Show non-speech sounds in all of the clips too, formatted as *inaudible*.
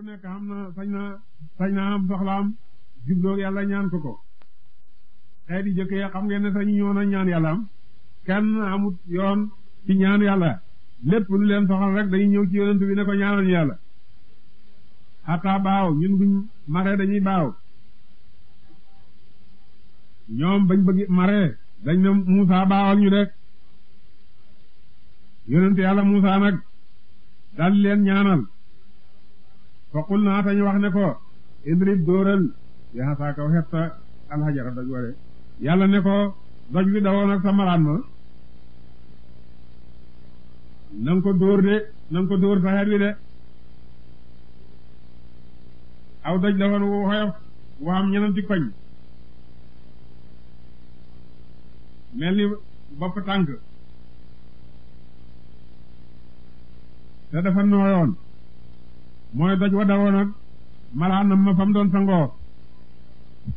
ku nekk am na sañ yàlla ñaan ko di jëkkee xam ngeen ne sañu ñëw na kenn amut yoon ci ñaan yàlla lépp lu leen soxal rek dañuy ñëw ci yonent ko ñaanal yàlla xataa baaw ñun buñ maree dañuy baaw ñoom bañ bëgg maree dañ ne Muusa baawal ñu rek yonent yàlla Muusa nag dal leen ñaanal fa qul naa tañ wax ne ko idrib dóoral bi hasaaka xetta alxajara doj ware yàlla ne ko doj wi dawoon ak sa malaan ma na ko dóor de na nga ko dóor sa xet wi de aw doj dawoon wu xoyof wu xam ñenanti koñ mel ni bopp tànk te dafa nooyoon mooy doj wa dawoon ak malaanam ma fa doon sangoo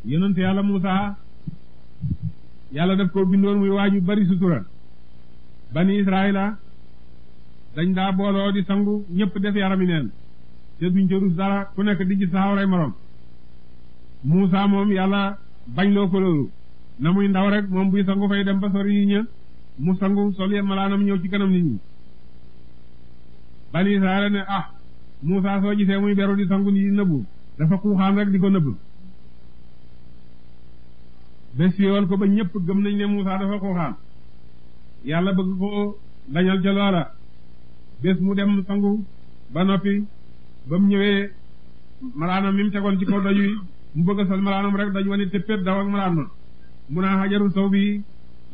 yonent yàlla Muusa yàlla daf koo bindoon muy waaju bari sutura bani israila dañ daa booloo di sangu ñëpp def yarami neen te duñ ca rus dara ku nekk di ci saxaw rey morom Muusa moom yàlla bañ loo ko loolu muy ndaw rek moom buy sangu fay dem ba sori ña mu sangu sol malaanam ñëw ci kanam nit ñi Moussa soo gisee muy beru di sangu ni di nëbbu dafa xuuxaan rek di ko nëbb bés woon ko ba ñëpp gëm nañ ne Moussa dafa xuuxaan yàlla bëgg ko dañal ca loola bés mu dem sangu ba noppi ba mu ñëwee malaanam mi mu tegoon ci kaw daju mu bëgg a sol malaanam rek daj wane téppéet daw ak malaan ma mu naa ah, xajarul saw bi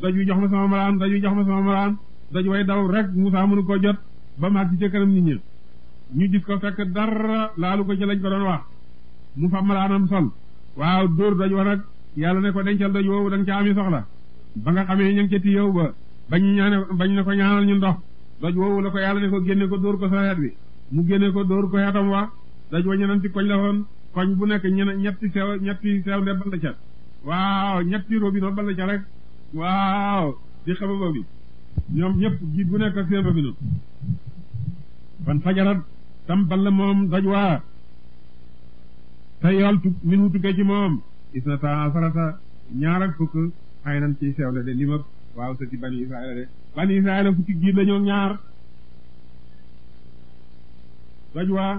daju jox ma sama malaan daju jox ma sama malaan daj way daw rek Moussa mënu ko jot ba mu àgg ci kanam nit ñi ñu gis ko fekk dara laalu ko ci lañ ko doon wax mu fa malaanam sol waaw dóor doj wa nag yàlla ne ko dencal doj woowu da nga ca ami soxla ba nga xamee ñu ngi ca tiyow ba bañ ñaane bañ ne ko ñaanal ñu ndox doj woowu la ko yàlla ne ko génne ko dóor ko sa xeet mu génne ko dóor ko xeetam wa doj wa ñenanti koñ la woon koñ bu nekk ñen ñetti sew ñetti sew nde bal ca waaw ñetti robino bal ca rek waaw di xaba ba bi ñoom ñëpp ji bu nekk ak seen robino fan fajarat tam bal moom daj waa te yool tu min hu ci moom gis na ta asarata ñaar ak fukk xay nan ciy seewle de limab waaw sëti bani israila de bani israila fukki giir lañoo ñaar daj waa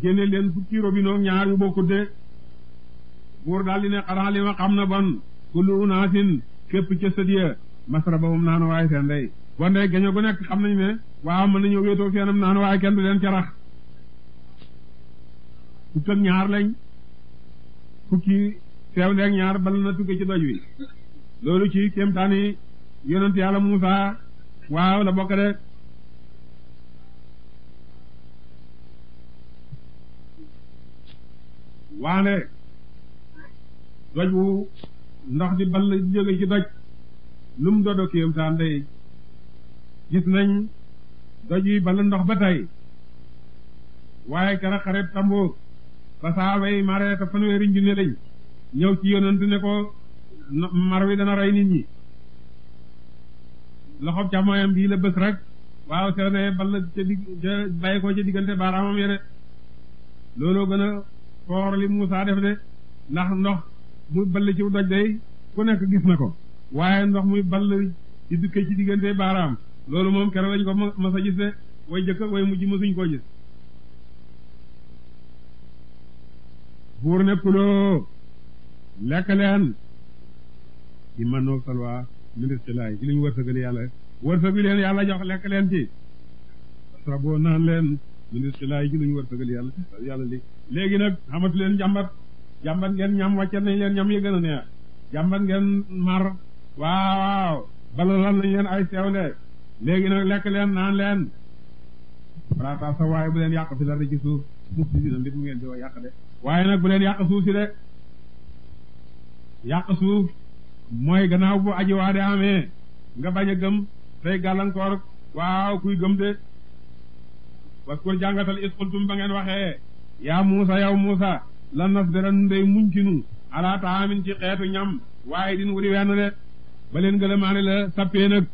génne leen fukki robinoo ñaar yu bokkut buur daal ne xanaa li ma xam na bon kullu unaasin képp ca sëdiya masra ba moom naanu waaye seen day bon de gu nekk xam nañu ne waaw mën nañoo wéetoo feenam naanu waaye kenn du leen ca fukk ak ñaar lañ fukki teew leeg ñaar bal na tukki ci doj wi loolu ci kéemtaani yonent yàlla Muusa waaw la bokk de waane doj wu ndox di bal jóge ci doj lu mu dodo kéemtaan gis nañ doj yi bal ndox ba tey waaye kara xareeb tamboor ba saaba yi mare te fanweeri junne lañ ñëw ci yonent ne ko mar wi dana rey nit ñi loxob càmmoñam bii la bës rek waaw soo dee ca bàyyi ko ca diggante baaraamam ya de looloo gën a foor li Muusaa def de ndax ndox muy ball ci doj day ku nekk gis na ko waaye ndox muy ball ci dukkee ci diggante baaraam loolu moom keroog lañ ko mës a gis de way jëkk way mujj mësuñ koo gis buur ne kuloo lekk leen ci mënnoo salwa ministre laay ci li ñu wërsëgal yàlla wërsëgu leen yàlla jox lekk leen ci sabo naan leen ministre laay ci li ñu wërsëgal yàlla yàlla li léegi nag xamatu leen jàmbat jàmbat ngeen ñam wàcce nañ leen ñam yi gën neex jàmbat ngeen mar waaw waaw balalal nañ leen ay seewle léegi nag lekk leen naan leen farata sa waaye bu leen yàq fi la ci suuf muf si dina ndip mu ngeen di wa yàq de waaye nag bu leen yàq suuf si de yàq suuf mooy gannaaw bu aji waa de amee nga bañ a gëm tey gàllankoor waaw kuy gëm de waskur jàngatal isqultum ba ngeen waxee yaa muusa yow muusa la nasbira nun day muñ ci nu alaa taamin ci xeetu ñam waaye din wuri wenn de ba leen gëlëmaane la sappee nag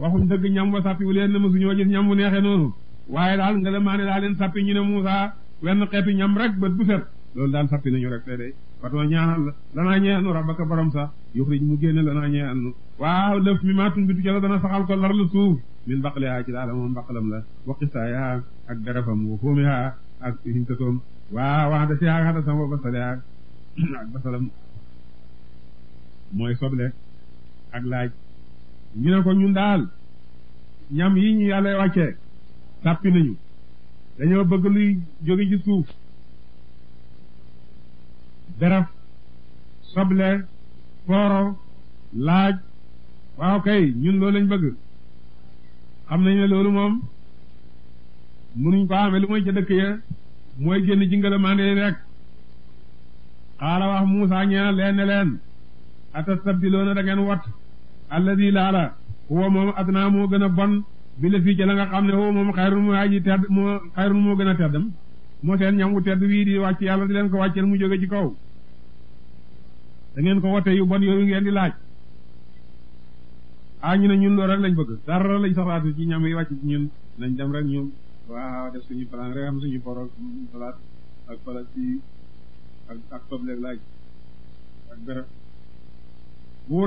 waxuñ dëgg ñam wa sappi wu leen ne mësuñoo gis ñam wu neexee noonu waaye daal ngëlëmaane daa leen sappi ñu ne muusa wenn xeeti ñam rek bët bu set loolu daal sappi nañu rek tey day watoo ñaanal la lanaa ñee anu rabbaka borom sax yuxrij mu génne lanaa ñee annu waaw lëf mi maa tunbitu ca la dana saxal ko larlu suuf min baqlihaa ci daala moom baqalam la wa qistaayaa ak derefam wa fóomihaa ak hintatoom waaw waxante si ak xatasam wa basaleaa ak basalam mooy soble ak laaj ñu ne ko ñun daal ñam yi ñu yàlla wàccee sàppi nañu dañoo bëgg luy jóge ci suuf deraf soble pooro laaj waaw kay ñun loolu lañ bëgg xam nañ ne loolu moom mënuñ ko amee lu mooy ca dëkk ya mooy génn ci ngërëmaande yi rek xaala wax Muusaa ñeena leen ne leen atastabdiloona da ngeen wat alladi laala huwa moom adnaa moo gën a bon bi la fii ca la nga xam ne woo moom xayrun moo aji tedd moo xayrun moo gën a teddam moo seen ñam wu tedd wii di wàcc yàlla di leen ko wàcceel mu jóge ci kaw ko wote yu bon ngeen di laaj ah, ñu ne ñun loolu lañ bëgg dara lañ soxlaatu ci ñam yi wàcc ci ñun nañ dem rek ñu waaw def suñu plan laaj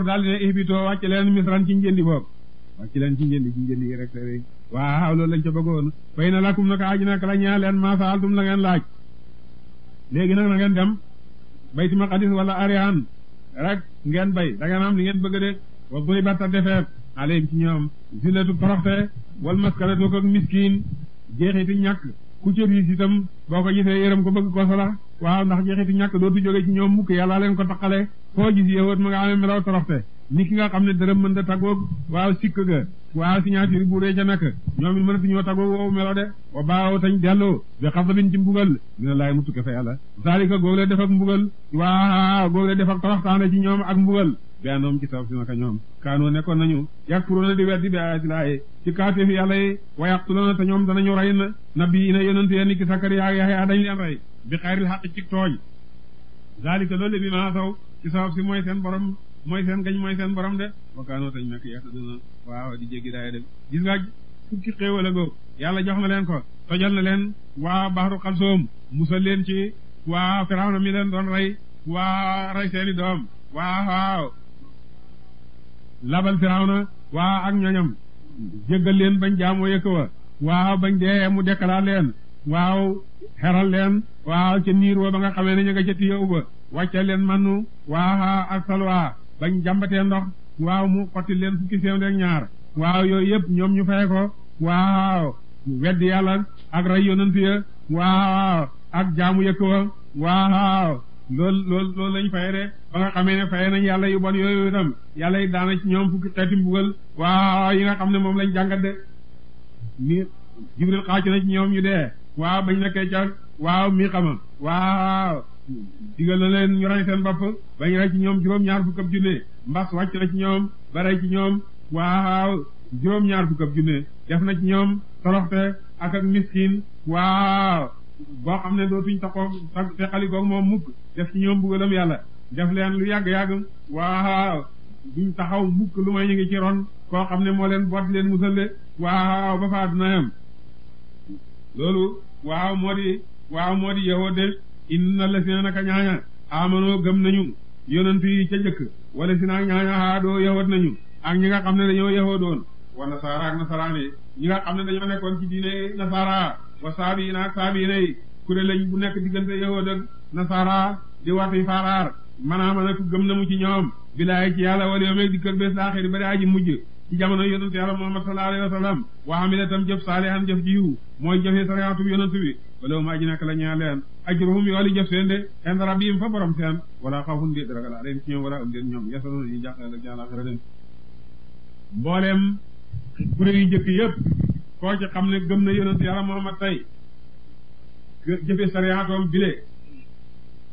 daal di ne ihbitoo wàcc leen misran ci njëndi boobu waaw ci leen ci njënd ci njënd yi rek te waaw loolu lañ ca bëggoon fay na lakum naka aji nak la ñaa leen maa saaltum la ngeen laaj léegi nag na ngeen dem bayti maqadis wala arian rek ngeen bay da ngeen am li ngeen bëgg de wa duribat defeet alayhim ci ñoom zillatu toroxte wal maskanatu ko miskin jeexiti ñàkk ku ci riis itam boo ko gisee yërëm ko bëgg ko sala waaw ndax jeexiti ñàkk dootu jóge ci ñoom mukk yàlla leen ko taqale foo gis yowat ma nga ni ki nga xam ne dërëm mën da taggoog waaw sikk ga waaw signature bu ree ca nekk ñoom it mënatuñoo taggoog woowu melo de wa baaw tañ delloo bi xasabin ci mbugal dina laay mu tukke fa yàlla zalika googu lee def ak mbugal waaw googu lee def ak toroxtaane ci ñoom ak mbugal bennoom ci saw si naka ñoom kaanoo nekkoon nañu yakfuruuna di weddi bi ayaati laahi ci kaate fi yàlla yi wa yaqtuluuna te ñoom danañu rey na nabi ina yonente ya ni ki dañ leen rey bi xayril xaq ci tooñ zalika loolu bi maa saw ci seen borom mooy seen gañ mooy seen borom de wakaanoo tañ mekk yeexta di jéggi daay dem gis nga fukki xéewal a góor yàlla jox na leen ko tojal na leen waa baxaru xalsoom musal leen ci waa firawna mi leen doon rey waa rey seeni doom waaw waaw labal firawna waa ak ñoñam jéggal leen bañ jaamoo yëkk wa waaw bañ dee mu dekkalaat leen waaw xeral leen waaw ca niir wa ba nga xamee ne ñu nga ca tiyow ba wàcce leen mannu waa ak salwaa bañ jàmbatee ndox waaw mu xotti leen fukki seen rek ñaar waaw yooyu yëpp ñoom ñu fay ko waaw weddi yàlla ak ray yonent ya waaw ak jaamu yëkk wa waaw lool loolu loolu lañ fay de ba nga xamee ne fay nañ yàlla yu bon yooyu itam yàlla yi daana ci ñoom fukki xeeti mbugal waaw yi nga xam ne moom lañ jàngat de ni jibril xaacu na ci ñoom ñu dee waaw bañ nekkee ca waaw mii xama waaw digal na leen ñu rey seen bopp ba ñu rey ci ñoom juróom-ñaar fukk ab junne mbas wàcc na ci ñoom ba rey ci ñoom waaw juróom-ñaar fukk ab junne def na ci ñoom toroxte ak ak miskin waaw boo xam ne dootuñ taxaw te xalikoog moom mukk def ci ñoom bugalam yàlla def leen lu yàgg-yàgg waaw duñ taxaw mukk lu may ñu ngi ci ron koo xam ne moo leen boot leen musale waaw ba fa àdduna loolu waaw moo di waaw moo indi la si na naka ñaaña amanoo gëm nañu yonent yi ca jëkk wala si naa ñaaña haadoo yawat nañu ak ñi nga xam ne dañoo yawoo doon wa nasaara ak nasaraan yi ñi nga xam ne dañoo nekkoon ci diine nasaara wa saabi na ak saabi nay kuré lañ bu nekk diggante yahood ak nasaara di wati faaraar manaama nag gëm na mu ci ñoom bilaay ci yàlla wala yoom di kër bés laaxiri ba di aji mujj ci jamono yonent yàlla muhammad sallallahu alayhi wa sallam wa amila tam jëf saalihan jëf jiw mooy jëfee sariatu yonent wala maa ji nekk la ñaa leen ajruhum yooli jëf seen de inda rabbihim fa borom seen wala xawfun déet ragal alayhim ci ñoom wala am déet ñoom yasaloon ñu jàqale la jaan den mbooleem kuréel yu jëkk yëpp koo ci xam ne gëm na yonent yàlla Muhammad tey jëfe sariyaatoom bile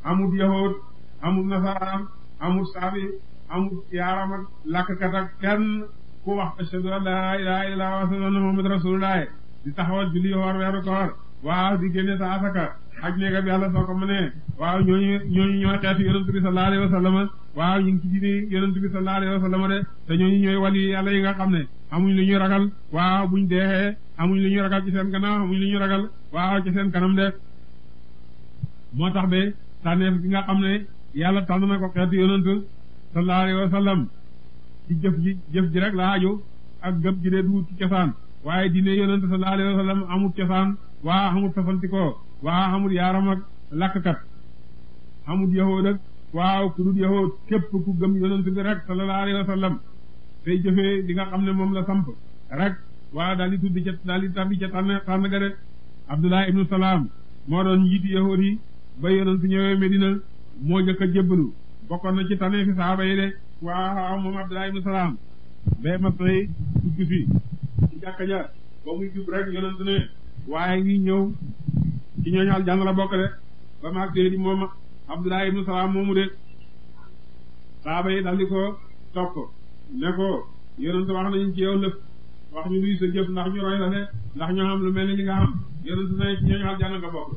amut yahood amut nasaraan amut saafi amut yaaram ak làkkat ak kenn ku wax ashhadu laa ilaaha illallaah wa ashhadu anna Muhammadan di taxawal julli woor weeru koor waaw di génne sa asaka ak néegam yàlla soo ko mënee waaw ñooñu ñooñu ñoo xeetu yonent bi sallallahu alayhi wa sallam waaw ñu ngi ci diine yonent bi sallallahu alayhi wa sallam de te ñooñu ñooy wali yàlla yi nga xam ne amuñ lu ñuy ragal waaw buñ deexee amuñ lu ñuy ragal ci seen gannaaw amuñ lu ñuy ragal waaw ci seen kanam de moo tax ba tànneef bi nga xam ne yàlla tànn na ko xeetu yonent sallallahu alayhi wa sallam ci jëf ji jëf ji rek la aju ak gëm ji de du ci cosaan waaye diine yonent sallallahu alayhi wa sallam amul cosaan waa xamul tafaltikoo waa xamul yaaram ak lakkat xamul yahood ak waaw ku dul yahood képp ku gëm yonent bi rek sallallahu alayhi tey jëfee di nga xam ne moom la samp rek waa daal di tuddi ca daal di tabbi ca tànn tànn ga de Abdullah ibnu Salaam moo doon njiitu yahood yi ba yonent ñëwee Medina moo njëkk a jébbalu bokkoon na ci tànnee fi saaba yi de waaw moom Abdullah ibnu Salaam bee ma sey dugg fi ci jàkka ja ba muy jub rek yonent ne waaye ngi ñëw ci ñooñu aljanna la bokk de ba maag téye di moom Abdullah ibnu Salaam moomu de saaba yi daldi ko topp ne ko wax nañu ci yow lëf wax ñu luy sa jëf ndax ñu roy la de ndax ñoo xam lu mel ni li nga xam yonent ne ci ñooñu aljanna nga bokk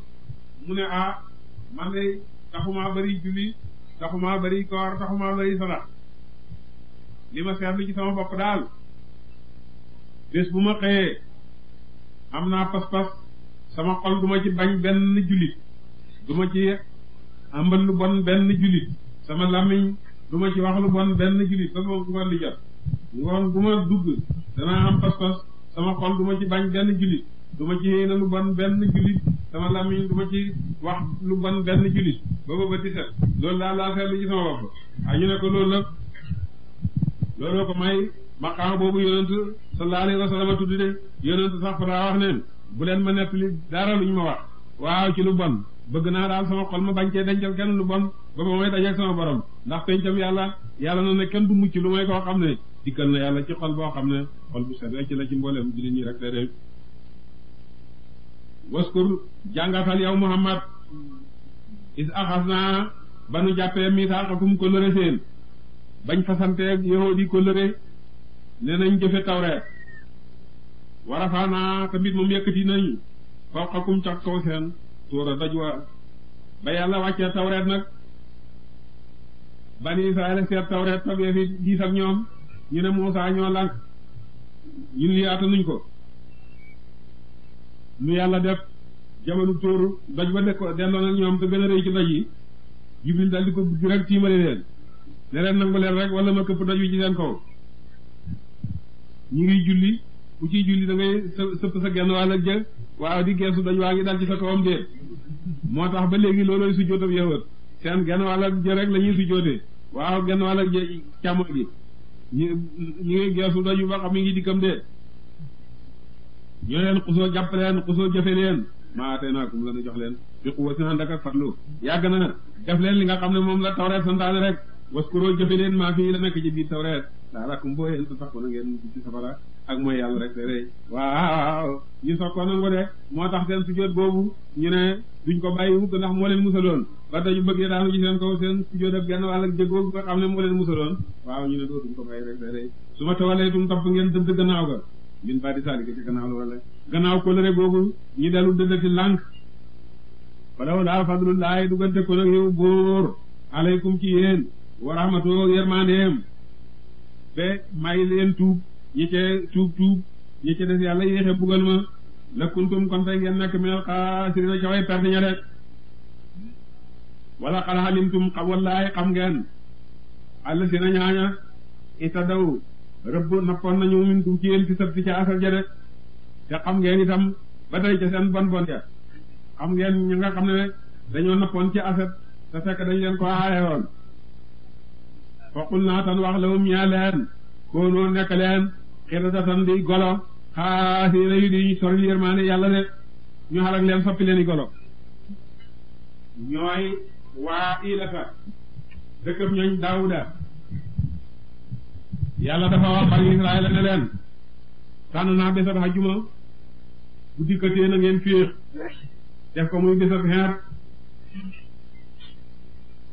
mu ne ah man de taxumaa bari julli taxumaa bari koor taxumaa bari sala li ma seetlu ci sama bopp daal bés bu ma xëyee am naa pas-pas sama xol du ma ci bañ benn jullit du ma ci ambal lu bon benn jullit sama làmmiñ du ma ci wax lu bon benn jullit ba sama ngoon di jot ngoon bu dugg danaa am pas-pas sama xol du ma ci bañ benn jullit du ma ci yéene lu bon benn jullit sama làmmiñ du ma ci wax lu bon benn jullit ba ba ba loolu daal laa seetlu ci sama bopp a ñu ne ko loolu nag looloo ko may maqaama boobu yonent sallallahu alayhi a sallam de yonent sax fa wax neen bu leen ma nettali dara luñ ma wax waaw ci lu bon bëgg naa daal sama xol ma bañ cee dencal kenn lu bon ba ma may dajeeg sama borom ndax pencam yàlla yàlla na kenn du mucc lu may koo xam ne dikkal na yàlla ci xol boo xam ne xol bu set wecc la ci mbooleem jullit ñi rek de waskur jàngatal yow muhammad is axas naa ba nu jàppee misaaqakum kóllëre seen bañ fasanteeg yahudi nee nañ jëfe tawreet warafaanaa tamit moom yëkkati nañu fawqakum ca kaw seen tóora dajwa ba yàlla wàccee tawreet nag bani israel seet tawreet tabee fi ak ñoom ñu ne Muusaa ñoo lànk ñun lii attanuñ ko nu yàlla def jamono tóoru daj ba nekk delloo na ñoom te gën a rëy ci daj yi Jibril dal di ko bugg rek tiimale leen ne nangu leen rek wala ma këpp daj wi ci seen kaw ñu ngi julli ku ciy julli da ngay sëpp sa genn wàll ak jë waaw di geesu dañ waa ngi dal ci sa kawam de moo tax ba léegi loolooy sujjóotam yëwat seen genn wàll ak jë rek la ñuy sujjóote waaw genn wàll ak jë càmmo gi ñu ñu ngi geesu dañu ba xam mi ngi dikkam de ñoo leen xusoo jàpp leen xusoo jëfe leen maa tey naa kum la nu jox leen bi xuwa si ànd ak farlu yàgg na def leen li nga xam ne moom la tawreet santaane rek waskuroo jëfe leen maa fii la nekk ci daa rakkum boo yéen sax ko na ngeen ci safara ak mooy yàlla rek day waaw ñu soog ko nangu de moo tax seen sujjóot boobu ñu ne duñ ko bàyyi wukk ndax moo leen musaloon ba tey ñu bëggee daanu ci seen kaw seen sujjóot ak genn wàll ak jégoo nga xam ne moo leen musaloon waaw ñu ne doo duñ ko bàyyi rek day day su ma tawalee tum topp ngeen dëdd gannaaw ga min ba di saalika ci gannaaw loola gannaaw kóllëre boobu ñu dellu dëddati lànk walaw laa fadlullaahi duggante ko nag yow bóor aleykum ci yéen wa ba may leen tuub ñi ca tuub tuub ñi ca des yàlla yéexe bugal ma la kuntum kon tey ngeen nekk minal xaasiriina ca way perte ña de wala xal xalimtum xam wallaay xam ngeen àll si na ñaaña ita daw rëbb nappoon nañu min kum ci yéen fi sab ti ca asal ja de te xam ngeen itam ba tey ca seen bon bon ja xam ngeen ñu nga xam ne dañoo nappoon ci asat te fekk dañ leen ko aaye woon faqul naa tan wax la hum ñaa leen koonoo nekk leen xiradatan di golo xaasina yu di ñu sori yërmaane yàlla de ñu xalak leen soppi leen golo ñooy waa ilata dëkkam ñooñ daawuda yàlla dafa wax bari israel ne leen tànn naa bésab xajuma bu dikkatee na ngeen féex def ko muy bésab xeet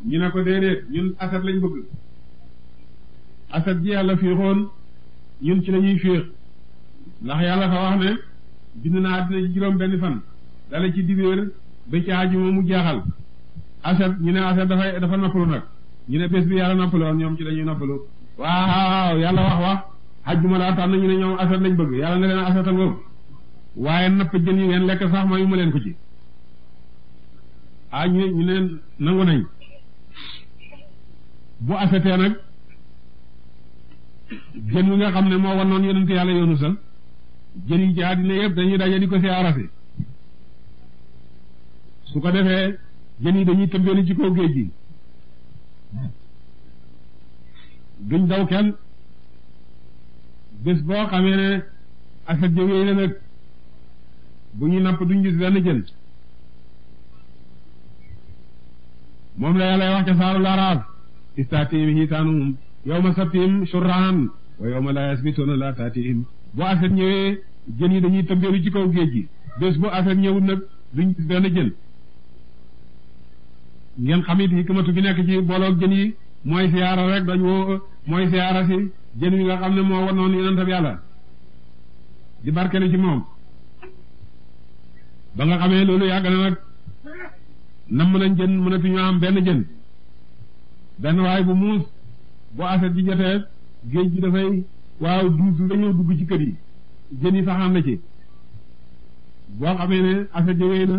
ñu ne ko déedéet ñun asat lañ bëgg asad ji yàlla fiixoon ñun ci lañuy fiix ndax yàlla fa wax ne bind naa àddina ci juróom benn fan dale ci dibéer ba ci àjjuma mu jaaxal asad ñu ne asad dafay dafa noppalu nag ñu ne bés bi yàlla noppalu ñoom ci lañuy noppalu waaw yàlla wax wax àjjuma laa tànn ñu ne ñoom asad lañ bëgg yàlla na leen asad a ngoog waaye napp jën yi ngeen lekk sax mayu ma leen ko ci ah ñu ñu ne nangu nañ bu asatee nag jën wi nga xam ne moo wanoon yonent yàlla yoonu sa jën yi ci àddina yëpp dañuy daje di ko siyaarasi su ko defee jën yi dañuy tëmbeeli ci kaw géej gi duñ daw kenn bés boo xamee ne asat jógee na nag bu ñu napp duñ gis benn jën moom la yàlla wax ca saaru laraaf istaatiim hiitaanum yawma sabtihim shur'an wa yawma laa yasbituuna laa taatihim bu afet ñëwee jën yi dañuy tëmbeelu ci kaw géej gi bés bu afet ñëwul nag duñ gis benn jën ngeen xam it hikmatu bi nekk ci booloog jën yi mooy siyaara rek dañ mooy siyaara si jën yi nga xam ne moo war noonu yonentab yàlla di barkelu ci moom ba nga xamee loolu yàgg na nag nam nañ jën mënatuñu am benn jën benn waay bu muus bu affaire bi jotee géej gi dafay waaw duus la ñëw dugg ci kër yi jën yi saxaan na ci boo xamee ne affaire bi wéy na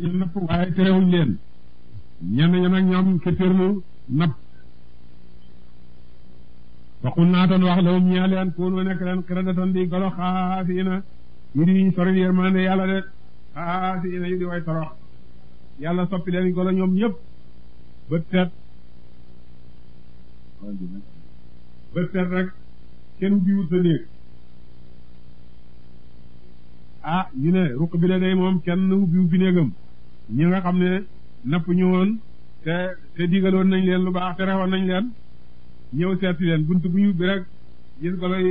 ñu napp waaye terewuñ leen ñenn ña nag ñoom ketteerlu napp waxul naa doon wax lawum ñaa leen koonu nekk leen xeradatan di golo xaasiina yu di sori yërmande yàlla de xaasiina yu di way torox yàlla soppi leen golo ñoom ñëpp bët set bët set rek kenn biwul sa néeg ah ñu ne ruq bi la day moom kenn ubbiwu fi néegam ñi nga xam ne napp ñu woon te te digaloon nañ leen lu baax te rexoon nañ leen ñëw seeti leen bunt bu ñu bi rek gis ko lay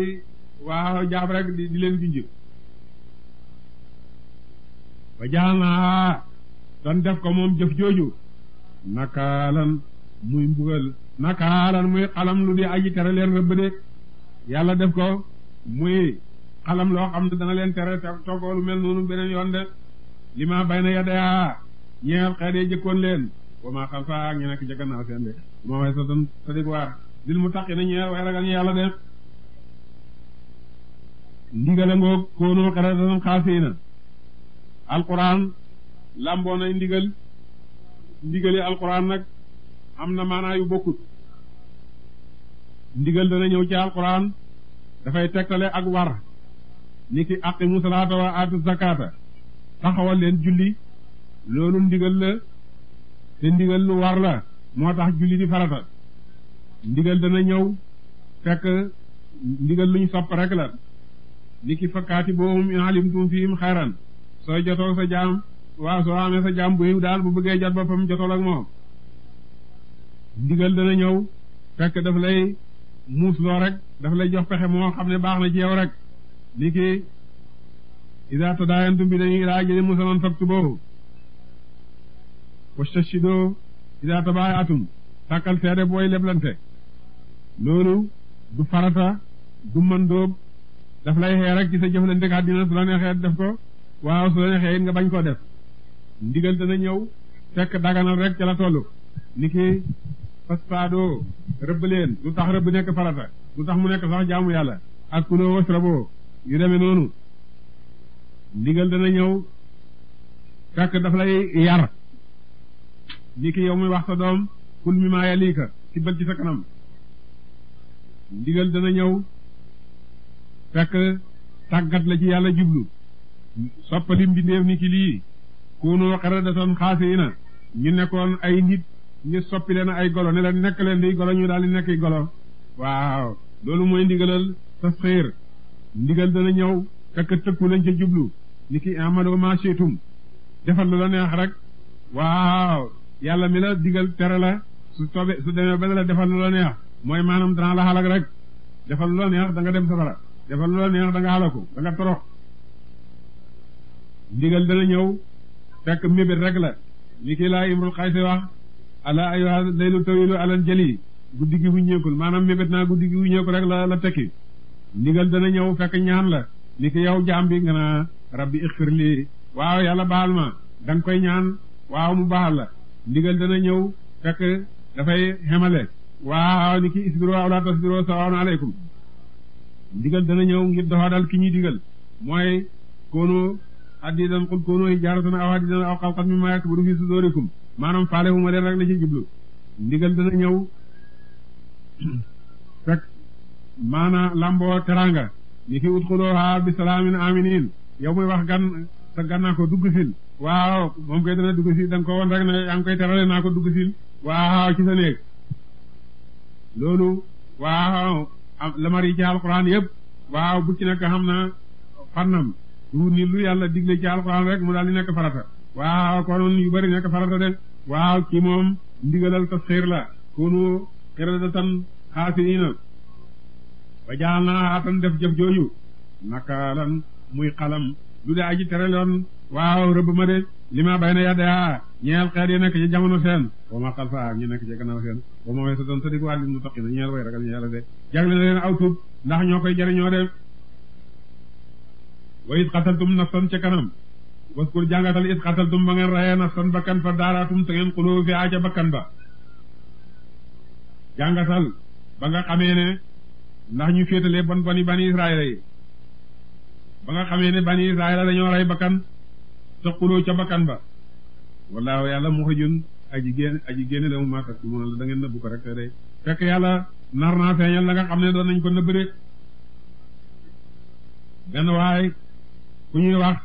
waaw jaab rek di di leen junj ba jaal naa doon def ko moom jëf jooju nakaalan muy mbugal nakaalan muy xalam lu di aji tere leen rëbb de yàlla def ko muy xalam loo xam ne dana leen tere toggoo lu mel noonu beneen yoon de li ma bay na yaddaa ñeel xeet yi jëkkoon leen wa maa xam saa ak ñu nekk seen de moo way sa tan sa dig waar mu taqi na ñeel way ragal ñu yàlla de ndigale ngoo kóonoo xere dana xaasiina alquran lamboo na ndigal ndigali alquran nag am na maanaa yu bokkut ndigal dana ñëw ci alquran dafay tegtale ak war niki aqimu salaata wa aatu zakata taxawal leen julli loolu ndigal la te ndigal lu war la moo tax julli di farata ndigal dana ñëw fekk ndigal luñ sopp rek la niki fakkaati boobu alimtum fiim xayran soo jotoo sa jaam waaw soo amee sa jaam bu daal bu bëggee jot boppam jotol ak moom ndigal dana ñëw fekk daf lay muus loo rek daf lay jox pexe moo xam ne baax na ci yow rek ni ki ida tadaayantum bi dañuy daa jële musaman faktubuhu wastashhidoo ida tabaayatum sàkkal seede booy leblante loolu du farata du mandóob lay xee rek ci sa jëflante ak àddina su la neexee def ko waaw su la neexee it nga bañ koo def ndigal dana ñëw fekk daganal rek ca la toll ni ki rëbb leen lu tax rëbb nekk farata lu tax mu nekk sax jaamu yàlla ak kuloo wasraboo yu demee noonu ndigal dana ñëw fekk daf lay yar ni ki yow mi wax sa doom kul mi maa ci bal ndigal dana ñëw fekk tàggat la ci yàlla jublu soppali mbindeef ni ki kuunu qiradatan na ñu nekkoon ay nit ñu soppi leen ay golo ne leen nekk leen di golo ñu daal di nekk golo waaw loolu mooy ndigalal tasxiir ndigal dana ñëw fekk tëkku lañ ca jublu ni ki amalu ma shi'tum defal lu la neex rek waaw yàlla mi la digal tere la su tobe su demee ba la defal lu la neex mooy maanaam danaa la xalak rek defal lu la neex danga nga dem safara defal lu la neex da nga xalaku da nga torox ndigal dana ñëw fekk mébét rek la ni ki laa imrul xaysi wax ala ayoha laylu tawilu alan jëli guddi gi wuññeekul maanaam mébét naa guddi gi wuññeeku rek la la tekki ndigal dana ñëw fekk ñaan la ni ki yow jaam bi nga naa rabbi ixfir lii waaw yàlla baal ma da koy ñaan waaw mu baal la ndigal dana ñëw fekk dafay xemale waaw ni ki isbiro aw laa tasbiro sawaawun aleykum ndigal dana ñëw ngir doxadal ki ñuy digal mooy koonu hadiidan qul kuunu hijaaratan aw hadiidan aw xalqan mimmaa yakburu fii suduurikum maanaam faale wu ma leen la ci jublu ndigal dana ñëw *clears throat* fekk maana lamboo teranga ni ki udxuluuhaa bi salaamin aaminiin yow muy wax gan sa gan ko dugg sil waaw moom koy dana dugg sil da nga ko woon rek ne koy terale naa ko dugg sil waaw ci sa néeg loolu waaw lamar yi ci alquran yëpp waaw bu ci nekk xam na fannam du ni lu yàlla digle ci alxuraan rek mu daal di nekk farata waaw konoon yu bëri nekk farata de waaw kii moom ndigalal tasxiir la kunu qiradatan xaasiniina ba jaal naa atan def jëf jooju naka lan muy xalam lu de aji tere loon waaw rëbb ma de li ma bay na yaddaa ñeel xeet yi nekk ci jamono seen wa ma xal fa ñu nekk ci gannaaw seen wa ma weesatoon sa di ko wàllin mu toqi na ñeel way ragal ñeel de jagle na leen aw tub ndax ñoo koy jariñoo wa it xataltum nafsan ca kanam waskur jàngatal it xataltum ba ngeen rayee nafsan bakkan fa daaraatum te ngeen xuloo fi a bakkan ba jàngatal ba nga xamee ne ndax ñu féetalee bon boni bani israila yi ba nga xamee ne bani israila dañoo rey bakkan te xuloo ca bakkan ba wallaahu yàlla muxrijun aji aji génne la mu maatas du mën la da ngeen nëbbu ko rek te day fekk yàlla nar naa feeñal la nga xam ne doon nañ ko nëbb de benn waay bu ñuy wax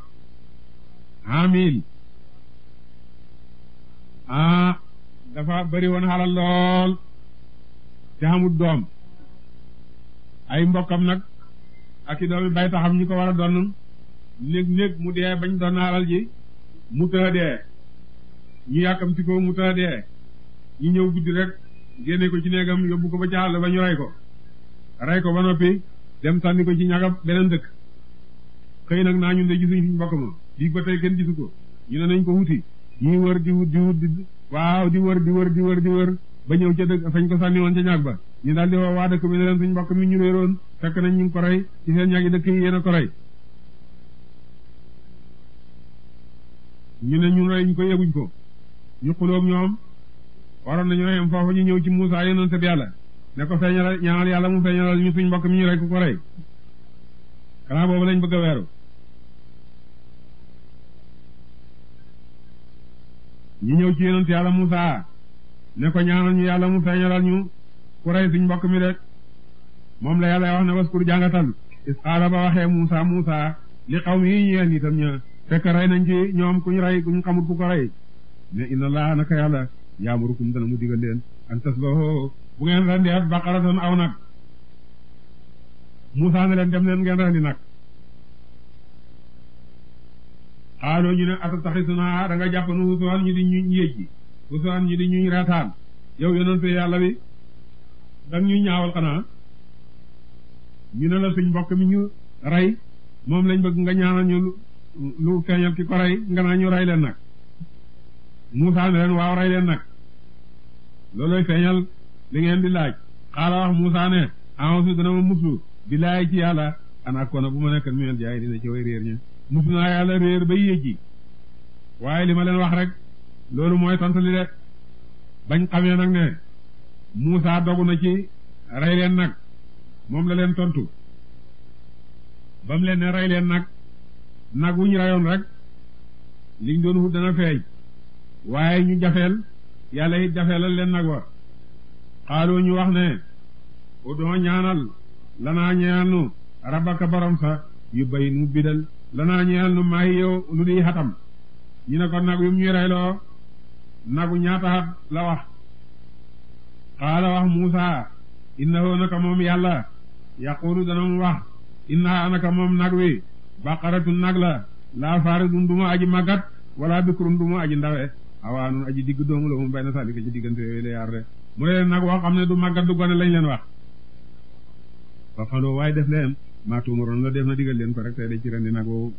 amil ah dafa bari woon xalal lool te xamul doom ay mbokkam nag ak i doomi bay taxam ñu ko war a donn néeg néeg mu dee bañ doon xalal ji mu tëx dee ñu yàkkamti mu tëx dee ñu ñëw guddi rek génne ko ci néegam yóbbu ko ba ca àll ba ñu rey ko rey ko ba noppi dem sànni ko ci ñagab beneen dëkk xëy nag naa ñun de gisuñ fi mbokk ma biig ba tey kenn gisu ko ñu ne ko wuti ñuy wër di wut di wut di di wër di wër di wër di wër ba ñëw ca dëkk fañ ko sànni woon ca ñaag ba ñu daal di woo waa dëkk bi ne leen suñ mbokk mi ñu réeroon fekk nañ ñu ngi ko rey ci seen ñaagi dëkk yi yéen a ko rey ñu ne ñun rey ñu ko yeguñ ko ñu xulóog ñoom waroon nañu reyam foofu ñu ñëw ci Muusaa yénoon sab yàlla ne ko feeñal ñaanal yàlla mu feeñalal ñu suñ mbokk mi ñu rey ku ko rey xanaa boobu ñi ñëw ci yonent yàlla Moussa ne ko ñaanal ñu yàlla mu feeñalal ñu ku rey suñ mbokk mi rek moom la yàlla wax ne waskur jàngatal isxaara ba waxee Moussa Moussa li xaw mi yi ñeel itam ña fekk rey nañ ci ñoom kuñ rey kuñ xamut ku ko rey ne inna laa naka yàlla yaamurukum dana mu digal leen an tasbahu bu ngeen rendi at baqaratan aw nag Moussa ne leen dem leen ngeen rendi nag xaaloo ñu ne atataxisuna da nga jàpp nu husuwan ñu di ñuñ yéej ji husuwan ñu di ñuñ reetaan yow yonente yàlla bi dang ñuy ñaawal xanaa ñu ne la suñ mbokk mi ñu moom lañ bëgg nga ñaanal ñu lu feeñal ki ko ray nga naa ñu leen nag Muusaa ne leen waaw ray leen nag looloy feeñal li di laaj xaala wax Muusaa ne amosu dana ma muslu billaahi ci yàlla an akkoona bu ma nekkan minel jaay dina ci way réer ña mus naa yàlla réer ba yéegi waaye li ma leen wax rek loolu mooy tontu li de bañ xamee nag ne Muusaa dogu na ci rey leen nag moom la leen tontu ba mu leen ne rey leen nag nag wu ñu reyoon rek liñ doon wut dana feeñ waaye ñu jafeel yàlla it jafeelal leen nag wa xaaloo ñu wax ne udoo ñaanal lanaa ñeelnu rabaka borom sa yu bay mu bidal lanaa ñeel nu maay yow lu di xatam ñu ne ko nag yu mu ñu reyloo nagu ñaata xat la wax xaala wax Muusaa innahu naka moom yàlla yaqulu dana mu wax innaha naka moom nag wi baqaratun nag la laa faaridun du ma màggat wala bikrun du ma aji ndawe awaa nun aji digg doomu la mu benn saalika ci diggante yooyu la yaar de mu ne nag woo xam ne du màggat lu gone lañ leen wax waaye def leen ma tuumaroon la def na digal leen ko rek tey da ci rendi nag woowu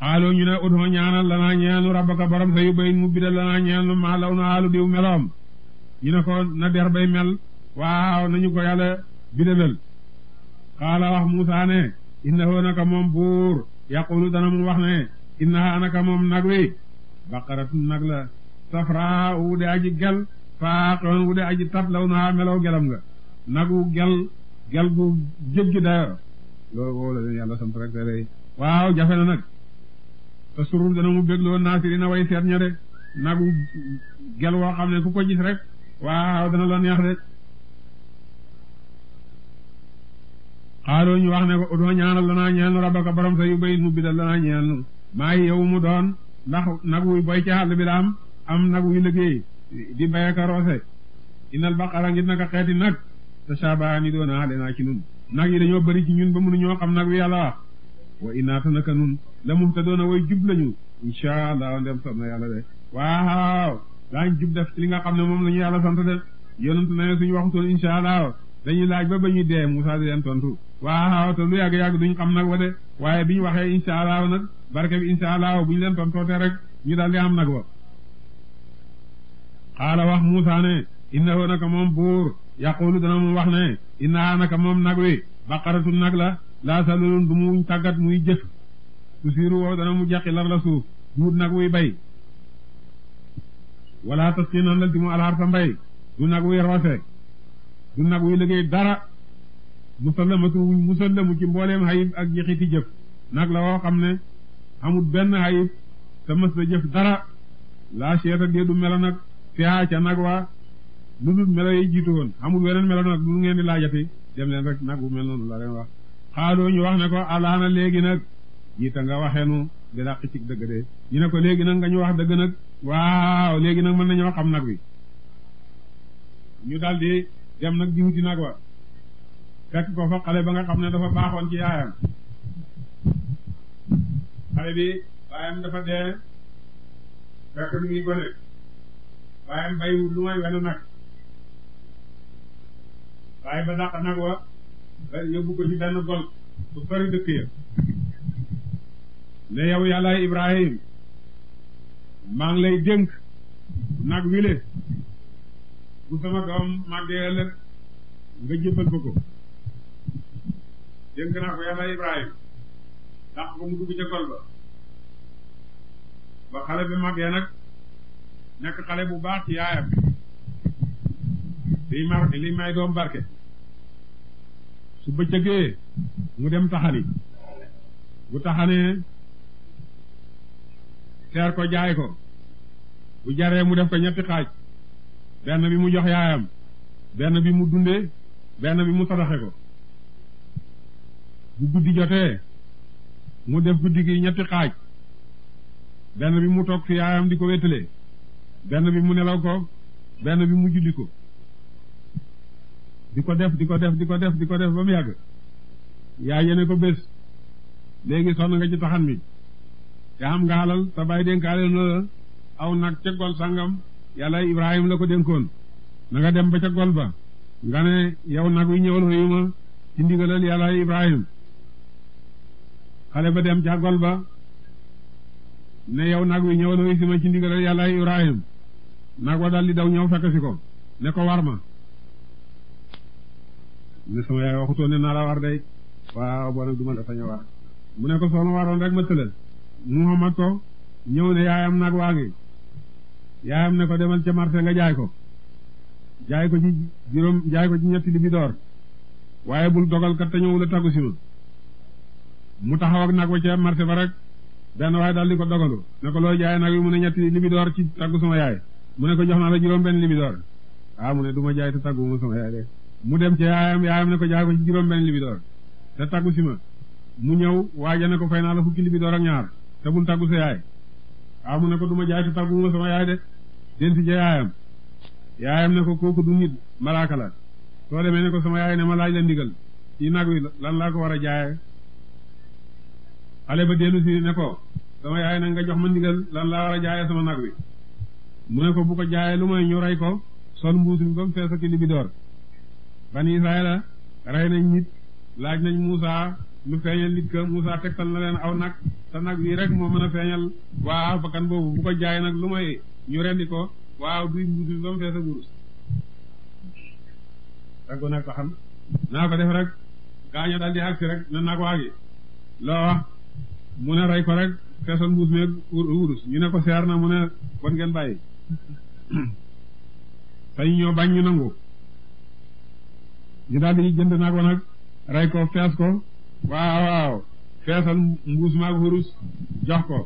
xaaloo ñu ne utuma ñaanal lanaa ñeenu rabbaka borom sa yu bayin mu bidal lanaa ñeenu maa law na xaalu diw meloom ñu ne ko na der bay mel waaw nañu ko yàlla bidalal xaala wax Muusaa ne innahu naka moom buur yaqulu dana wax ne innaha naka moom nag wi baqaratun nag la safraa wu de aji gel faaqiun wu de aji tat law na melow gelam nga nagu gel gel gu jéggi dayo loolu yàlla sant rek te rey waaw jafe na nag te surur dana mu bégloo naasiri na way seet ña de nagu gel woo xam ne ku ko gis rek waaw dana la neex de xaaloo ñu wax ne ko doo ñaanal lanaa ñeelnu rabaka borom sa yu bayit mu bidal lanaa ñeelnu maa yi yow mu doon ndax nag wuy boy ci xàll am nag wuy liggéey di béyaka roose inal baqara naka xeeti nag te sabaani doona ale naa ci nun nag yi dañoo bari ci ñun ba mënuñoo xam nag wi yàlla wax wa inaata naka nun la muhtadoona way jub lañu insha allah ndem soob na yàlla de waaw daañ jub def ci li nga xam ne moom la ñu yàlla sant def yonent na suñu waxutoon insha allah dañuy laaj ba ba ñu dee Musaa di leen tontu waaw te lu yàgg-yàgg duñ xam nag wa waaye bi ñu waxee insha allah nag barke bi insha allah bu ñu leen tontoote rek ñu daal di am nag wa xaala wax Musaa ne innahu moom buur yaqulu dana mu wax ne inna naka moom nag wi baqaratu nag la laa salulun du mu tàggat muy jëf su siiru woo dana mu jaqi lar la suuf duut nag wuy bay wala tasqinan lal ti mu alxar sa mbay du nag wuy roose du nag wuy liggéey dara musallamatu musallamu ci mbooleem xayib ak jixiti jëf nag la woo xam ne amul benn xayib te mës la jëf dara laa seeta dee du mela nag fiaa ca nag wa lu dul melo yi jiitu woon amul weneen melo nag lu ngeen di laajati dem leen rek nag bu mel noonu la leen wax xaaloo ñu wax ne ko alaana léegi nag jiita nga waxee nu di dàq ci dëgg de ñu ko léegi nag nga ñu wax dëgg nag waaw léegi nag mën nañoo xam nag bi ñu daldi dem nag di wuti nag wa fekk ko fa xale ba nga xam ne dafa baaxoon ci yaayam xale bi baayam dafa dee fekk mi ngi gone baayam bayiwul lu may wenn nag waaye ba dàq nag wa ba yóbbu ko ci benn gol bu bari dëkk ya ne yow yàlla ibrahim maa ngi lay dénk nag wile bu sama doom màggee ëllëg nga jébbal ko ko dénk naa ko yàlla ibrahim dàq ko mu dugg ca gol ba ba xale bi màggee nag nekk xale bu baax ci yaayam liy ma liy may doom su bëccëgee mu dem taxani bu taxanee teer ko jaay ko bu jaree mu def ko ñetti xaaj benn bi mu jox yaayam benn bi mu dundee benn bi mu sadaxe ko bu guddi jotee mu def guddi gi ñetti xaaj benn bi mu toog fi yaayam di ko wéttale benn bi mu nelaw ko benn bi mu julli ko di ko def di ko def diko def di ko def ba mu yàgg yaa yéene ko bés léegi sonn nga ci taxan mi te xam nga alal sa bàyyi aw nag ca gol sàngam yàlla Ibrahima la ko dénkoon na nga dem ba ca gol ba nga ne yow nag wi ñëwal xëyu ma ci ndigalal yàlla Ibrahima xale ba dem ca ba ne yow nag wi ñëwal xëyu si ma ci ndigalal yàlla Ibrahima nag daal di daw ñëw fekk si ko ne ko war ma ne sama yaay waxutoo ne naa la war day waaw boo nag du ma la sañ a mu ne ko soxna waroon rek ma tëlal Muhammad ko ñëw ne yaayam nag waa ngi yaayam ne ko demal ca marché nga jaay ko jaay ko ci juróom jaay ko ci ñetti libi door waaye bul dogal kat te ñëwul tàggu si ma mu taxaw ak nag wa ca marché ba rek benn waaye daal di ko dogalu ne ko looy jaay nag wi mu ne ñetti libi door ci tàggu sama yaay mu ne ko jox naa la juróom benn libi door mu ne du ma jaay te tàggu mu dem ca yaayam yaayam ne ko jaay ko ci juróom benn libidoor te tàggu si ma mu ñëw waaja ne ko fay naa la fukki libidoor ak ñaar te bul tàggu sa yaay waaw mu ne ko du ma jaay te tàggu ma sama yaay de del ca yaayam yaayam ne ko kooku du nit malaaka la soo demee ne ko sama yaay ne ma laaj la ndigal ci nag wi lan laa ko war a jaaye xale ba dellu si ne ko sama yaay nag nga jox ma ndigal lan laa war a jaaye sama nag wi mu ne ko bu ko jaayee lu may ñu rey ko sol mbuus mi ba mu fees ak bani israila rey nañ nit laaj nañ Moussa lu feeñal nit ka Moussa tegtal na leen aw nag te nag lii rek moo mën a feeñal waaw bakkan boobu bu ko jaay nag lu may ñu rendi ko waaw duy mbuusi ba mu fees a gurus taggo nag ko xam naa ko def rek gaaño daal ak agsi rek na nag waagi loo wax mu ne rey ko rek feesal mbuus meeg wurus ñu ne ko seer na mu ne bon ngeen bàyyi sañ *clears throat* ñoo bañ ñu nangu ñu daal jënd nag wa nag rey ko fees ko waaw feesal mbuus maag hurus jox ko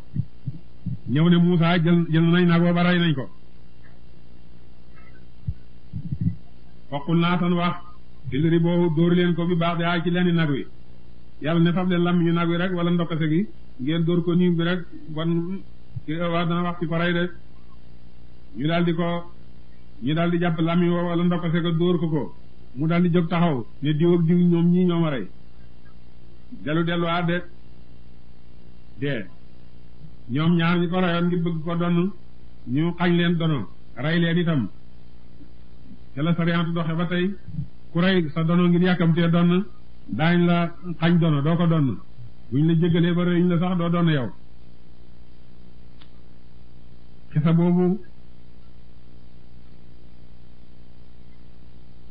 ñëw ne Moussa jël jël nañ nag wa ba rey nañ ko faqul naa tan wax filiri boobu dóor leen ko bi baax de ci lenn nag wi yàlla ne fab leen lam ñu nag wi rek wala ndokase gi ngeen dóor ko nii bi rek wan dana wax ci ko rey de ñu daal di ko ñu daal jàpp lam yi wala ndokase ko dóor ko ko mu daal di jóg taxaw ne diw diw ñoom ñii ñoom a rey dellu delluwaa de dee ñoom ñaar ñi ko reyoon ngir bëgg ko donn ñu xañ leen dono rey leen itam te la sariyaatu doxe ba tey ku rey sa dono ngir yàkkamtee donn daañ la xañ dono doo ko donn buñ la jéggalee ba reyuñ la sax doo donn yow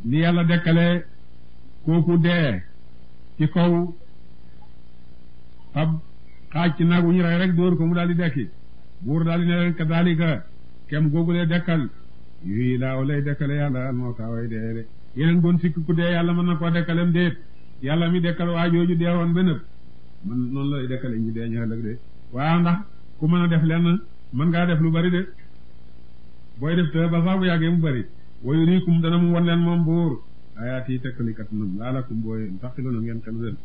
ni yàlla dekkale kooku dee ci kaw ab xaaj ci nag wu ñu rey rek dóor ko mu daal di dekki buur daal di ne leen kadalika kem googulee dekkal yuy laaw lay dekkale yàlla almawta way dee de yeneen doon sikk ku dee yàlla mën na koo dekkalem déet yàlla mi dekkal waa jooju dee woon benn man noonu lay dekkale ñu dee ñu ëllëg de waaw ndax ku mën a def lenn mën ngaa def lu bari de booy def te ba saa bu yàggee mu bari wa yuriikum dana mu wan leen moom buur ayaat yi tekkali katanam laalakum booy taxiluna ngeen xel seen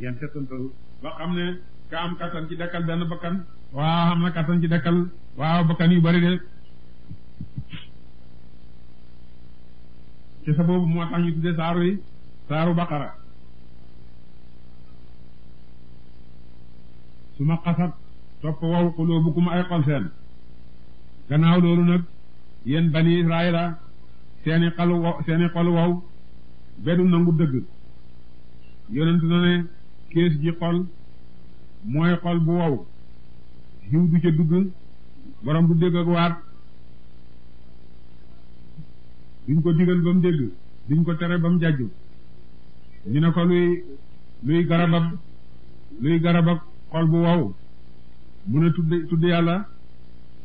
ngeen settantal ba xam ne ka am kattan ci dakkal benn bakkan waaw am na kattan ci dakkal waaw bakkan yu bari de ci boobu moo tax ñu tuddee saaru yi saaru baqara su ma xasat topp waw xuloobukum ay xol seen loolu nag yéen bani israila seeni xalu wow seeni xolu wow beddu nangu dëgg yonent na ne kees ji xol mooy xol bu wow jiw du ca dugg borom du dégg ak waat duñ ko digal ba mu dégg duñ ko tere ba mu jàjju ñu ne ko luy luy garab ak luy garab ak xol bu wow mu a tudd tudd yàlla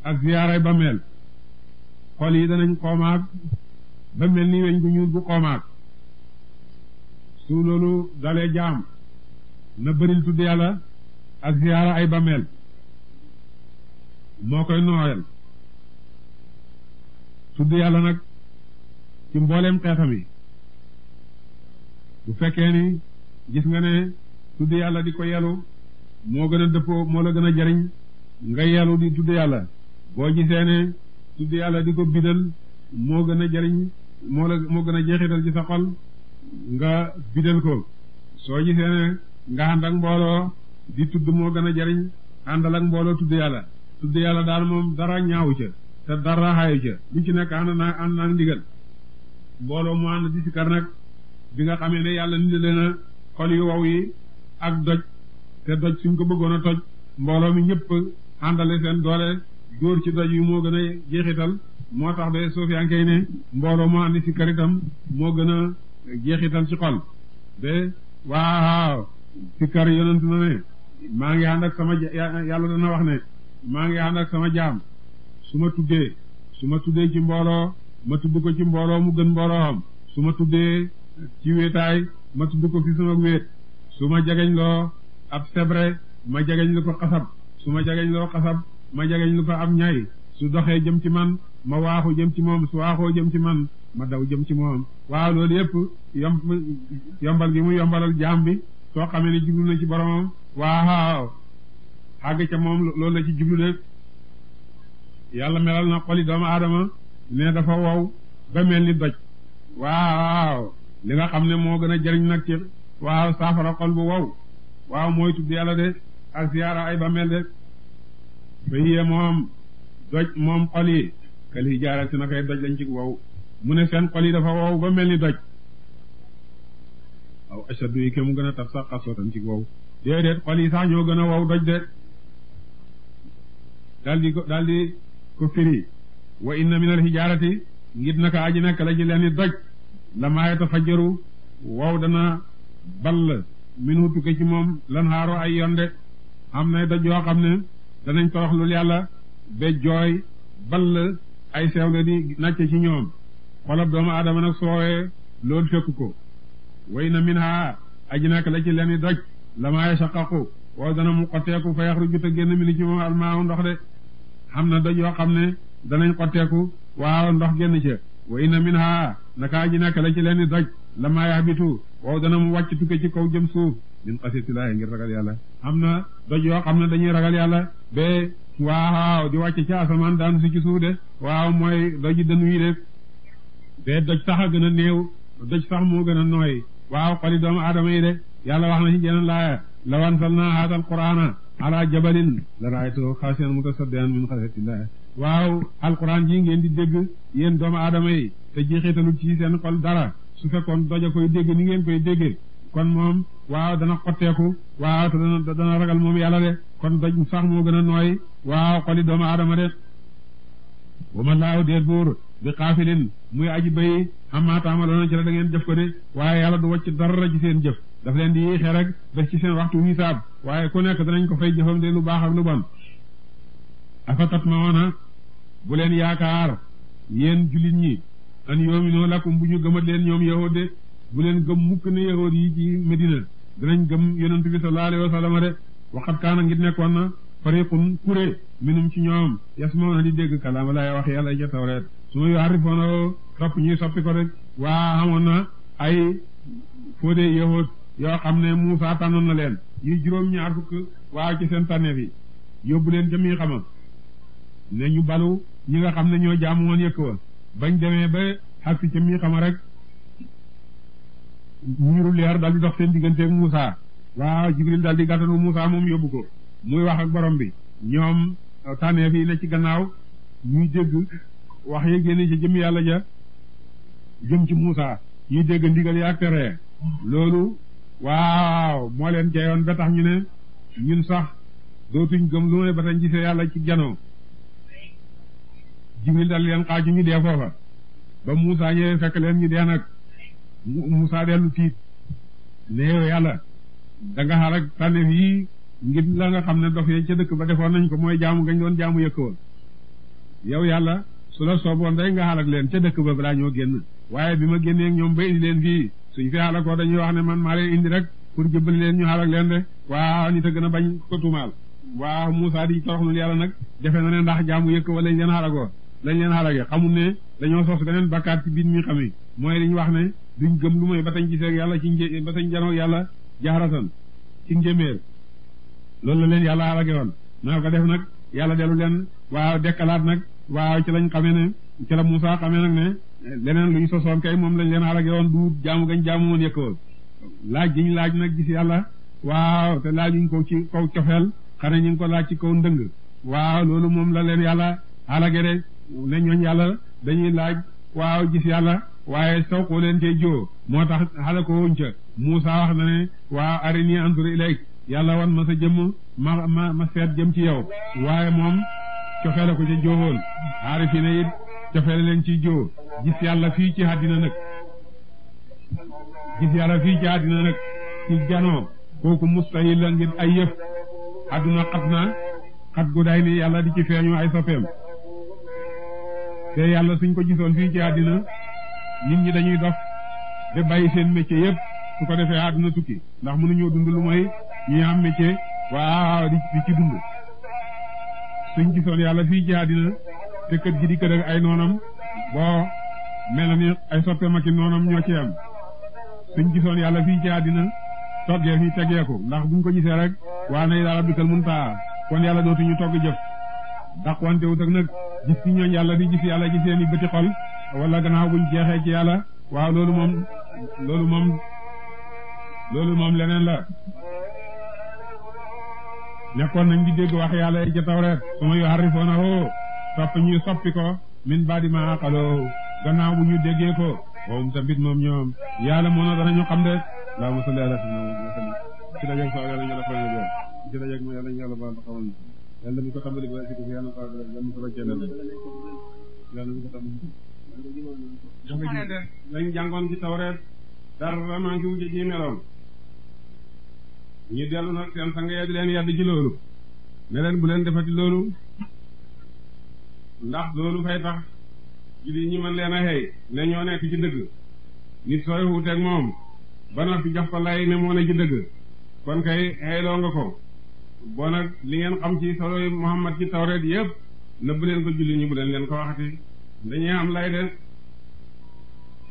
ak ziyaaray ba meel xol yi danañ xoomaag ba mel ni weñ gu ñuul bu xoomaag su loolu dalee jaam na bëril tudd yàlla ak ziyaara ay bàmmeel moo koy nooyal tudd yàlla nag ci mbooleem xeetam yi bu fekkee ni gis nga ne tudd yàlla di ko yelu moo gën a dëppoo moo la gën a jariñ nga yelu di tudd yàlla boo gisee ne tudd yàlla di ko bidal moo gën a jariñ moo la moo gën a jeexital ci sa xol nga bidal ko soo gisee ne nga ànd ak mbooloo di tudd moo gën a jariñ àndal ak mbooloo tudd yàlla tudd yàlla daal moom dara ñaawu ca te dara xaayu ca lu ci nekk ànd naa ànd naa ndigal mbooloo mu ànd di sikar nag bi nga xamee ne yàlla nit leen a xol yu wow yi ak doj te doj suñ ko bëggoon a toj mbooloo mi ñëpp àndale seen doole dóor ci doj yi moo gën a jeexital moo tax soo Sufyaan kay ne mbooloo moo si sikkar itam moo gën a jeexital ci xol de waaw sikkar yonent na ne maa ngi ànd ak sama yàlla dana wax ne maa ngi ànd ak sama jaam su ma tuddee su ma tuddee ci mbooloo ma tudd ko ci mbooloo mu gën mbooloo xam su ma tuddee ci wéetaay ma tudd ko fi sama wéet su ma jageñ loo ab sebre ma jageñ lu ko xasab su ma jageñ loo xasab ma jageñ lu ko ab ñay su doxee jëm ci man ma waaxu jëm ci moom su waaxoo jëm ci man ma daw jëm ci moom waaw loolu yëpp yom yombal gi mu yombalal jaam bi soo xamee ne jublu na ci boromam waaw xàgg ca moom loolu la ci jublu de yàlla melal na xoli doomu aadama ne dafa wow ba mel ni doj waaw li nga xam ne moo gën a jariñ nag ci waaw saafara xol bu wow waaw mooy tudd yàlla de ak ziyaara ay ba mel de fa yiyee moom doj moom xol yi kal hijaarati na koy doj lañ ci wow mu ne seen xol yi dafa wow ba mel ni doj aw ashadu yi ke mu gën a tab sax xasootan ci wow déedéet xol yi sax ñoo gën a wow doj de daal di ko daal di ko firi wa inna min al hijaarati ngit naka aji nekk la ji leen doj la maayata fajaru wow dana ball min hu tukke ci moom lan xaaro ay yoon de am na doj yoo xam ne danañ toroxlul yàlla ba jooy ay sew la di nàcce ci ñoom xolab doomu aadama nag soowee loolu fekk ko way na min ha aji nak la ci leen di doj la maa yashaqaqu wa dana mu xotteeku fa yaxruju te génn mi ni ci moom almaaw ndox de xam na doj yoo xam ne danañ xotteeku waaw ndox génn ca way na min ha naka aji nak la ci leni doj la maa yahbitu waaw dana mu wàcc tukke ci kaw jëm suuf min xasitillaahi ngir ragal yàlla xam na doj yoo xam ne dañuy ragal yàlla be waaw di wàcc ci asamaan daan su suuf de waaw mooy doji dënu yi de te doj sax a gën a néew doj sax moo gën a nooy waaw xoli doomu aadama yi de yàlla wax na ci jeneen laaya law anzalna haadal qur'aana ala jabalin la ra'aytahu xaashi'an mutasaddian min xasyatillah waaw alquran ji ngeen di dégg yéen doomu aadama yi te jeexitalul ci seen xol dara su fekkoon doj a koy dégg ni ngeen koy déggee kon moom waaw dana xotteeku waaw te dana ragal moom yàlla de kon doj sax moo gën a nooy waaw xoli doomu aadama de wa ma laaw déet buur bi xaafilin muy aji bayi xammaa taamaloona ci la da ngeen jëf ko de waaye yàlla du wàcc dara ci seen jëf daf leen di yéexee rek def ci seen waxtu hisaab waaye ku nekk danañ ko fay jëfam de lu baax ak lu bon afa tatma'una bu leen yaakaar yéen jullit ñi an yu'minu lakum bu ñu gëmat leen ñoom yahuud de bu leen gëm mukk ne yahuud yi ci Medina danañ gëm yonent bi sallallahu alayhi wa sallam de waxat kaana ngir nekkoon na fariqun kuré minum ci ñoom yasmawna di dégg kalaama laay wax yàlla ca tawreet su ma yuharrifuunahu topp ñuy soppi ko rek waa amoon na ay fóode yahud yoo xam ne Muusaa tànnoon na leen yi juróom-ñaar fukk waaw ci seen tànneef yi yóbbu leen ca muy xama ne ñu balu ñi nga xam ne ñoo jaamu woon yëkk wa bañ demee ba xagsi ca muy xama rek ñiiru leer daal di dox seen digganteeg Muusaa waaw Jibril daal di gàttanu Muusaa moom yóbbu ko muy wax ak borom bi ñoom tànneef yi la ci gannaaw ñuy dégg wax yi génne ci jëm yàlla ja jëm ci Muusa ñuy dégg ndigal yaa tere loolu waaw moo leen jayoon ba tax ñu ne ñun sax dootuñ gëm lu ma ne ba tañ yàlla ci janoo Jibril dal leen xaaju ñu dee foofa ba Muusa ñëwee fekk leen ñu dee nag Muusa dellu tiit ne yow yàlla da nga ak tànneef yi ngir la nga xam ne dof yooyu ca dëkk ba defoon nañ ko mooy jaamu gañ doon jaamu yëkk woon yow yàlla su la sooboon day nga xalak leen ca dëkk ba balaa ñoo génn waaye bi ma génnee ñoom ba indi leen fii suñ fi xalakoo dañuy wax ne man maa leen indi rek pour jëbbali leen ñu xalak leen de waaw nit a gën a bañ ko tuumaal waaw Moussa di toroxlul yàlla nag defe na ne ndax jaamu yëkk wala lañ leen xalakoo lañ leen xalakee xamul ne dañoo sos beneen bakkaat ci biir mi xam yi mooy liñ wax ne duñ gëm lu mooy ba tañ gisee ak yàlla ci ba tañ janoog yàlla jaaratan loolu la leen yàlla alage woon naa ko def nag yàlla dellu leen waaw dekkalaat nag waaw ci lañ xamee ne ci la Moussa xamee nag ne leneen luy sosoon kay moom lañ leen alage woon du jaamu gañ jaamu woon yëkkawal laaj gi ñu laaj nag gis yàlla waaw te laajuñ ko ci kaw cofeel xanaa ñu ngi ko laaj ci kaw ndëng waaw loolu moom la leen yàlla alage de ne ñooñ yàlla dañuy laaj waaw gis yàlla waaye saw koo leen tee joo moo tax xale ko wuñ ca Moussa wax na ne waaw arini anzur ilayk yàlla wan ma sa jëmm ma ma ma seet jëm ci yow waaye moom cofeele ko ca joowoon aarifina it leen ci joo gis yàlla fii ci àddina nag gis yàlla fii ci àddina nag ci janoo kooku mustahil la ngir ay yëf àdduna xat na xat gu day yàlla di ci feeñu ay soppeem te yàlla suñ ko gisoon fii ci àddina nit ñi dañuy dof de bàyyi seen métier yëpp su ko defee àdduna tukki ndax mënuñoo dund lu mooy ñi am métier waa di di ci dund suñ gisoon yàlla fii ci àddina te kër gi di kër ay noonam boo mel ni ay soppeem ak i noonam ñoo ci am suñ gisoon yàlla fii ci àddina toggee fi tegeeku ndax buñ ko gisee rek waa nay daal abdikal mun taa kon yàlla dootuñu togg jëf ndax wante wut ak nag gis ci ñooñ yàlla di gis yàlla ci seen i bëti xol wala gannaaw buñ jeexee ci yàlla waa loolu moom loolu moom loolu moom leneen la nekkoon nañ di dégg wax yàlla yi ca tawreet su ma yuharrifuunahu topp ñuy soppi ko min ba'di maa aqaluuhu gannaaw bu ñu déggee ko wawum tamit moom ñoom yàlla moo na danañu ñu xam fayal yoon ci dajeeg ma yàlla ñu yàlla baal xamal yàlla mi ko tàmbali ba ko fi yàlla baal yàlla mi ko jàngoon ci tawreet dara manqué wu ci meloom ñu dellu nag seen sang di leen yedd ci loolu ne leen bu leen defati loolu ndax loolu fay tax jullit ñi mën leen a xëy ne ñoo nekk ci dëgg nit sooy wuuteeg moom ba nag fi jox ko lay ne moo ne ci dëgg kon kay xëyloo nga ko boo nag li ngeen xam ci soloy Muhammad ci tawreet yëpp nëbb leen ko jullit ñi bu leen leen ko waxati dañuy am lay de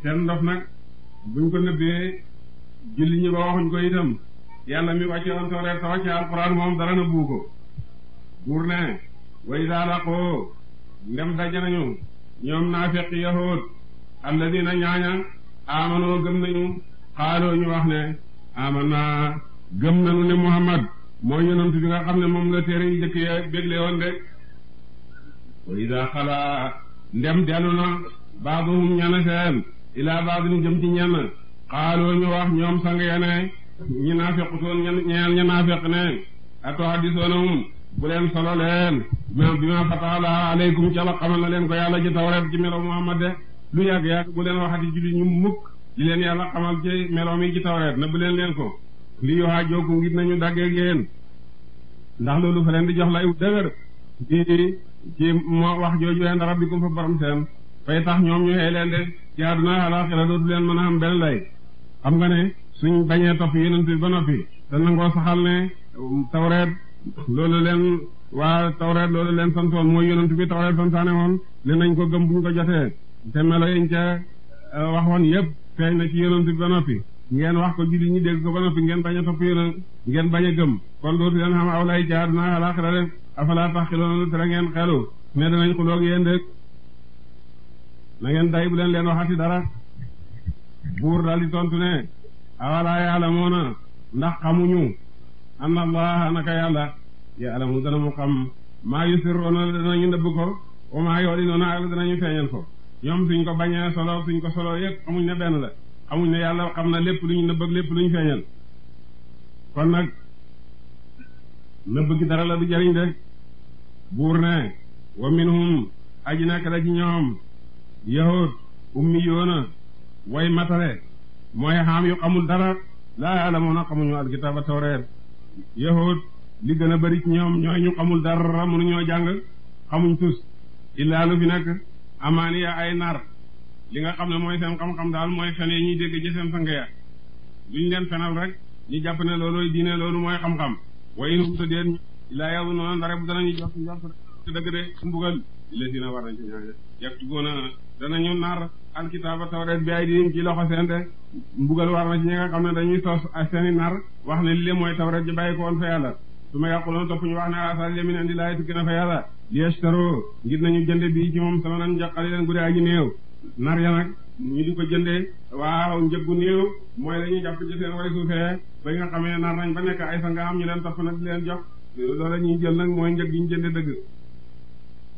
seen ndof nag buñ ko nëbbee jullit ñi ba waxuñ ko itam yàlla mi wàcce woon tawreet sa wàcce alquran moom dara na buu ko buur ne way daa laqoo ndem daje nañu ñoom naafiq yahuud alladina ñaaña aamanoo gëm nañu xaaloo ñu wax ne amana gëm nañu ne muhammad mooy yonent bi nga xam ne moom la téere yi jëkk ya bégle woon de wa ida xalaa ndem dellu na baaduhum ñana seen ilaa baadin jëm ci ñenn xaaloo ñu wax ñoom sang ya ñi naafeq soon ñeneen ña naafeq ne ato hadisoonahum bu leen solo leen bi ma fataala aleykum ci ala xamal na leen ko yàlla ci tawreet ci melo muhammad de lu yàgg-yàgg bu leen waxati julli ñu mukk li leen yàlla xamal ci melo mi ci tawreet na bu leen leen ko li yohaa jooku ngir nañu dàggee yéen ndax loolu fa leen di jox layu dëgër di ci moo wax jooju leen rabbikum fa borom seen fay tax ñoom ñu xëy leen de ci àdduna alaaxira dootu leen mën a am benn suñ bañee topp yonent bi ba noppi te nangoo saxal ne um, tawreet loolu leen waa tawreet loolu leen santoon mooy yonent bi tawreet santaane woon ne nañ ko gëm buñ ko jotee te melo yiñ ca euh, waxoon yëpp feeñ na ci yonent bi ba noppi ngeen wax ko jullit ñu dégg ko ba ngeen bañ a topp yonent ngeen bañ a gëm kon dootu leen xam aw lay jaar naa alaxira de afala taxiloona lu tere ngeen xelu ne danañ xuloog yéen dëkk na ngeen day bu leen leen waxati dara buur daal di tontu ne awalaa yaalamuuna ndax xamuñu anna naka yàlla yaalamu dana mu xam maa yusirruuna la danañu nëbb ko wa maa yu'linuuna ak la danañu feeñal ko ñoom suñ ko bañee solo suñ ko solo yépp xamuñ ne benn la xamuñ na yàlla xam na lépp lu ñu nëbb lépp luñu ñu feeñal kon nag nëbb gi dara la du jariñ de buur ne wa minhum aji nekk la ci ñoom yahud ummiyuuna way matale mooy xaam yu xamul dara laa a xamuñu alkitaaba tawreet yahud li gën a bari ci ñoom ñooy ñu xamul dara mënuñoo jàng xamuñ tus illaa lu fi nekk amaaniya ay nar li nga xam ne mooy seen xam-xam daal mooy fen yi ñuy dégg ci seen sang ya luñ leen fenal rek ñu jàpp ne loolooy diine loolu mooy xam-xam wa in hum ta déen illaa yadunnuuna ndare bu danañu jot njort dëgg de mbugal illazina war nañ ci ñooñu yaktubuuna danañu nar alkitaaba tawreet bi ay diim ci loxo seen de mbugal war na ci ñi nga xam ne dañuy sos ak seeni nar wax ne lii mooy tawreet ji bàyyi ko woon fa yàlla su ma yàquloon ñu wax ne asal li min indi laay tukki na fa yàlla li yashtaru ngir nañu jënde di ci moom sama nan jaqali leen guddi aji néew nar ya nag ñu di ko jëndee waaw njëggu néew mooy la ñuy jàpp ci seen way suufee ba nga xamee nar nañ ba nekk ay sa nga xam ñu leen topp nag di leen jox loola ñuy jël nag mooy njëg gi ñu jënde dëgg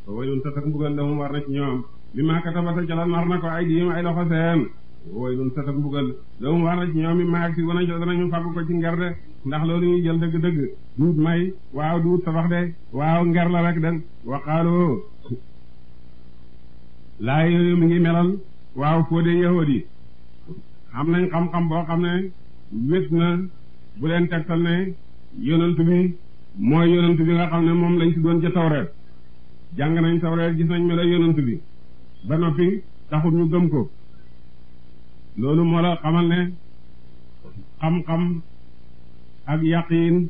fa waylun tatak mbugal lahum war na ci ñoom bi maa katabata ca lan war na ko ay diim ay loxo seen waylun tatak mbugal lahum war na ci ñoom mi ko ci nger de ndax loolu jël dëgg-dëgg duut may waaw duut tabax de waaw nger la rek den waqaalu laa yooyu mi ngi melal waaw fóode yahood yi xam nañ xam-xam boo xam ne wét na bu leen tegtal ne yonent bi mooy yonent bi nga xam ne moom lañ ci doon ca tawreet jàng nañ tawreet gis nañ melo yonent bi ba noppi taxul ñu gëm ko loolu moo la xamal ne xam-xam ak yaqiin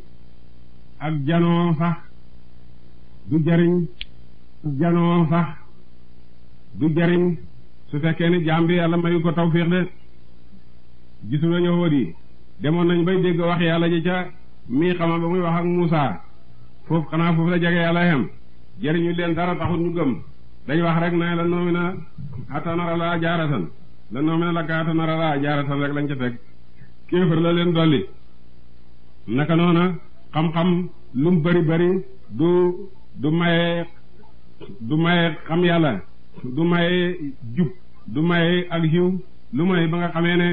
ak janoo sax du jariñ janoo sax du jariñ su fekkee ni jaam bi ko tawfiix de gisu nga yahood yi demoon nañ bay dégg wax yàlla ji ca mii xama ba muy wax ak Muusa foofu xanaa foofu la jege yàlla xem jëriñu leen dara taxut ñu gëm dañ wax rek ne la noomi na xata laa jaaratan la noomi na laka xata nara laa jaaratan rek lañ ca teg kéefër la leen dolli naka noona xam-xam lu mu bari bari du du maye du maye xam yàlla du maye jub du maye ak jiw lu may ba nga xamee ne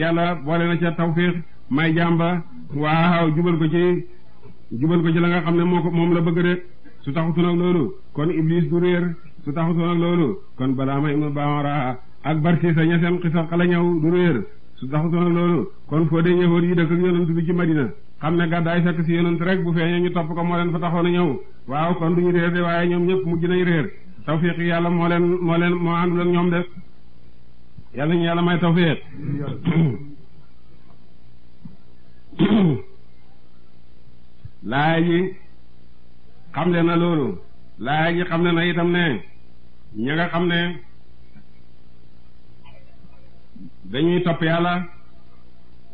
yàlla boole na ca tawfiix may jàmba waaw jubal ko ci jubal ko ci la nga xam ne moo moom la bëgg de su taxutoon ak loolu kon iblis du réer su taxutoon ak loolu kon balaama ibnu baamara ak barsiisa ña seen xisa xala ñëw du réer su taxutoon ak loolu kon foo dee ñëwoon yi dëkk ak yonent bi xam ne gàddaay fekk si rek bu feeñee ñu topp ko moo leen fa taxoon ñëw waaw kon duñu réer de waaye ñoom ñëpp mujj nañ réer tawfiq yàlla moo leen moo leen moo àndul ak ñoom de yàlla ñu yàlla may tawfiq *coughs* laay ji leen na loolu laaya ji xamle na itam ne ña nga xam ne dañuy topp yàlla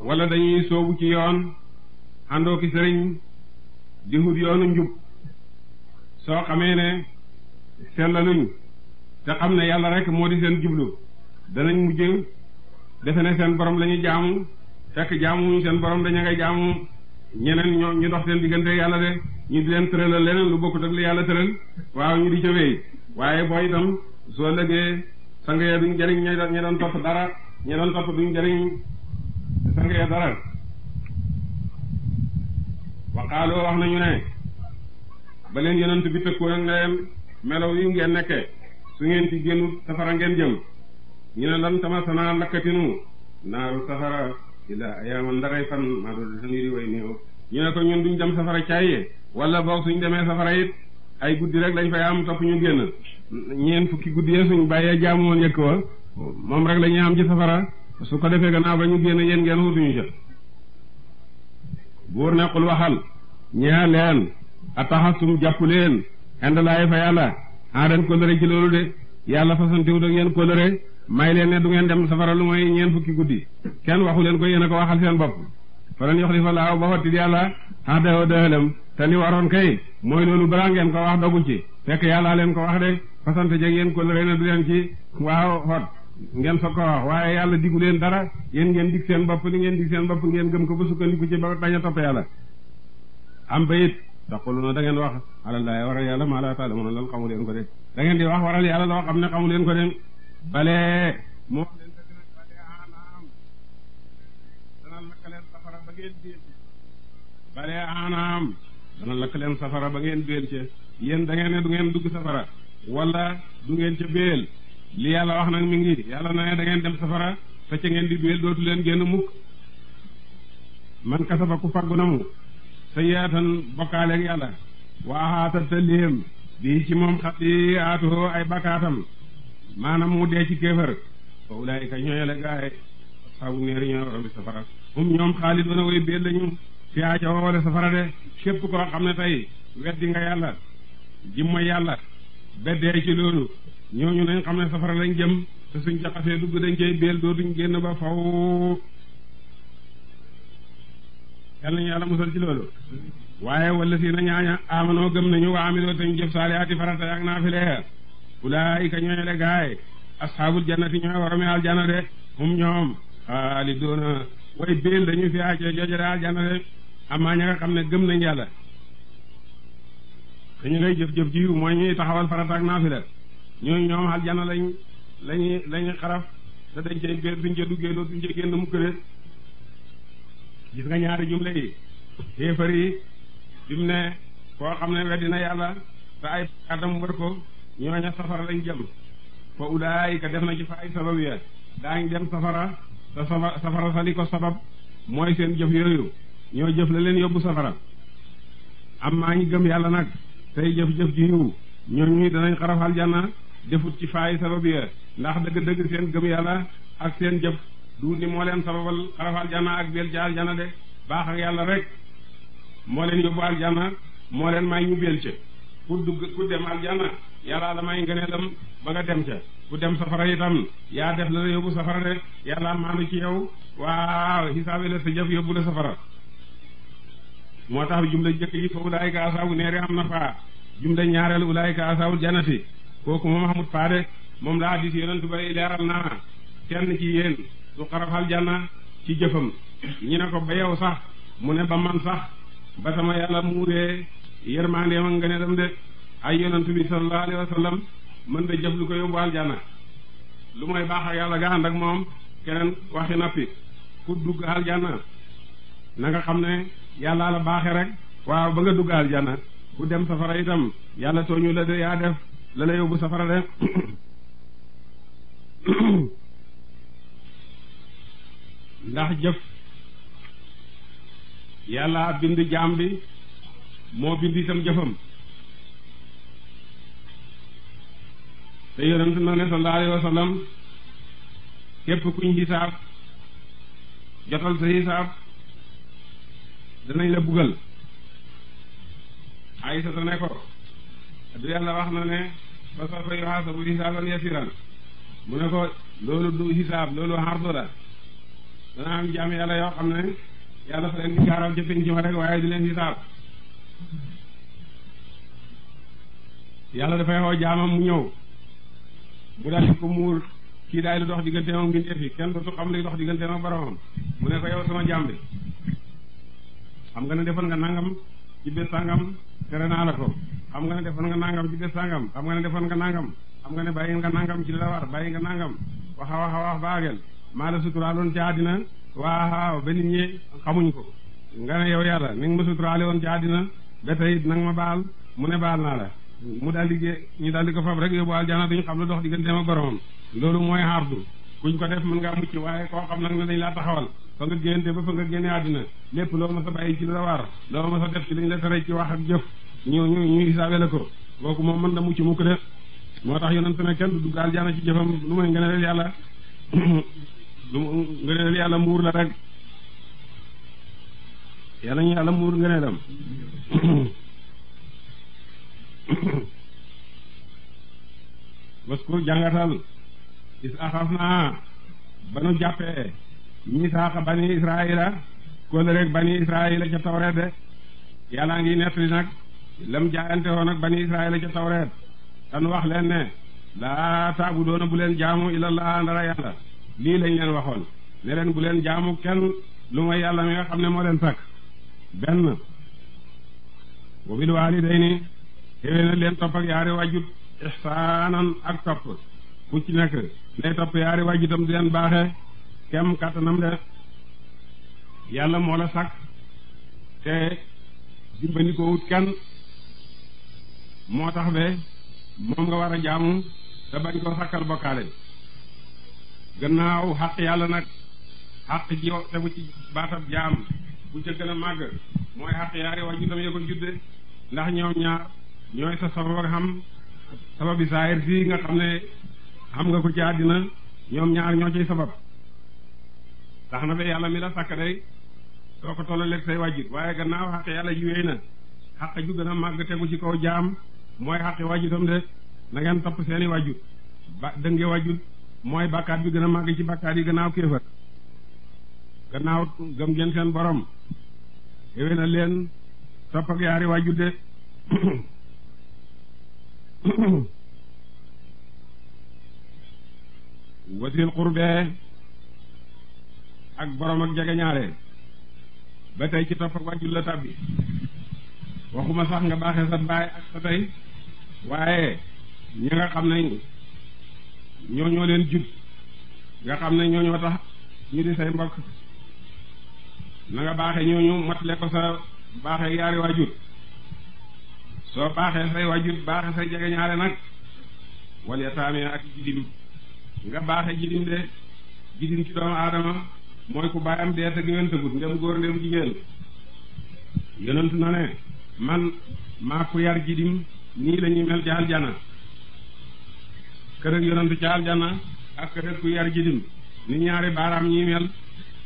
wala dañuy soobu ci yoon àndoo ki sëriñ di hut yoonu njub soo xamee ne sellaluñ te xam ne yàlla rek moo di seen jublu danañ mujj defe ne seen borom lañu ñu jaamu fekk jaamuwuñ seen borom dañu ngay jaamu ñeneen ñoo ñu dox seen diggante yàlla de ñu di leen tëralal leneen lu bokk dag li yàlla tëral waaw ñu di ca wéy waaye booy itam soo lëgee sang ya duñ jëriñ ña doon ña doon topp dara ña doon topp duñ jëriñ sang ya dara waxaaloo wax nañu ne ba leen yonent bi tëkkoon ak ndeyam melaw yu ngeen nekkee su ngeen ci génnu safara ngeen jëm ñu ne lan tamasanaa lakkatinu naaru safara ila ayaaman ndaray fan maa doon dañuy way néew ñu ne ko ñun duñ dem safara caayee wala boog suñ demee safara it ay guddi rek lañ fay am topp ñu génn ñeen fukki guddi yee suñ bàyyee jaamu woon yëkk wa moom rek la ñuy am ci safara su ko defee gannaaw ba ñu génn yéen ngeen wutuñu ca buur nequl waxal ñeex leen a taxastum jàpp leen indalaay fa yàlla a den kóllëre ci loolu de yàlla fasantiwut ak yéen kóllëre may leen ne du ngeen dem safara lu mooy ñeen fukki guddi kenn waxu leen ko yéen a ko waxal seen bopp falan yuxlifa laahu ba wattit yàlla xadawo dëxalam te li waroon kay mooy loolu balaa ngeen ko wax dogu ci fekk yàllaa leen ko wax de fasante jeg yéen ko lëre na du leen ci waaw xot ngeen soog ko wax waaye yàlla digu leen dara yéen ngeen dig seen bopp li ngeen dig seen bopp ngeen gëm ko ba sukkandiku ci ba bañ a topp yàlla am ba it taquluna da ngeen wax alallaay waral yàlla maa laa taalamuuna loolu xamu leen ko de da ngeen di wax waral yàlla loo xam ne xamu ko de bare aanaam dana lakk leen safara ba ngeen béel ca yéen da ngeen du ngeen dugg safara wala du ngeen ca béel li yàlla wax nag mi ngi yàlla na ne da ngeen dem safara sa ca ngeen di béel dootu leen génn mukk man kasaba ku faggu na mu sa yaatan bokkaaleeg yàlla waaxaata te léem bii ci moom xati aatuhoo ay bakkaatam maanaam mu dee ci kéefër fa ulaayika ñooyale gaay asxaabu neeri ñoo waroon bi safara um ñoom xaalis dana woy béel lañu fi aa ca woowale safara de képp koo xam ne tey weddi yàlla jimma yàlla beddee ci loolu ñooñu nañ xam ne safara lañ jëm te suñ jaxasee dugg dañ cay béel dootuñ génn ba faw yàlla nañu yàlla musal ci loolu waaye wala si na ñaaña amanoo gëm nañu wa amiloo tañu jëf saalihaati farata yaak naafilee ulaayika ñooñu le asxaabul jannati ñooy waroomi aljanna de hum ñoom xaalidoona way béel dañu fi aajo joojale aljana de nga xam ne gëm nañ yàlla te ñu jëf-jëf ji yiw mooy ñuy taxawal farata ak naafila ñooñu ñoom aljana lañ lañu xaraf te dañ cay béer duñ ca génn mukk de gis nga ñaari jumle yi xéefar yi bi mu xam ne weddi na yàlla te ay adam war ko ñooña safara lañ jëm fa ulaayika def na ci fa ay sabab ya daañ dem safara te safara sa li ko sabab mooy seen jëf yooyu ñoo jëf la leen yóbbu safara am maa ngi gëm yàlla nag tey jëf-jëf ji yiw ñooñu danañ xarafal janna defut ci faay sabab ya ndax dëgg-dëgg seen gëm yàlla ak seen jëf du ni moo leen sababal xarafal janna ak beel jaar janna de baax ak yàlla rek moo leen yóbbu aljanna moo leen may ñu beel ca ku dugg ku dem aljanna yàllaa la may ngëneelam ba nga dem ca ku dem safara itam yaa def la la yóbbu safara de yàllaa maandu ci yow waaw xisaabe la sa jëf yóbbu la safara moo tax jumla jëkk yi fa ulaayika asaabu neeri am na faa jumla ñaareel ulaayika asaabu janati kooku moom xamut faa de moom laa dis yonentu bay leeral naa kenn ci yéen du xarafal janna ci jëfam ñu ne ko ba yow sax mu ne ba man sax ba sama yàlla muuree yërmaandeem ak ngëneelam de ay yonent bi sallallahu alayhi mën da jëf lu ko yóbbu aljana lu mooy baax yàlla ga ànd moom keneen waxi nappi ku dugg aljana na nga xam ne yàlla la baaxe rek waaw ba nga dugg aljana ku dem safara itam yàlla tooñu la de yaa def la la yóbbu safara de *coughs* ndax jëf yàlla bind jaam bi moo bind itam jëfam te yonent na ne sallallahu alayhi wa sallam képp kuñ xisaab jotal sa xisaab danañ la buggal Aysata ne ko du yàlla wax na ne fa bu yuhaasabu hisaaban yasiran mu ne ko loolu du hisaab loolu xardu la dana am jaam yàlla yoo xam ne yàlla fa leen di gaaraw jëfin ci ma rek waaye du leen hisaab yàlla dafay xoo jaamam mu ñëw bu daal di ko muur kii daay lu dox diggante moom mbindeef yi kenn dootu xam luy dox diggante moom boromam mu ne ko yow sama jaam xam nga ne defoon nga nangam ci bés sangam tere naa la ko xam nga ne defoon nga nàngam ci bés sangam xam nga ne defoon nga nangam xam nga ne bàyyi nga nangam ci la war bàyyi nga nangam waxa waxa wax baagel maa la suturaaloon ci àddina waaw ba nit ñi xamuñ ko nga ne yow yàlla ni nga ma suturaale woon ci àddina ba tey ma baal mu ne baal naa la mu daal di ñu daal di ko fab rek yóbbu aljana duñu xam la dox digganteem ak boromam loolu mooy xaardu kuñ ko def mën ngaa mucc waaye koo xam nag ne dañ laa taxawal fa nga génnte ba fa génne àdduna lépp loo ma sa bàyyi ci lu la war loo ma sa def ci liñ la tere ci wax ak jëf ñu ñu la ko kooku moom mën da mucc mukk de moo tax yonent ne kenn du dugg aljana ci jëfam lu may ngëneel yàlla *coughs* lu yàlla muur la rek yàlla ñu yàlla muur ngëneelam *coughs* waskur *coughs* jàngatal is axas naa ba nu jàppee misaaxa bani israila kóllëreeg ca tawreet de yàllaa ngi nettali nag lam jaayante woon ak bani israila ca tawreet tan wax leen ne laa taabu doona bu leen jaamu ilallaa ndara yàlla lii lañ leen waxoon ne bu leen jaamu kenn lu may yàlla mi nga xam ne moo leen sàkk benn wa bil waalidayni xéwé na leen topp ak yaari wajut ixsaanan ak topp ku ci nekk nay topp yaari wajutam di leen baaxe kem kàttanam de yàlla moo la sàkk te dimbali ko wut kenn moo tax be moom nga war a jaamu te bañ koo sàkkal bokkaale gannaaw xaq yàlla nag xaq ji tegu ci baatab jaam bu ca gën a màgg mooy xaq yaari wajutam ya ko judde ndax ñoom ñaar ñooy sa sabab ak xam sababi saayir si nga xam ne xam nga ko ci àddina ñoom ñaar ñoo ciy sabab tax na ba yàlla mi la sàkk day soo ko lekk say wàjjit waaye gannaaw xaq yàlla ji wéy na xaq ju gën a màgg tegu ci kaw jaam mooy xaqi wàjjutam de na ngeen topp seeni wàjjut ba dënge wàjjut mooy bàkkaat bi gën màgg ci bàkkaat yi gannaaw kéefar gannaaw gëm ngeen seen borom éwé na leen topp ak yaari wàjjut de *clears throat* *coughs* wasil xurbee ak borom ak jegeñaale ba tey ci topp ak wàjjul la tàbbi waxuma sax nga baaxe sa baay ak sa tey waaye ñi nga xam ne ñoo ñoo leen jub nga xam ne ñoo ñoo tax ñu di say mbokk na nga baaxee ñooñu motale ko sa baaxee yaari waajur soo baaxee say wajur baaxe say jegeñaale nag wal yataame ak jidim nga baaxe jidim de jidim ci doomu aadama mooy ku bàyyam dee te géwél tëgut ndem góor ndem jigéen yonentu na ne man maa ku yar jidim nii la ñuy mel ci aljana kër ak yonentu ci aljana ak kër ku yar jidim ni ñaari baaraam ñuy mel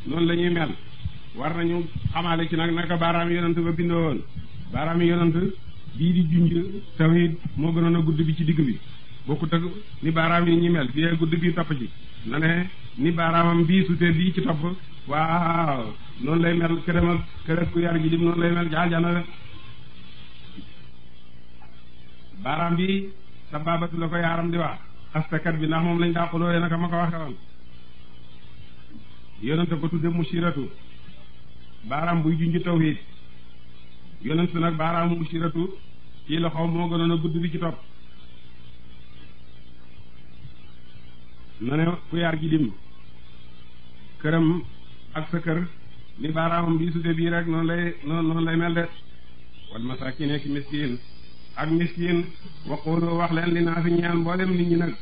noonu lañuy ñuy mel war nañu xamaale ci nag naka baaraam yonent ba bindoo woon baaraam yonent bii di junj tawhid moo gënoon a gudd bi ci digg bi bokkut ak ni baaraam yi ñi mel bii gudd bii topp ci na ne ni baaraamam bii sutee bii ci topp lay mel këramal këres ku gi dim noonu lay la bi sababatu la ko yaaram di wax astakat bi ndax moom lañ daa xuloolee naka ma ko waxe woon yonente ko tudde musiratu baaraam buy junj tawhid yonent bi nag baaraamu musiratu ci loxoom moo gënoon a gudd bi ci topp na ne ku yaar ji dim këram ak sa kër ni baaraamam bi sute bii rek noonu lay noonu lay mel de wal masaakin ak miskin ak miskin waqulu wax leen li naa fi ñaan mboolem nit ñi nag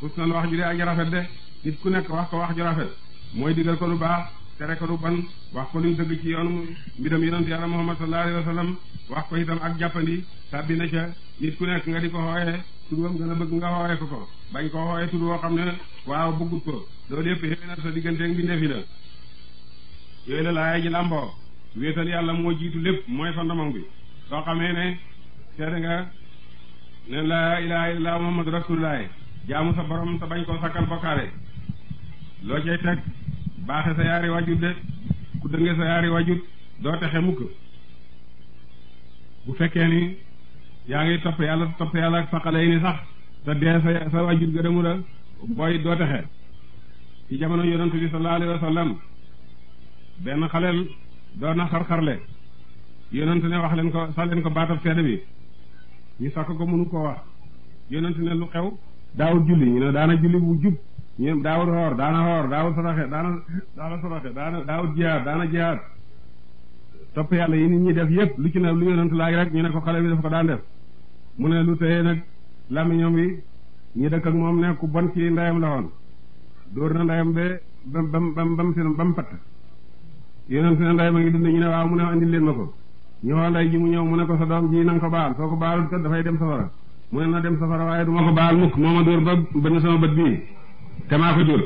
xus na wax ju de ak rafet de nit ku nekk wax ko wax ju rafet mooy digal ko lu baax tere ko lu ban wax ko lu dëgg ci yoonu mbiram yonent yàlla muhammad sa alayhi wa sallam wax ko itam ak jàppandi sàbbi ca nit ku nekk nga di ko xooyee turam gën a bëgg nga xooyee ko ko bañ ko xooyee tur woo xam ne waaw bëggut ko loolu yëpp xëy na sa digganteeg mbindeef yi la yooyu la ji làmboo wéetal yàlla moo jiitu lépp mooy fondement bi soo xamee ne seede nga ne laa ilaha illallah muhammad rasulullah jaamu sa borom te bañ koo sakkal bokkaale loo cay baaxe sa yaari wajut de ku dënge sa yaari wajut doo texe mukk bu fekkee ni yaa ngi topp yàlla topp yàlla ak faqale yi ni sax te dee sa sa wajut gërëmu la booy doo texe ci jamono yonent bi sallallahu alayhi wa benn xaleel doon na xar-xarle yonent ne wax leen ko sa leen ko baatab seede bi ñu sakk ko mënu ko wax yonent ne lu xew daawul julli ñu ne daana julli bu jub ñu daawul xoor daana xoor daawul saraxe daana daana saraxe daana daawul jihaad daana jihaad topp yàlla yi nit ñi def yëpp lu ci ne lu yonent laaj rek ñu ne ko xale bi dafa ko mu ne lu tëye nag làmmiñam ñu dëkk ak moom ne ku bon ci la woon na ndeyam be ba ba ba bam ba mu patt ngi dund ñu ne waaw mu ne andil leen ma ko ñëwoo ndey ji mu ñëw mu ne sa doom na ko baal soo ko dafay dem safara mu ne na dem safara waaye duma ko baal mukk moo ma dóor ba bënn sama bët bii te maa ko jur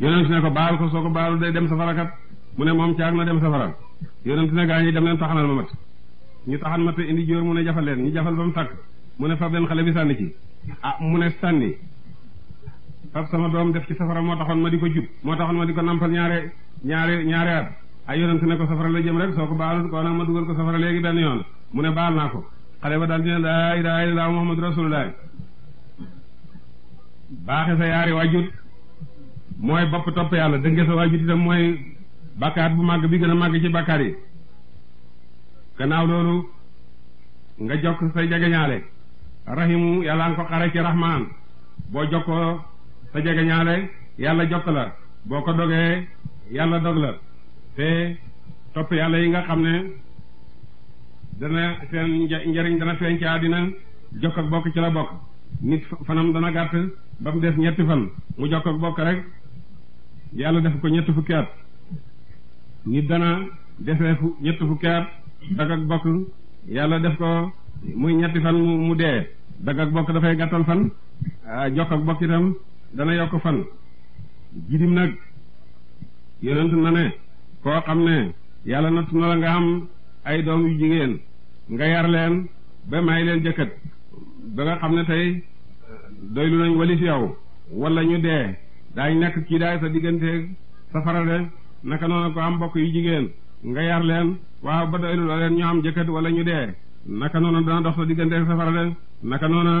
yonent ne ko baal ko soo ko baalu day dem safara kat mu ne moom caag na dem safara yonent ne gaa ñi dem leen taxanal ma mat ñu taxan mat indi jóor mu ne jafal leen ñu jafal ba mu takk mu ne fab leen xale bi sànni ci ah mu ne sànni fab sama doom def ci safara moo taxoon ma di ko jub moo taxoon ma di ko nampal ñaare ñaare ñaare at ay yonent ne ko safara la jëm rek soo ko baalu koo nag ma dugal ko safara léegi benn yoon mu ne baal naa ko xale daal di ne laa ilaaha illallaah muhammadu rasulullaah sa yaari mooy bopp topp yàlla dënge sa waajur itam mooy bàkkaar bu màgg bi gën a màgg ci bàkkaar yi gannaaw loolu nga jokk sa jegeñaale rahimu yàlla nga ko xare ci rahmaan boo jokkoo sa jegeñaale yàlla jokk la boo ko dogee yàlla dog la te topp yàlla yi nga xam ne dana seen njëriñ dana feeñ ci àddina jokk ak bokk ci la bokk nit fanam dana gàtt ba mu des ñetti fan mu jox ko bokk rek yàlla def ko ñett fukki at nit dana defee fu ñett fukki at dag ak bokk yàlla def ko muy ñetti fan mu dee dag ak bokk dafay gàttal fan ah, jokk ak bokk itam dana yokk fan jirim nag yonent na ne koo xam ne yàlla natt na la nga am ay doom yu jigéen nga yar leen ba may leen jëkkët ba nga xam ne tey eh, doylu nañ wali yow wala ñu dee daañ nekk kii daay sa diggante safara de naka noonu ko am mbokk yu jigéen nga yar leen waaw ba doylu leen ñu am jëkkët wala ñu dee naka noonu dana dox sa diggante safara de naka noonu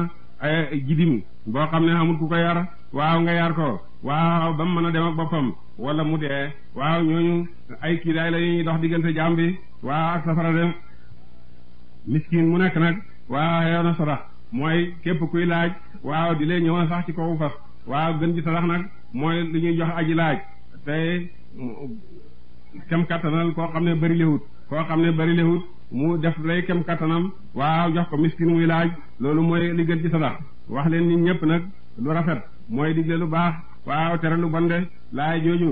ay jidim boo xam ne amul ku ko yar waaw nga yar ko waaw ba mën a dem ak boppam wala mu dee waaw ñooñu ay kii daay la ñuy dox diggante jaam bi waaw ak safara de miskin mu nekk nag waaw xeew na sarax mooy képp kuy laaj waaw di leen ñëw sax ci kaw fas waaw mooy lu ñuy jox aji laaj te kem kattanal koo xam ne bari lewut koo xam ne bari lewut mu def lay kem kattanam waaw jox ko miskin muy laaj loolu mooy li ci sadax wax leen nit ñëpp nag lu rafet mooy digle lu baax waaw tere lu bon de laay jooju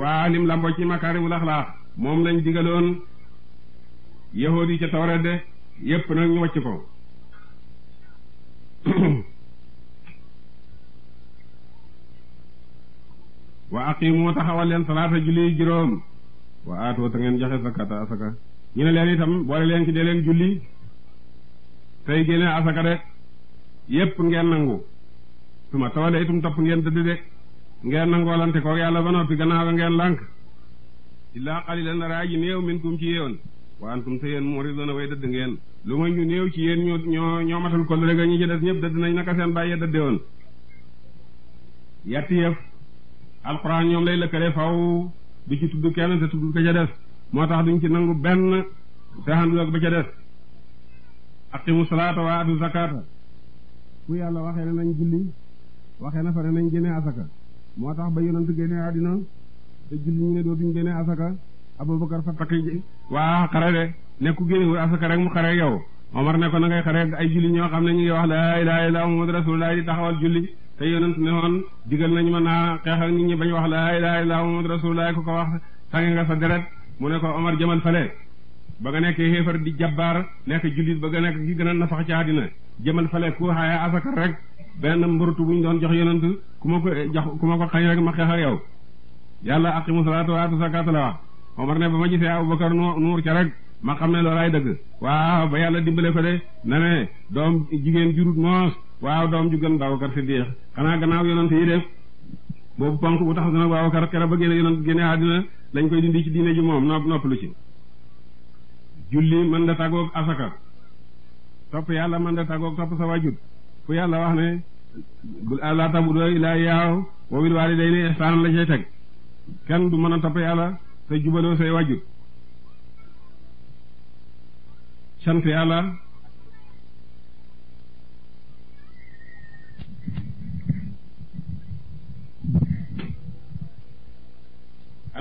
waaw lim lambo ci makaarimul axlaaq moom lañ digaloon yahood yi ca tawret de yépp nag ñu wàcc ko *clears throat* wa moo taxawal leen salaata julli juróom wa aatoo ta ngeen joxe sakata asaka ñu ne leen itam boole leen ci dee leen julli tey génne asaka de yépp ngeen nangu su ma tawale itum topp ngeen dëdd de ngeen nangoolante koog yàlla ba noppi gannaaw ga ngeen lànk illaa qalilan daraa ji néew minkum ci yéewoon wa antum te yéen muriduna way dëdd ngeen lu ma ñu néew ci yéen ñoo ñoo ñoo matal ko léegi ñu ci des ñëpp dëdd nañ naka seen bàyyee dëddewoon yatti yëf alquran ñoom lay lëkkale faw du ci tudd kenn te tudd ka ca des moo tax duñ ci nangu benn te àndul ak ba ca des aqimu salaata waa atu zakata fu yàlla waxee ne nañ julli waxee na fa ne nañ jëne asaka moo tax ba yonent génne àddina te julli ñu ne dootuñ asaka abubakar fa takk waa xare de nekku génnewul asaka rek mu xare yow omar ne ko na ngay xare ay julli ñoo xam ne ñu ngi wax laa ilaaha illa muhammad rasulullah di taxawal julli te yonent ne woon digal nañ ma naa xeex ak nit ñi bañ wax laa ilaaha illallaah muhammadu rasuulullaah ku ko wax sange nga sa deret mu ne ko Omar jamal fale ba nga nekk xéefar di jabbaar nekk jullit ba nga nekk ki gën a nafax ci àddina fale ku xaaya asaka rek benn mburtu bu ñu doon jox yonent ku ma ko eh, jox ku ma ko xañ rek ma xeex ak yow yàlla aqimu salaata wa aatu zakaata la Omar ne ba ma gisee Abubakar nuur ca rek ma xam ne loolaay dëgg waaw ba yàlla dimbale ko de na ne doom jigéen jurut waaw doom ju gën Babacar Siddiq xanaa gannaaw yonent yi def boobu ponk bu tax dana Babacar keroog ba génne yonent génne àddina lañ koy dindi ci diine ji moom nopp noppalu ci julli mën da tàggoog asaka topp yàlla mën da tàggoog topp sa wajut fu yàlla wax ne laa tabudo ilaa yaaw wa bil waalidayni ihsaanan la cay teg kenn du mën a topp yàlla te jubaloo say wajut sant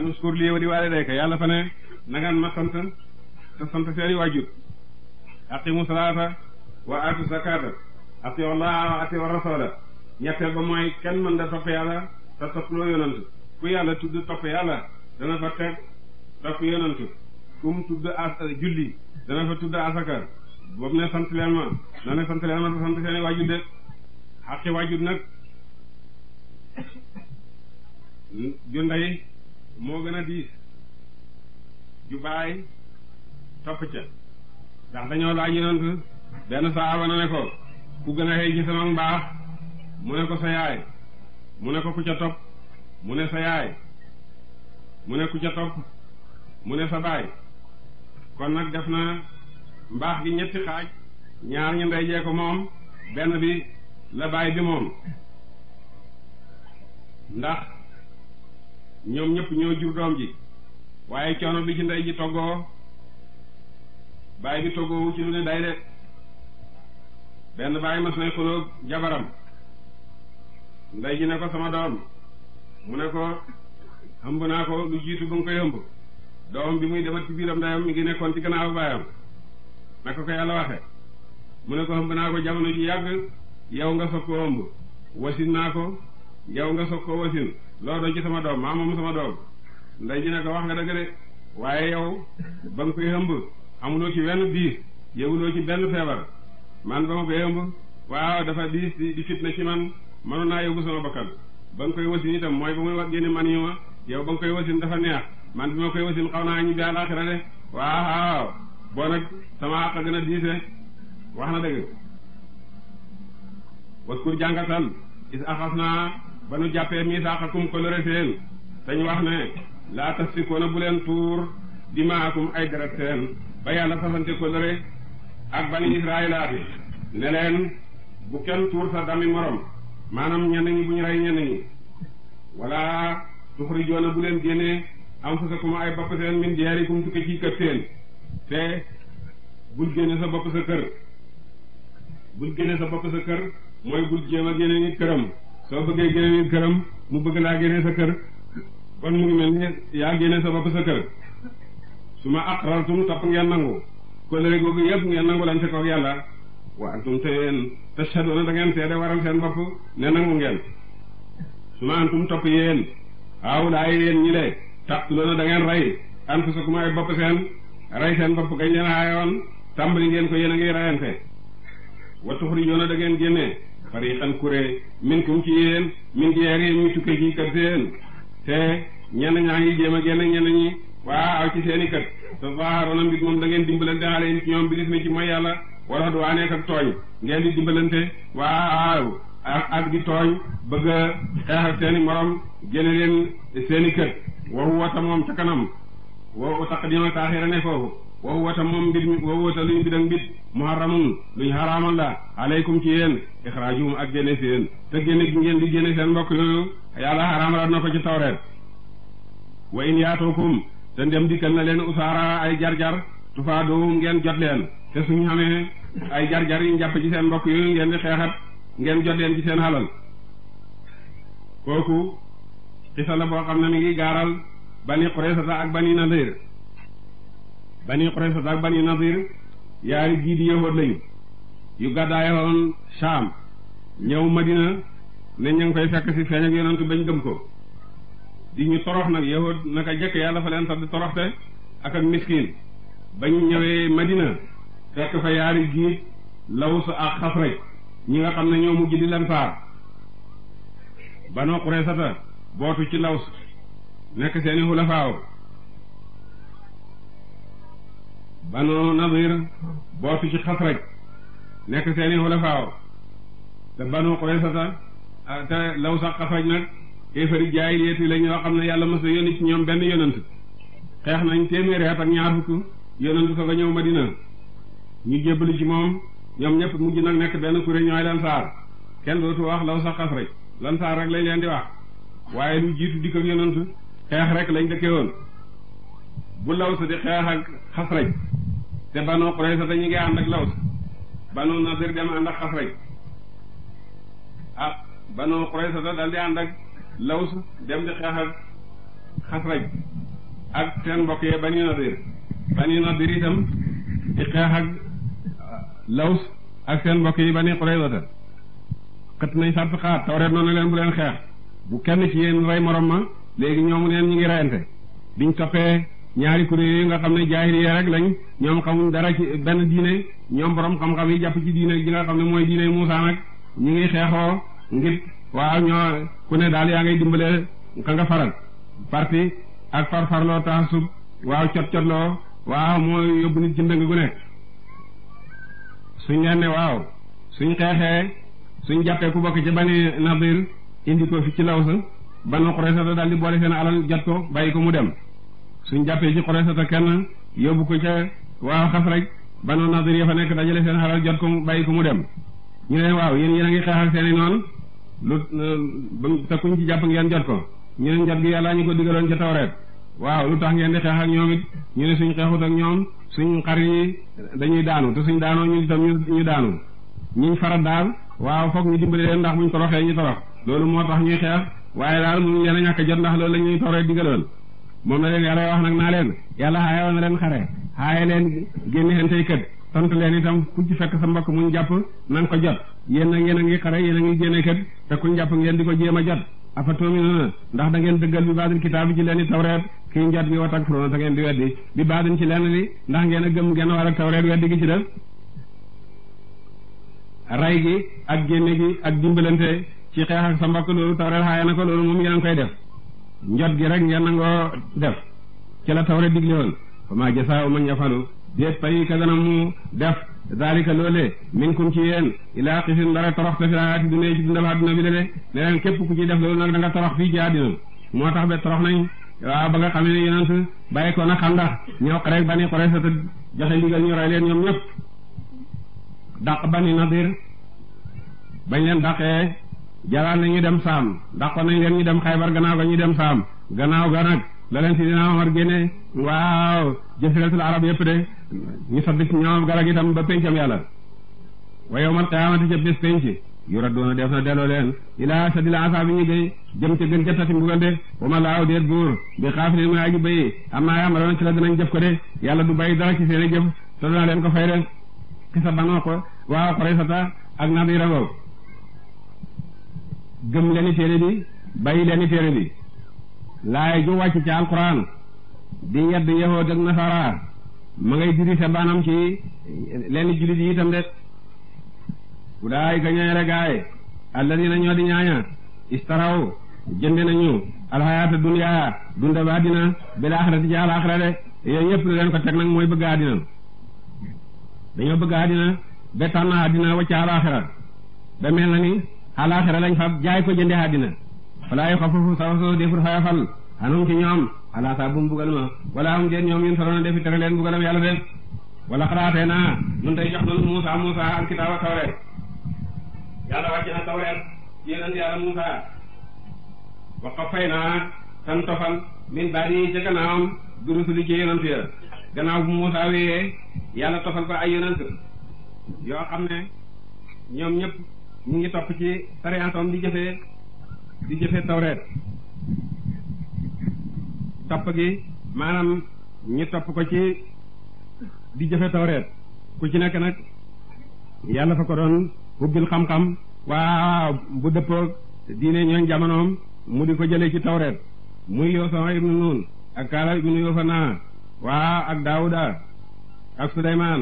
an uskur lii wa li waalidayka yàlla fa ne na ngeen ma sant te sant seeni waajur aqimu salaata wa aatu zakaata atiu wa atiu kenn mën da topp yàlla te topp yonantu ku yàlla tudd topp yàlla dana fa teg topp yonantu ku tudd julli dana fa tudd asaka boobu ne sant leen ma na ne sant leen ma te sant seeni waajur de xaqi waajur nag ju ndey moo gën a diis ju bàyyi topp ca ndax dañoo laaj yonent benn saaba na ne ko ku gën a xëy ci sama mbaax mu ne ko sa yaay mu ne ko ku ca topp mu ne sa yaay mu ne ku ca topp mu ne sa baay kon nag def na mbaax gi ñetti xaaj ñaar ñu ndey jee ko moom benn bi la baay bi moom ndax ñoom ñépp ñoo jur doom ji waaye coono bi ci ndey ji toggoo baay bi toggoowu ci lu ne day de benn baay mas nay xulóog jabaram ndey ji ne ko sama doom mu ne ko ëmb naa ko lu jiitu ba nga koy ëmb doom bi muy demat ci biiram ndeyam mu ngi nekkoon ci gannaaw baayam naka ko yàlla mu ne ko ëmb naa ko jamono ji yàgg yow nga soog ko ëmb wasin naa ko yow nga soog ko wasin loolu doy ci sama doom maa moom sama doom ndey ji ne wax nga dëgg de waaye yow ba nga koy ëmb amuloo ci wenn diis yëguloo ci benn feebar man ba ma koy ëmb waaw dafa diis di fitna ci man mënu naa yóbbu sama bakkan ba nga koy wasin itam mooy ba muy wax génne man ñu ma yow ba nga koy wasin dafa neex man bi ma koy wasin xaw naa ñu bi àllaaxira de waaw boo nag sama àq wax na dëgg waskur naa ba nu jàppee misaaxakum kolore seen dañ wax ne laa tasfikoona bu leen tuur dimaakum ay deret seen ba yàlla fasante kolore ak bani israilaati ne leen bu kenn tuur sa dami morom maanaam ñenn bu ñu rey ñenn ñi wala tuxrijoona bu leen génnee am fasakum ay bopp seen min diyaarikum tukki ci kër seen te bul génne sa bopp sa kër bul génne sa bopp sa kër mooy bul jéem a génne nit këram soo bëggee génne nit mu bëgg laa génne sa kër kon mu ngi mel ni yaa génne sa bopp sa kër su ma aqrartum topp ngeen nangu kóllëre googu yëpp ngeen nangu lante ko yàlla wa antum te yéen tashhaduuna da ngeen seede waral seen bopp ne nangu ngeen su ma antum topp yéen haawulaay yéen ñi le taqtuluuna da ngeen rey anfusakum ay bopp seen rey seen bopp gañ leen aayoon tàmbali ngeen ko yéen a ngi reyante wa tuxrijuuna da ngeen génnee fariqan kuré minkum ci yéen min diyaarihim ñu tukkee ci kër seen te ñenn ñaa ngi jéem a génn ñenn ñi waaw ci seen i kër tasaharuna mbir moom da ngeen dimbalante alayhim ci ñoom bi def na ci mooy yàlla wala du waanee ak tooñ ngeen di dimbalante waaw ak ak tooñ bëgg a xeex ak seen i morom génne leen seen i kër waxu wata moom ca kanam waxu taqdima taaxira ne foofu waxu wata moom mbir mi waxu wata luy mbid ak mbid muharramun luñ xaraamal la aleykum ci yéen ixraajuhum ak génne si yéen te génne gi ngeen di génne seen mbokk yooyu yàlla xaraamalaat na ko ci tawreet wa in yaatookum te ndem dikkal na leen usaara ay jarjar tufaadoohum ngeen jot leen te suñ xamee ay jarjar yi njàpp ci seen mbokk yi ngeen di xeexat ngeen jot leen ci seen xalal kooku xisa la boo xam ne mi ngi gaaral bani Quraysata ak bani Nadir bani Quraysata ak bani Nadir yaari gii di yëwoot lañu yu gàddaayoon Saam ñëw Madina ne ñu ngi koy fekk si feeñ ak yonentu bañ gëm ko di ñu torox nag yëwoot naka jëkk yàlla fa leen sadd toroxte ak ak miskin bañ ñëwee Madina fekk fa yaari giit Laws ak Xasraj ñi nga xam ne ñoo mujj di leen faar Banu Quraysata bootu ci Laws nekk seeni xulafaaw banu nadir bootu ci xasraj nekk seeni xulafaaw te banu quraysata ah, te law sax xasraj nag kéefari jaahiliya yi la ñoo xam ne yàlla ma na yónni ci ñoom benn yonent xeex nañ téeméeri at ak ñaar fukk yonent soo ko ñëw Madina ñu jébbalu ci moom ñoom ñëpp mujj nag nekk benn kuréel ñooy lansaar kenn dootu wax law sax xasraj lansaar rek lañ leen di wax waaye lu jiitu dikk ak yonent xeex rek lañ dëkkee woon bu law sa di xeex ak xasraj te banu Qurayza dañu ngi ànd ak law sa banu Nadir dem ànd ak xasraj ah banu Qurayza daal di ànd ak law sa dem di xeex ak xasraj ak seen mbokk banu Nadir banu Nadir itam di xeex ak ah, laws ak seen mbokk yi banu Qurayza xët nañ sàtt xaat tawreet noonu leen bu leen xeex bu kenn ci yéen rey morom ma léegi ñoomu neen ñi ngi reyante diñ toppee ñaari kuréel yooyu nga xam ne jaahiliya rek lañ ñoom xamuñ dara ci benn diine ñoom borom xam-xam yi jàpp ci diine ji nga xam ne mooy diine Muusaa nag ñu ngi xeexoo ngir waaw ñoo ku ne daal yaa ngay dimbale ka nga faral parti ak farfarloo taasub waaw cot cotloo waaw mooy yóbbu nit ci ndëng gu nekk suñ leen waaw suñ xeexee suñ jàppee ku bokk ci bani Nadir indi ko fi ci law sa banu Qurayza di boole seen alal jot ko bàyyi ko mu dem suñ jàppee ci xoreesata kenn yóbbu ko ca waaw xas rek banu nadir ya fa nekk dajale seen xaral jot ko mu bàyyi ko mu dem ñu ne waaw yéen yéen a ngi xeex ak seen i noonu lu ba te kuñ ci jàpp ngeen jot ko ñu ne jot gi yàlla ñu ko digaloon ca tawreet waaw lu tax ngeen di xeex ak ñoom it ñu ne suñ xeexut ak ñoom suñ xar yi dañuy daanu te suñ daanoo ñu itam ñu daanu ñiñ farat daal waaw foog ñu dimbali leen ndax buñ toroxee ñu torox loolu moo tax ñuy waaye daal mënuñ leen a ñàkk jot ndax loolu la ñuy tawreet digaloon moom na leen yàlla wax nag naa leen yàlla na leen xare xaaye leen génne xentey kët tontu leen itam ku fekk sa mbokk mu ñu jàpp na ko jot yéen nag yéen a ngi xare yéen a ngi génne kët te ku jàpp ngeen di ko jéem a jot afa tuuminuuna ndax da ngeen dëggal bi baadil kitaab bi ci leen i tawreet kii njot bi wa takfuruuna te ngeen di weddi bi baadin ci leen li ndax ngeen a gëm ngeen war ak tawreet weddi gi ci def ray gi ak génne gi ak dimbalante ci xeex ak sa mbokk loolu tawreet xaaye na ko loolu moom yéen a koy def njot gi rek ngeen nangoo def ci la tawra digle woon fa maa jasaa man yafalu déet pay ka dana mu def dalika loolee minkum ci yéen ilaa xisin dara toroxte fi laa ci dundee ci dundal àdduna bi de ne leen képp ku ci def loolu nag da nga torox fii ci àddina moo tax ba torox nañ waaw ba nga xam ne yonent bàyyi ko na xam ndax ñoo rek bani Qurayza te joxe ndigal ñu leen ñoom ñëpp dàq bani Nadir bañ leen dàqee jaral na ñu dem saam dàqoon nañ leen ñu dem xaybar gannaaw ga ñu dem saam gannaaw ga nag la leen si dina Omar génne waaw jaziratul arab yëpp de ñu sotti ci ñoom garag itam ba pencam yàlla wa yawmal qiyaamati ca bés penc yu raddoona def na delloo leen ilaa sadil asaabi ñu gay jëm ca gën ca tati mbugal de wa ma laaw déet buur bi xaafilin mu aji bayi am naa yaamaroona ci la danañ jëf ko de yàlla du bàyyi dara ci seen i jëf te dana leen ko fay de xisa banoo ko waaw xore sata ak gëm leen téere bi bàyyi leen téere bi laay ju wàcc ca alquran di yedd yahood ak nasara ma ngay diri sa banam ci leen jullit yi itam de ulaayika ñeere gaay alladina ñoo di ñaaña istaraw jënde nañu alxayaata dunya dunda ba dina bil axirati ci alaxira de yooyu yëpp la leen ko teg nag mooy bëgg àddina dañoo bëgg àddina ba tànn àddina wacca alaxira da mel na ni alaxira lañ fab jaay ko jënde àddina walaa yo xa foofu sawaso deful ci ñoom ala sa bum bugal ma wala um deen ñoom yun soloona defi tere leen bugalam yàlla def wala xalaatee naa nun tey jox nañu Muusa Muusa alkitaaba tawreet yàlla wàcc na tawreet ci yonent yàlla Muusa wa qaffay naa tan tofal min bari ca gannaawam bi rusuli ci yonent ya gannaaw bu Muusa wéyee yàlla tofal ko ay yonent yoo xam ne ñoom ñëpp ñu ngi topp ci tariatam di jëfee di jëfee tawreet topp gi maanaam ñu topp ko ci di jëfe tawreet ku ci nekk nag yàlla fa ko doon ubbil xam-xam waaw bu dëppoog diine ñooñ jamonoom mu di ko jële ci tawreet muy Yoosa ibnu Nuun ak Kaala ibnu Yoofana waa ak Daawuda ak Suleymaan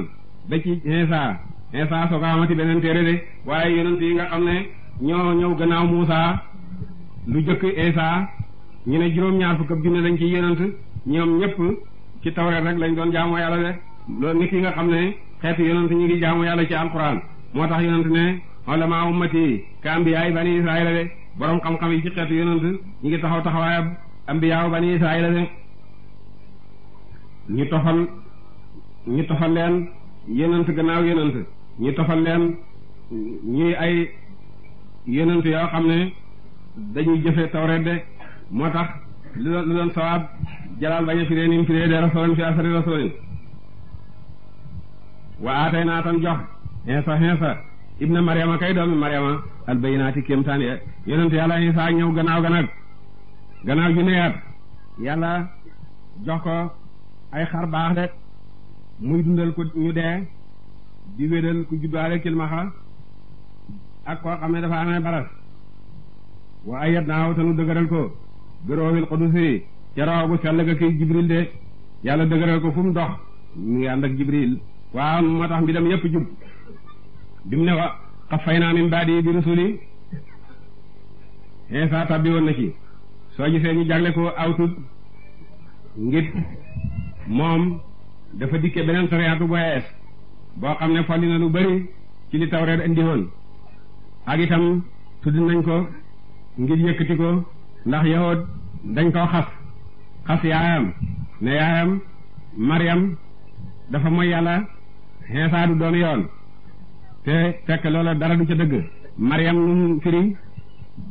ba ci Iisaa Isa soo ko beneen téere de waaye yonent yi nga xam ne ñoo ñëw gannaaw Muusa lu jëkk Isa ñu ne juróom-ñaar fukk ak junne lañ ci yonent ñoom ñëpp ci tawreet rek lañ doon jaamu yàlla de loolu nit ki nga xam ne xeetu yonent ñu ngi jaamu yàlla ci alquran moo tax yonent ne ulama ummati ka ambiyaay bani israila de borom xam-xam yi ci xeetu yonent ñu ngi taxaw taxawaayab ambiyaaw bani israila de ñu tofal ñu tofal leen yonent gannaaw yonent ñu tofal leen ñuy ay yonent yoo xam ne dañuy jëfe tawreet de moo tax lu doon lu doon sawaab jalaal bañ a firee nim firee de rasulin fi asari rasulin wa aatay naa tan jox xeesa xeesa ibna mariama kay doomi mariama albayinaati kéemtaan ya yonent yàlla isa ñëw gannaaw ganag gannaaw ju neyaat yàlla jox ko ay xar baax de muy dundal ko ñu dee di wéral ku juddaale kilmaxa ak koo xam dafa amee baras wa ayat naaw tanu dëgëral ko biroowil qudusi ca raw bu sell ga kii jibril de yàlla dëgëral ko fu mu dox mu ngi ànd ak jibril waaw moo tax mbiram yépp jub bi mu ne wa xafay naa min baadi bi rusuli Iisaa tàbbi woon na ci soo gisee ñu jagle ko awtut ngir moom dafa dikke beneen sariyaatu bu yees boo xam ne folli na lu bëri ci li tawreet indi woon ak itam tudd nañ ko ngir yëkkati ko ndax yahood dañ koo xas xas yaayam ne yaayam Mariam dafa mooy yàlla xeesaa du doon yoon te fekk loola dara du ca dëgg Mariam num firi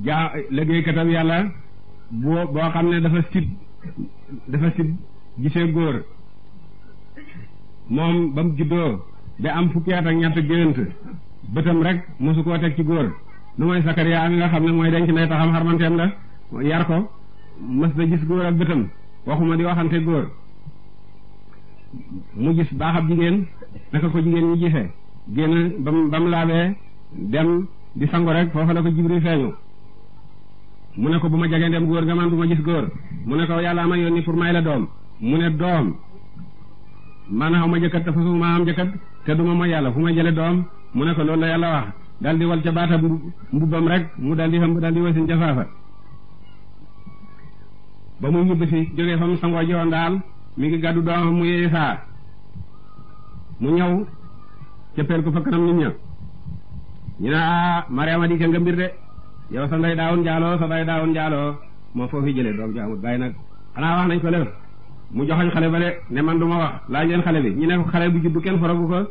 jaa liggéeykatam yàlla boo xam ne dafa sib dafa sib gisee góor moom ba mu juddoo da am fukki ak ñett gént bëtam rek mosu koo teg ci góor lu mooy Sakariya am nga xam ne mooy denc nday taxam xarmanteem la yar ko mës na gis góor ak bëtam waxuma di waxante góor mu gis baax jigéen naka ko jigéen ñi gisee génn ba mu ba mu laabee dem di sangu rek foofa la ko Jibril feeñu mu ne ko bu ma jegee dem góor nga man bu ma gis góor mu ne ko yàlla ma yónni pour may la doom mu ne doom maanaam xaw ma jëkkat dafa su ma am jëkkat te duma mooy yàlla fu may jële doom mu nekk loolu la yàlla wax daal di wal ca baatam mbubbam rek mu daal di xam daal di wasin ca ba mu ñibbi si jógee fa mu sangoo jiwoon daal mi ngi gàddu doomam mu yeey saa mu ñëw cëppeel ko fa kanam nit ña ñu ne ah Mariama di ke nga mbir de yow sa nday daawun jaaloo sa nday daawun jaaloo moo foofu jële doom ju amut bàyyi nag xanaa wax nañ ko lépp mu joxoñ xale ba de ne man du ma wax laaj leen xale bi ñu ne xale bu juddu kenn faragu ko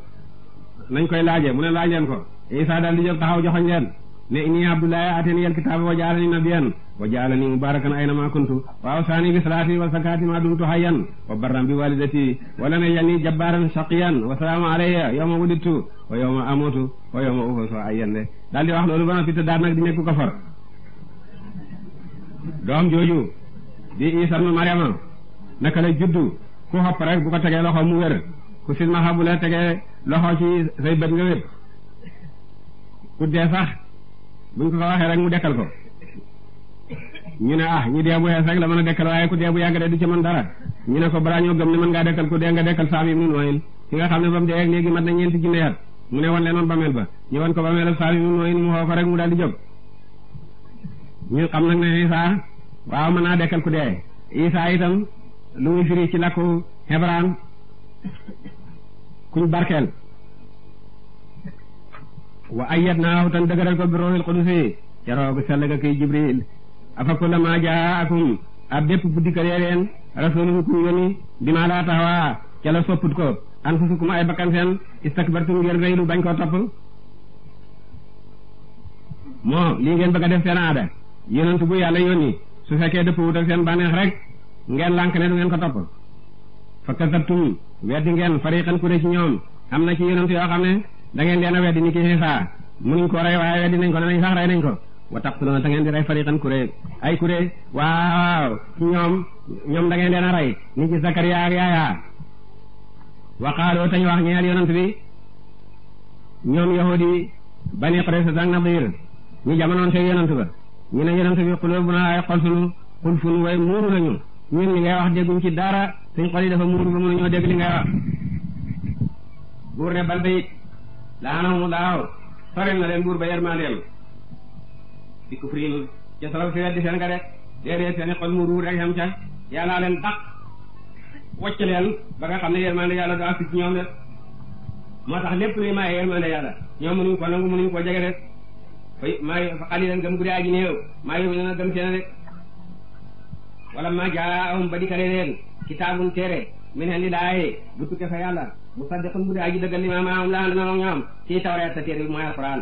nañ koy laajee mu ne laaj leen ko Isa daal di jóg taxaw joxoñ leen ne inni abdullahi ateni yal kitaaba wa jaalani nabiyan wa jaalani mubarakan ayna ma kuntu wa awsaani bi salaati wa zakaati ma dumtu hayyan wa barran bi walidati wa lam yaj'alni jabbaran shaqiyan wa salaamu alayya yawma wulidtu wa yawma amutu wa yawma uxasu ayyan de daal di wax loolu ba na fi di nekk ko far doom jooju di naka lay juddu ku xopp rek bu ko tegee loxo mu wér ku silmaxa bu la tegee loxo ci say bët nga wér ku dee sax buñ ko ko waxee rek mu dekkal ko ñu ne ah ñu dee bu xees rek la mën a dekkal waaye ku dee bu yàgg de du ci mën dara ñu ne ko balaa ñoo gëm ne mën ngaa dekkal ku dee nga dekkal saam yi mu nooyin ki nga xam ne ba mu dee léegi mat na ñeenti junni at mu ne wan leen woon bameel ba ñu wan ko bameel saam yi mu nooyin mu xoo ko rek mu daal di jóg ñu naa dekkal ku dee lu firi ci làkku hebraan kuñ barkeel wa ayat na tan dëgëral ko bi ruuhil qudusi ca roogu sell ga jibril afa kullama jaakum ab bépp bu dikkalee leen rasulun kum yónni bi maa laa taxawaa ca la sopput ko anfusukum ay bakkan seen istakbartum ngeen rëylu bañ koo topp moo lii ngeen bëgg a def seen aada yonent bu yàlla yónni su fekkee dëpp wut ak seen bànneex rek ngeen lànk ne du ngeen ko topp fa kasabtum weddi ngeen fariqan ku ne ci ñoom am na ci yonent yoo xam ne da ngeen a weddi ni ki Iisaa munuñ ko rey waaye weddi nañ ko ne nañ sax rey nañ ko wa taqtuluuna da ngeen di rey fariqan kuré ay kuré waaw ci ñoom ñoom da ngeen leen a rey ni ci Sakariya ak Yaaya wa qaaloo tañ wax ñeel yonent bi ñoom yahudi bani Qurayza ak Nadiir ñu jamonoon te yonent ba ñu ne yonent bi quluubunaa ay xol sunu xulfun way muuru ñun nga ngay wax dégguñ ci dara suñ xol yi dafa muur ba mënuñoo dégg li ne bal bayit laanamu laaw soril na leen buur ba yermandeem di ko friim ca solo si weddi seen nga rek déedéet seen i xol mu ruur rek xam ca yàllaa leen daq wocc leen ba nga xam ne yermande yàlla du àgg ci ñoom de moo tax lépp luy maaye yermande yàlla ñoom mënuñ ko nangu mënuñ koo jege de fay fa xali leen gëm guddi aji néew maaye wu leen a rek wala ma jaahum ba di leen kitaabun téere min indi laay bu tukke fa yàlla musaddiqun bu dee aji dëggal li ma maam laa dama ñoom ci tawreet ta téere bi mooy alquran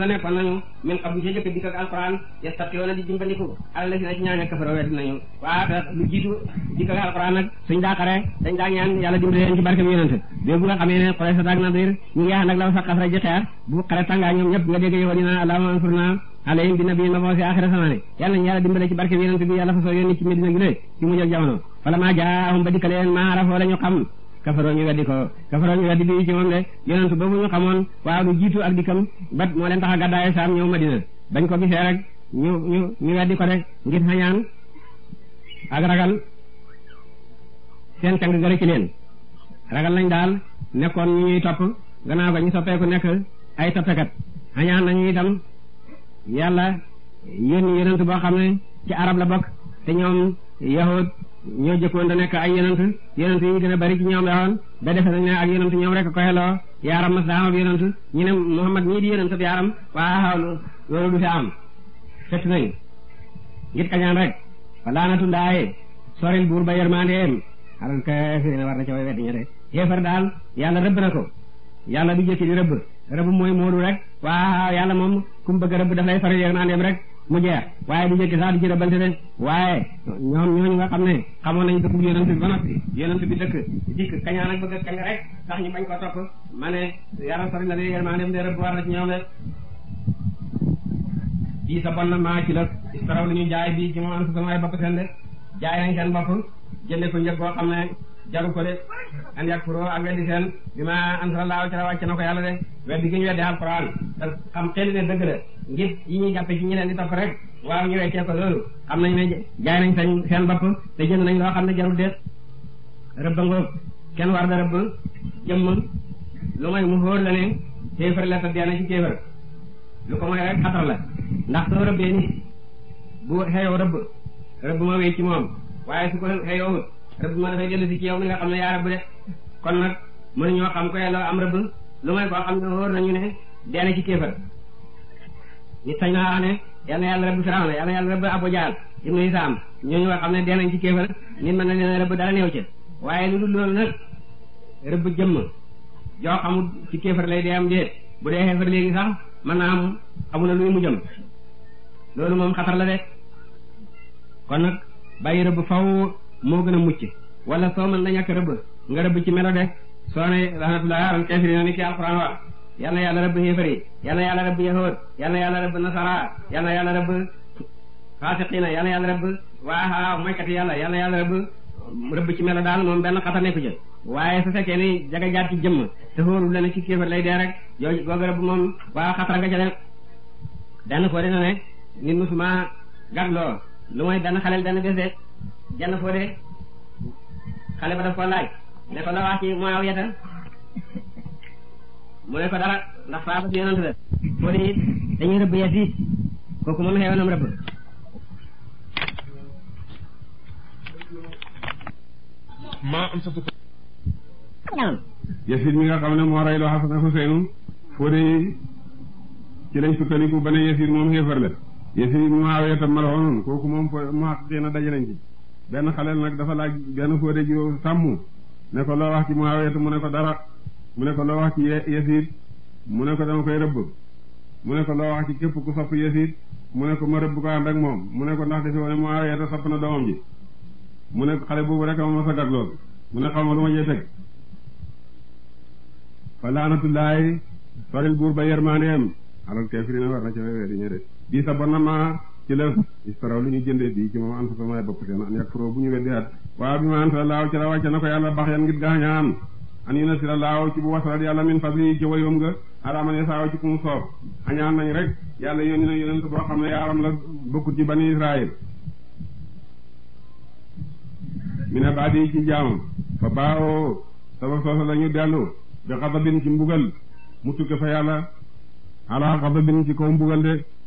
ta nekkoon nañu min qablu ca jëkk dikk ak alquran yastatiyoona di jimbandiku alal si na ci ñaane kafaro wedd nañu waa te lu jiitu dikk ak alquran nag suñ daa xare dañ daa ñaan yàlla dimbali leen ci barke bi yonent bés bu nga xamee ne xore sa daag na biir ñu ngi ànd ak law sa xasra ji xeer bu xare tàngaa alayhim bi nabiyin ma boo fi axira samaane yàlla nañu yàlla dimbale ci barke bi yonent bi yàlla fa soo yónni ci Medina gi lé ci mujj ak jamono wala maa jaahum ba dikkale leen maa arafoo la ñu xam kafaroo ñu weddi ko kafaroo ñu weddi bi ci moom de yonent boobu ñu xamoon waaw lu jiitu ak dikkam bat moo leen tax a saam ñëw Madina bañ ko gisee rek ñu ñu ñu weddi ko de ngir xañaan ak ragal seen càng gërë ci leen ragal lañ daal nekkoon ñu ñuy topp gannaaw ga soppeeku nekk ay toppekat yàlla yónni yonent boo xam ne ci arab la bokk te ñoom yahud ñoo jëkkoon da nekk ay yonent yonent yi gën a bari ci ñoom la woon ba defe nañ ne ak yonent ñoom rek ko xeloo yaaram mas daa am ab yonent ñu ne Muhammad ñii di yonent yaaram waaw loolu du fi am fett nañu ngir kañaan rek walaa natu ndaaye soril buur ba yërmandeem alal kaafiriina war na ca way weddi ña de daal yàlla rëbb na ko yàlla du jëkki di rëbb rëbb mooy moodu rek waaw yàlla moom ku mu bëgg a rëbb daf lay fari yéeg naan dem rek mu jeex waaye du jëkki sax di ci rëbbante de waaye ñoom ñooñu nga xam ne xamoon nañu dëkk bu yonent bi ba noppi yonent bi dëkk dikk kañaan ak bëgg a kañ rek tax ñu bañ ko topp ma ne yàlla sori na de yërmaandeem de rëbb war na ci ñoom de fii sa bon na maa ci la istaraw lu ñu jaay bii ci moom am sa samay bopp seen de jaay nañ seen bopp jënde ko njëg boo xam ne jaru ko de an yakfuroo ak weddi seen bi ma anzalallaahu ca wàcc na ko yàlla de weddi gi ñu weddi alquran te xam xel ne dëgg la ngir yi ñuy jàppe ci ñi leen di topp rek waaw ñu weccee ko loolu xam nañ ne jaay nañ seen seen te jënd nañ loo xam ne jarul de rëbb ngoog kenn war da rëbb jëmm lu may mu hóor la ne kéefër la te dee na ci kéefër lu ko mooy rek xatar la ndax soo rëbbee ni bu xeyoo rëbb rëbb ma wéy moom waaye su ko xeyoo rëbb ma dafay dellu si ci yow mi nga xam ne yaa rëbb de kon nag mënuñoo xam ko yàlla am rëbb lu may koo xam ne wóor nañu ne dee na ci kéefar nit sañ naa wax ne yal na yàlla rëbb Firawna yal na yàlla rëbb Abu Jahl ibnu Hisaam ñooñu nga xam ne dee nañ ci kéefar nit mën na leen rëbb dara néew waaye lu dul loolu nag rëbb jëmm joo xamul ci kéefar lay dee am déet bu dee xeefar léegi sax mën naa am xamu na luy mu jëm loolu moom xatar moo gën a mucc wala soo mën la ñàkk rëbb nga rëbb ci melo de soo ne rahmatullahi alal kaafiriina ni ki alquran wax yal na yàlla rëbb xéefar yi yàlla rëbb yahood yal na yàlla rëbb nasara yal yàlla rëbb faasiqiina yal na yàlla rëbb waaw moykati yàlla yal yàlla rëbb rëbb ci melo daal moom benn xata nekku ca waaye su fekkee ni jaga jaat ci jëmm te xóolu la ne ci kéefar lay dee rek jooju googu rëbb moom waaw xatara nga leen benn foo jenn fóode xale ba daf ko laaj ne la wax ci mooy aw yeta ko dara ndax saaba si yonent la fóode it dañuy rëbb yet yi kooku moom xeewanam rëbb maa am sa tukk yasid mi nga xam ne moo reyloo Xasan ak Xuseynu fóode ci lañ sukkandiku ba ne yasid moom xeefar la yasid mu aw yetam ma la xonoon kooku moom foo mu xaqiqi na dajalañ ci benn xaleel nag dafa laaj benn fóode ju sàmm ne ko loo wax ci Muawiyatu mu ne ko dara mu ne ko loo wax ci Yasid mu ne ko dama koy rëbb mu ne ko loo wax ci képp ku sopp Yasid mu ne ko ma rëbb ko ànd ak moom mu ne ko ndax defe woon ne Muawiyatu na doomam ji mu ne xale boobu rek ma sa gag mu ne xawma lu ma jee teg fa laanatullaahi faril buur ba yermandeem alal kafirina war na ca weer yi ñëre bii sa bon na ma ci la istaraw lu ñu jëndee bii ci moom an fa samay bopp seen an yàgg foro bu ñu weddi at waaw bi ma an sa laaw ci la wàcce na ko yàlla bax yan ngir gaañaan an yu na si la laaw ci bu wasalat yàlla min fas yi ci wayom nga alaamane saaw ci ku mu soob añaan nañ rek yàlla yónni na yonent boo xam ne yaaram la bokkut ci bani israil mi ne baat yi ci jaamam fa baawoo sabab soosa la dellu bi xadabin ci mbugal mu tukke fa yàlla ala xadabin ci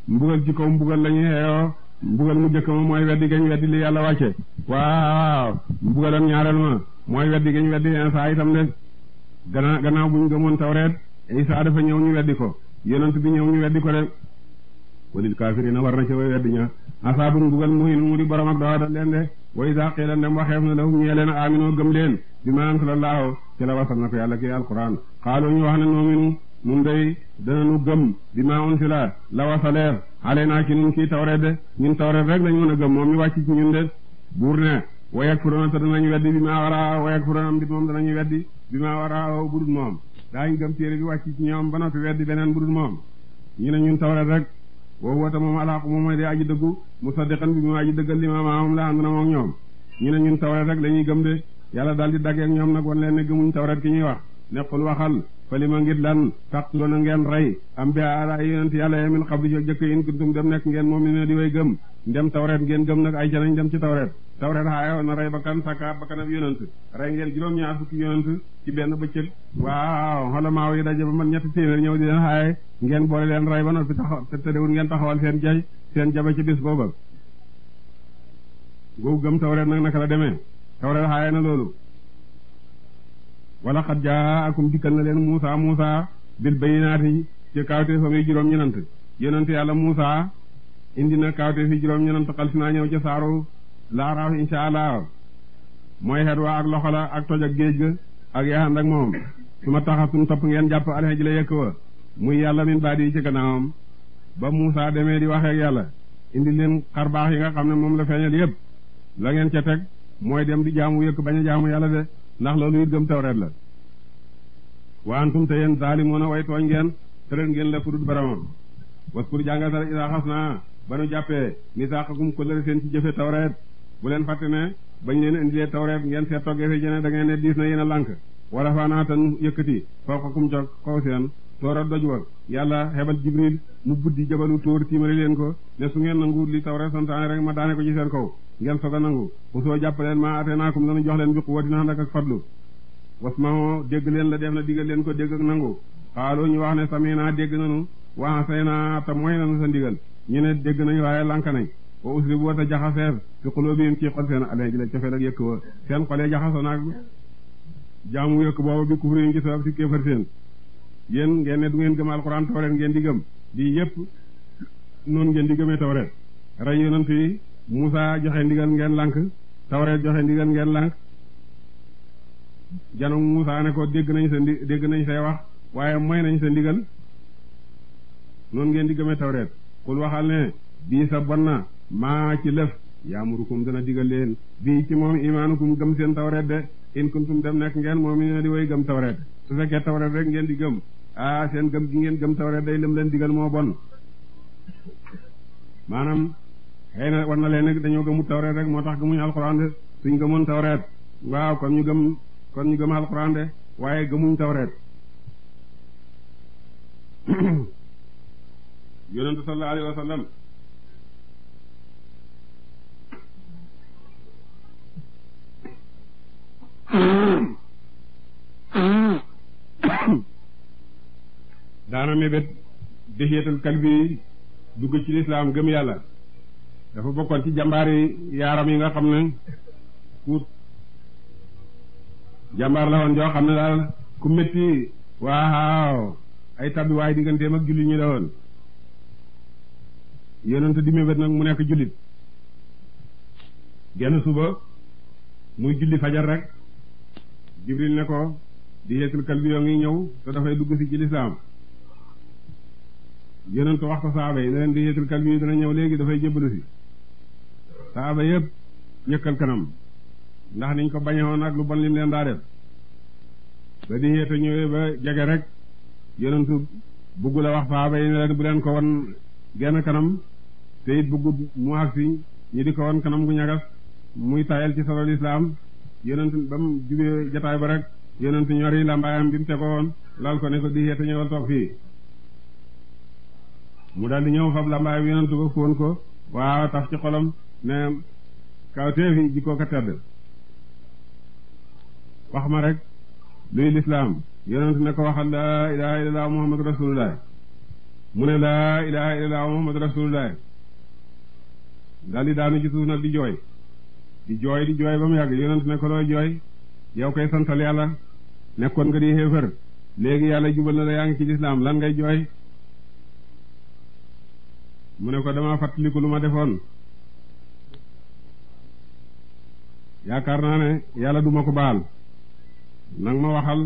mbugal ci kaw mbugal lañu xeeyoo mbugal mu jëkk ma mooy weddi gañ weddi li yàlla wàcce waaw mbugalam ñaareel ma mooy weddi gañ weddi Isaa itam de gannaaw gannaaw bu ñu gëmoon tawreet Isaa dafa ñëw ñu weddi ko yonent bi ñëw ñu weddi ko de walil kaafiriina war na ca way weddi ña asaabun mbugal muhin mu di borom ak dooda leen de wa izaa qiila ndem waxeef na lahum ñee leen aaminoo gëm leen bi ma anzala Allaahu ci la wasal na ko yàlla kii alquran xaaloo ñu wax ne noominu nun day danañu gëm bi maa unsila la wasaleer ale naa ci nun kii tawreet de ñun tawreet rek lañ mën a gëm moom mi wàcc ci ñun de buur ne wayak furoona te danañ weddi bi maa wara wayak furoona mbit moom danañu weddi bi maa wara budul moom daañ gëm téere bi wàcc ci ñoom ba noppi weddi beneen budul moom ñu ne ñun tawreet rek woowu wata moom alaaqu moom mooy de aji dëggu musaddiqan bi mu aji dëggal limaa maahum la moom ñoom ñu ne ñun tawreet rek la ñuy gëm de yàlla di daggeek ñoom nag wan leen ne gëmuñ tawreet ki ñuy wax nequl waxal fali ma ngir lan taqtuluuna ngeen rey am bi ala yonent yàlla ya min xabli ci jëkk in kuntum dem nekk ngeen moom mu'miniina di way gëm ndem tawreet ngeen gëm nag ay janañ dem ci tawreet tawreet xaayoon na rey ba sakka bakkanab yonent rey ngeen juróom-ñaar fukki yonent ci benn bëccëg waaw maaw yi daje ba man ñetti téeméer ñëw di leen xaaye ngeen boole leen rey ba noppi taxaw te tëdewul ngeen taxawal seen jay seen jabe ci bis booba googu gëm tawreet nag naka la demee tawreet xaaye na loolu wala xad ko dikkal na leen Muusa Muusa bil bayinaati ci kaawtee fam yi juróom-ñenant yonent yàlla Muusa indi na kaawtee fi juróom-ñenant xal si naa ñëw ca saaru laaraaf incha allah mooy xet waa ak loxo la ak toj ak géej ga ak yaxand ak moom su ma taxa suñ topp ngeen jàpp alxej ji la yëkk wa muy yàlla min baadi yi ci gannaawam ba muusaa demee di waxee yàlla indi leen xar baax yi nga xam ne moom la feeñal yépp la ngeen ca teg mooy dem di jaamu yëkk bañ a jaamu yàlla ndax loolu it gëm tawreet la wa antum te yéen zalimuna way tooñ ngeen tëral ngeen la fudut baramam waskur jàngatar isaa xas naa ba nu jàppee misaaqakum kóllëre seen ci jëfe tawreet bu leen fàtte ne bañ leen indilee tawreet ngeen seet toggee fi jëne da ngeen ne diis na yéen a lànk wala faa naa tan ko fawqakum ca kaw seen toora doj wa yàlla xebal jibril mu buddi jabalu tóor tiimale leen ko ne su ngeen na nangu li tawreet santaane rek ma daane ko ci seen ko ngeen soog a nangu mosoo jàppaleen leen maa ate naakum lanu jox leen bi quwwatin ànd ak ma wasma'u dégg leen la def na digal leen ko dégg ak nangu xaaloo ñu wax ne sami'naa dégg nañu wa ata'naa te mooy nañu sa ndigal ñu ne dégg nañu waaye lànk nañ wa usribu wa ta jaxaseef fi quluubihim ci xol seen alee ji la cofeel ak yëkk wa seen xolee jaxasoo naag jaamu yëkk booba bi kufriin ci sabab si kéefar seen yéen ngeen ne du ngeen gëm alxuraan tawreet ngeen di gëm di yëpp noonu ngeen di gëmee tawreet rey yonent yi Moussa joxe ndigal ngeen lànk Tawreet joxe ndigal ngeen lànk janu Moussa ne ko dégg nañ sa ndi dégg nañ say wax waaye mooy nañ sa ndigal noonu ngeen di gëmee Tawreet kul waxal ne bii sa bon na maa ci lëf yaamurukum dana digal leen bii ci moom kum gëm seen Tawreet de in kuntum dem nekk ngeen moom i ne di woy gëm Tawreet su fekkee Tawreet rek ngeen di gëm ah seen gëm gi ngeen gëm Tawreet day lëm leen digal moo bon maanaam xëy na war na leen nag dañoo gëmu tawreet rek moo tax gëmuñu alxuraan de suñ gëmoon tawreet waaw kon ñu gëm kon ñu gëm alxuraan de waaye gëmuñ tawreet *coughs* yonentu sallallahu alayhi *coughs* dugg ci lislaam gëm yàlla dafa bokkoon ci jàmbaari yaaram yi nga xam ne ku jàmbaar la woon joo xam ne daal ku métti waaw ay tabbi waaye digganteem ak jullit ñi la woon yonent di mébét nag mu nekk jullit genn suba muy julli fajar rek jibril ne ko di yeetul kalbi ngi ñëw te dafay dugg si ci lislaam yonent wax ko saaba yi ne leen di yeetul kalbi dana ñëw léegi dafay jébbalu si saaba yëpp ñëkkal kanam ndax niñ ko bañewoon ak lu bon lim leen daa def ba di yeete ñëwee ba jege rek yonentu bugg wax saaba yi ne leen bu leen ko won genn kanam te it bugg mu agsi ñi di ko won kanam gu ñagas muy tayal ci solo lislaam yonentu ba mu jubee jataay ba rek yonentu ñor yi làmbaayam bi mu tegoo woon lal ko ne ko di yeete ñëwal toog fii mu daal di ñëw fab làmbaayam yonentu ba fóon ko waaw taf ci xolam ne kawteef yi jikko ko tedd wax ma rek luy lislaam yonent ne ko waxal laa ilaha illallah muhammadu rasulullah mu ne laa ilaha illallah muhammadu rasulullah daal di daanu ci suuf di jooy di jooy di jooy ba mu yàgg yonent ne ko looy jooy yow koy santal yàlla nekkoon nga di xéefër léegi yàlla jubal na la yaa ngi ci lislaam lan ngay jooy mu ne ko dama fàttaliku lu ma defoon yaakaar naa ne yàlla duma ko baal nang ma waxal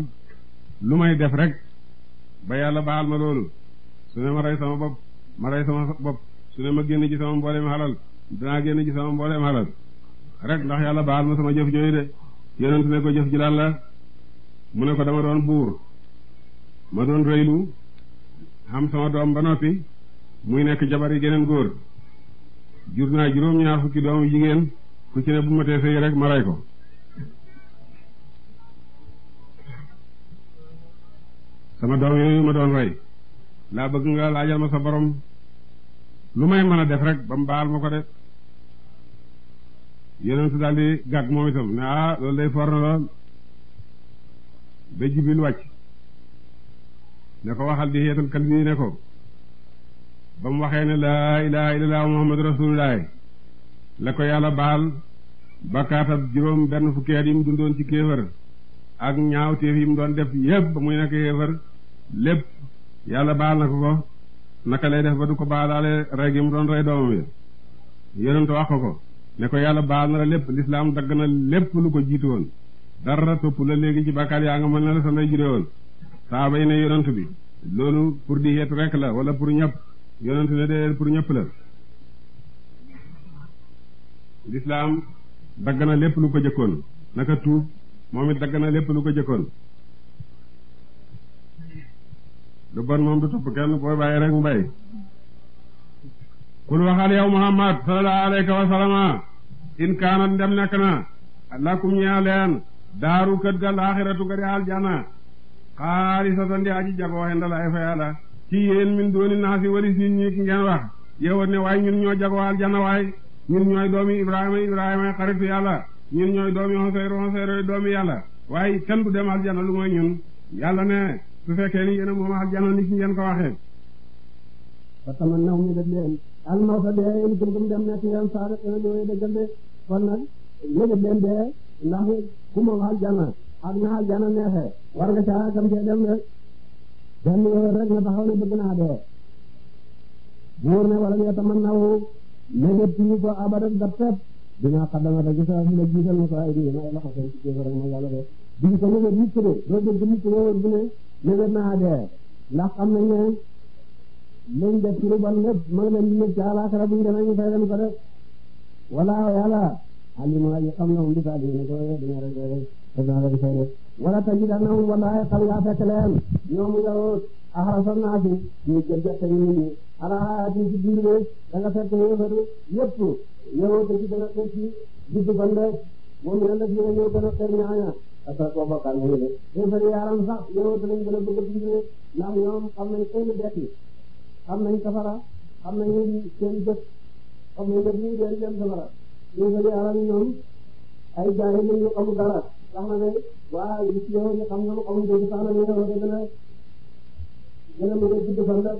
lu may def rek ba yàlla baal ma loolu su ne ma rey sama bopp ma rey sama bopp su ne ma génn ci sama mbooleem xalal danaa génn ci sama mbooleem xalal rek ndax yàlla baal ma sama jëf jooyu de yonent ne ko jëf ji lan la mu ne ko dama doon buur ma doon rëylu xam sama doom ba noppi muy nekk jabar yi geneen góor jur naa juróom-ñaar fukki doomu jigéen ku ci ne bu ma tee sëy rek ma rey ko sama doom yooyu ma doon rey laa bëgg nga laajal ma sa borom lu may mën a def rek ba mu baal ma ko def yonent daal di gàgg moom itam ne ah loolu day for na lool ba jibil wàcc ne ko waxal di yeetal kan bi ne ko ba mu waxee ne laa ilaha illallah muhammadu rasulullah la ko yàlla baal bakkaatab juróom benn fukki at yi mu dundoon ci kéefër ak ñaaw téef yi mu doon def yépp ba muy nekk kéefër lépp yàlla baal na ko ko naka lay def ba du ko baalaale rey gi mu doon rey doomam yi yonent wax ko ko ne ko yàlla baal na la lépp lislaam dagg na lépp lu ko jiit woon dara topp la léegi ci bàkkaar yaa nga mën na la sa ndey jure woon saaba yi ne yonent bi loolu pour di yeetu rek la wala pour ñëpp yonent ne dee pour ñëpp la lislaam dagg na lépp lu ko jëkkoon naka tuub moom it dagg na lépp lu ko jëkkoon lu bon moom du topp kenn booy bàyyi rek mu bàyyi kul waxal yow muhammad sallallahu alayhi wa ndem nekk na lakum ñaa leen daaru kët ga laaxiratu ga di aljana xaalisatan di aji jagoo xendalaay fa yàlla ci yéen min dooni naasi walis nit ñi ngeen wax yow ne waay ñun ñoo jagoo aljana waay ñun ñooy doomi Ibrahima Ibrahima xaritu yàlla ñun ñooy doomi Hoseyr Hoseyr doomi yàlla waaye kenn du dem aljana lu mooy ñun yàlla ne su fekkee ni yéen a moom aljana ni ci ngeen ko waxee. parce que man naw mi def leen al mawta dem nekk ngeen saara dana ñëwee dëggal de kon nag nëgët leen dee ndax ku moom aljana ak na aljana neexee war nga caa kam cee dem rek benn yoon rek nga taxaw ne bëgg naa dee buur ne wala ñu taman léeg-léeg suñu ko abadan ba tepp dinaa xaddamata gisal na gisal na ko ay di may loxo seen ci jéem rek ma yàlla de duñ ko lëgët nit de doo dégg nit da wër bu ne ma ngi leen di wala yàlla alimu aji xam na moom bisaali ne ko dina rek rek dina rek fay def wala tajidannahum wallahi xam ngaa fekk leen ñoom yow axrasa naasi xanaa ci ci biir léegi da nga fekk yéefaru yëpp ñëwoo te ci dana ko ci juddu fan de moom yàlla dina ñëw dana xel ñaaña parce que boobu kan mooy de yéefaru yaaram sax ñëwoo te lañ gën a bëgg a dundee ndax ñoom xam nañ seen dekk xam nañ safara xam nañ seen jëf xam nañ jëf ñu leen dem safara yéefaru yaaram ñoom ay jaay lañu amul dara sax na de waa gis yow ñu xam nga mu amul dëgg sax na ñu gën a gën a gën a mën a juddu fan de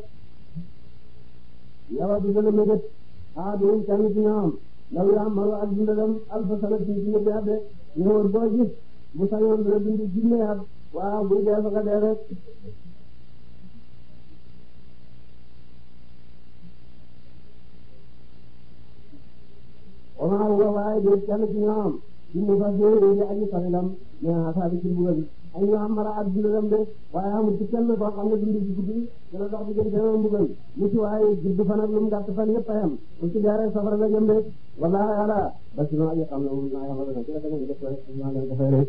yow di gën a mébét ah bi ñu kenn ci ñoom law ya'maru ak dundam alfa sanatin ci ñëpp yàdde ñëwoon boo gis bu sañoon dina dund junne at waaw buy dee fa nga dee rek waaw waaye bi kenn ci ñoom di mu fas yéene di aji sarilam mais asaabi ci ay yoo xam mara at dina dem waaye amul ci kenn koo xam ne dund ci guddi dina dox diggante ma mbugal mu ci waaye gudd fan ak lu mu gàtt fan yëpp a yem mu ci jaaree safara la jëm de wallaahi ba si noonu xam ne moom naa yàlla na ci la dama def naa leen dafay rek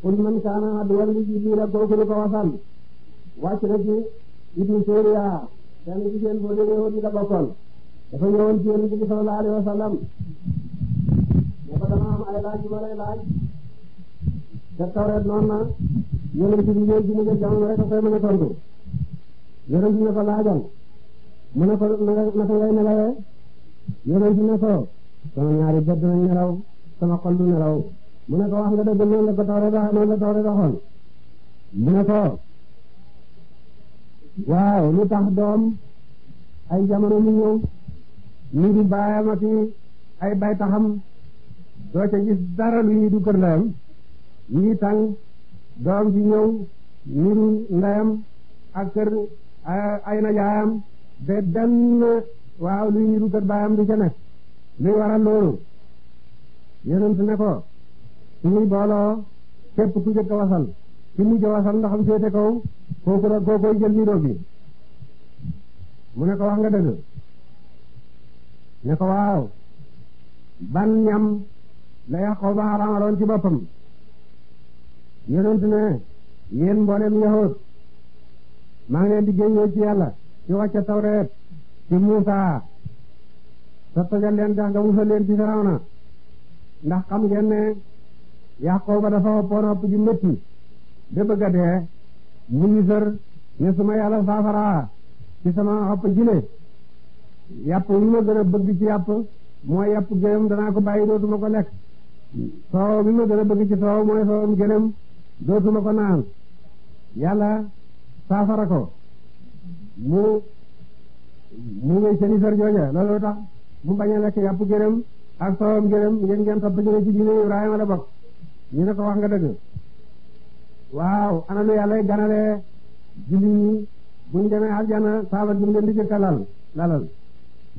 pour man kaana aduwal li jibril ak kooku lu ko wasan wàcc na ci ibnu suriya kenn jigéen boo la bokkoon dafa ñëwoon ci yéen bi sallallahu alayhi wa sallam ne ko dama am ay laaj ma lay laaj te tawreet noonu na yonent bi ñëw ji mu jël jamono rek a koy mën a tontu yonent bi ko laajal mu ne ko naka ngay nelawee yonent bi ne ko sama ñaari bët dinañ nelaw sama xol du nelaw mu ne ko wax nga dëgg la ko tawreet wax noonu la tawreet waxoon mu ne ko waaw lu tax doom ay jamono mu ñëw ñu di baayam ak ay bay taxam doo ca gis dara lu ñuy du kër ñu ngi doom ji ñëw niru ndeyam ak kër ay na jaayam ba benn waaw luy niru kër baayam di ca nekk luy waral loolu yonent ne ko suñuy booloo képp ku jëkk a wasal ci mujj a wasal ndoxam féete kaw kooku la jël niroo mu ne ko wax nga ne ko waaw ban ñam la yàqoo ba xaraamaloon ci boppam yonent ne yéen mboolem yahood maa ngi leen di génnoo ci yàlla ci wàcce tawreet ci Muusaa sa leen tax nga musal leen ci Firawna ndax xam ngeen ne Yaqooba dafa woppoon wopp ji métti ba bëgg a dee mu ngi ne su ma yàlla saafaraa ci sama wopp jile yàpp wi ma gën a bëgg ci yàpp mooy yàpp gëlëm danaa ko bàyyi dootuma ko lekk soow bi ma gën a bëgg ci soow mooy soowam gëlëm dootuma ko naan yàlla saafara ko mu mu wéy seen jooja loolu tax mu bañ a lekk yàpp gërëm ak soowam gërëm yéen ngeen topp ñu ne ci diine Ibrahima la bokk ñu ne ko wax nga dëgg waaw ana lu yàlla ganale jullit ñi buñ demee aljana saaba gi mu leen di jëkka lal lalal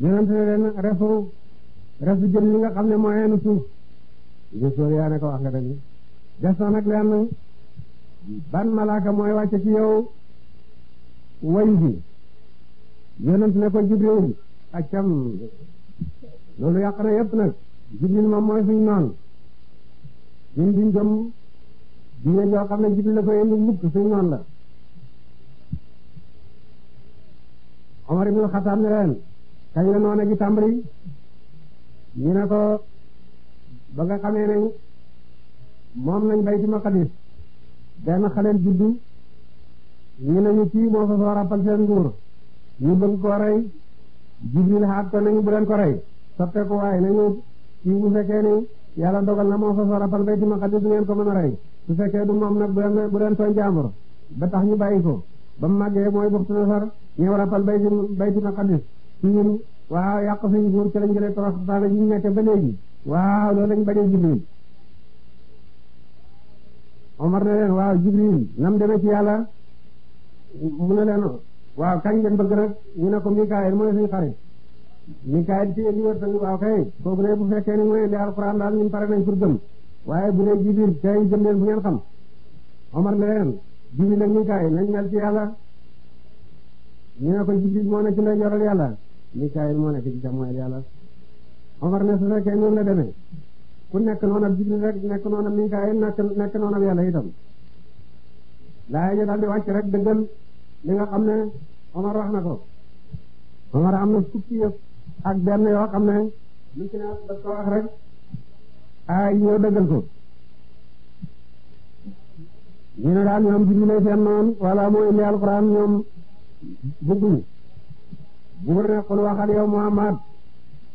yonent ne leen refu refu jën li nga xam ne nu suuf nga sóor yaa ko wax nga dëgg des na nag lenn ban malaaka mooy wàcce ci yow wayu bi yonent ko jibril accam loolu yàq na yëpp nag jibril moom mooy suñ noon ñun duñ gëm diine joo xam ne jibril la ko indi mukk suñ noon la Omar ibn Xattaab ne leen kañ la noona gi tàmbali ñu ne ko ba nga xamee ne moom lañ bay ci benn xaleel juddu ñu ne ñu kii moo fa soo rappal seen nguur ñu bëgg ko rey Jibril xaat ko nañu bu leen ko rey soppe ko waaye nañu kii bu fekkee ni yàlla dogal na moo fa soo rappal Baytul Maqdis du ngeen ko mën a rey su fekkee du moom nag bu leen bu leen tooñ jàmbur ba tax ñu bàyyi ko ba mu màggee mooy buxtu nasar ñëw rappal Baytul Baytul Maqdis ci ñun waaw yàq suñu nguur ci lañ jëlee torox taana ji ñu nekkee ba léegi waaw loolu lañ bañee Jibril Omar ne leen waaw Jibril nam demee ci yàlla mu ne leen waaw kañ ngeen bëgg rek ñu ne ko Mikaayil mooy suñu xarit Mikaayil ci li wërtal waaw kay kooku ne bu fekkee ni mooy indi alxuraan daal ñun pare nañ pour gëm waaye bu dee Jibril tey jëm leen bu ngeen xam Omar ne leen Jibril ak Mikaayil nañ mel ci yàlla ñu ne ko Jibril moo ne ci lay yoral yàlla Mikaayil moo ne ci càmmoñal yàlla Omar ne su fekkee noonu la demee ku nekk noonu ab Jibril nekk noonu ab Mikaayil nekk nekk noonu ab yàlla itam laay ja daal di wàcc rek dëggal li nga xam ne Omar wax na ko Omar am na fukki yëpp ak benn yoo xam ne lu ci ne daf ko wax rek ay ñëw dëggal ko ñu ne daal ñoom Jibril lay seen noonu wala moo indi alquran ñoom bëgguñu buur ne xul waxal yow Muhammad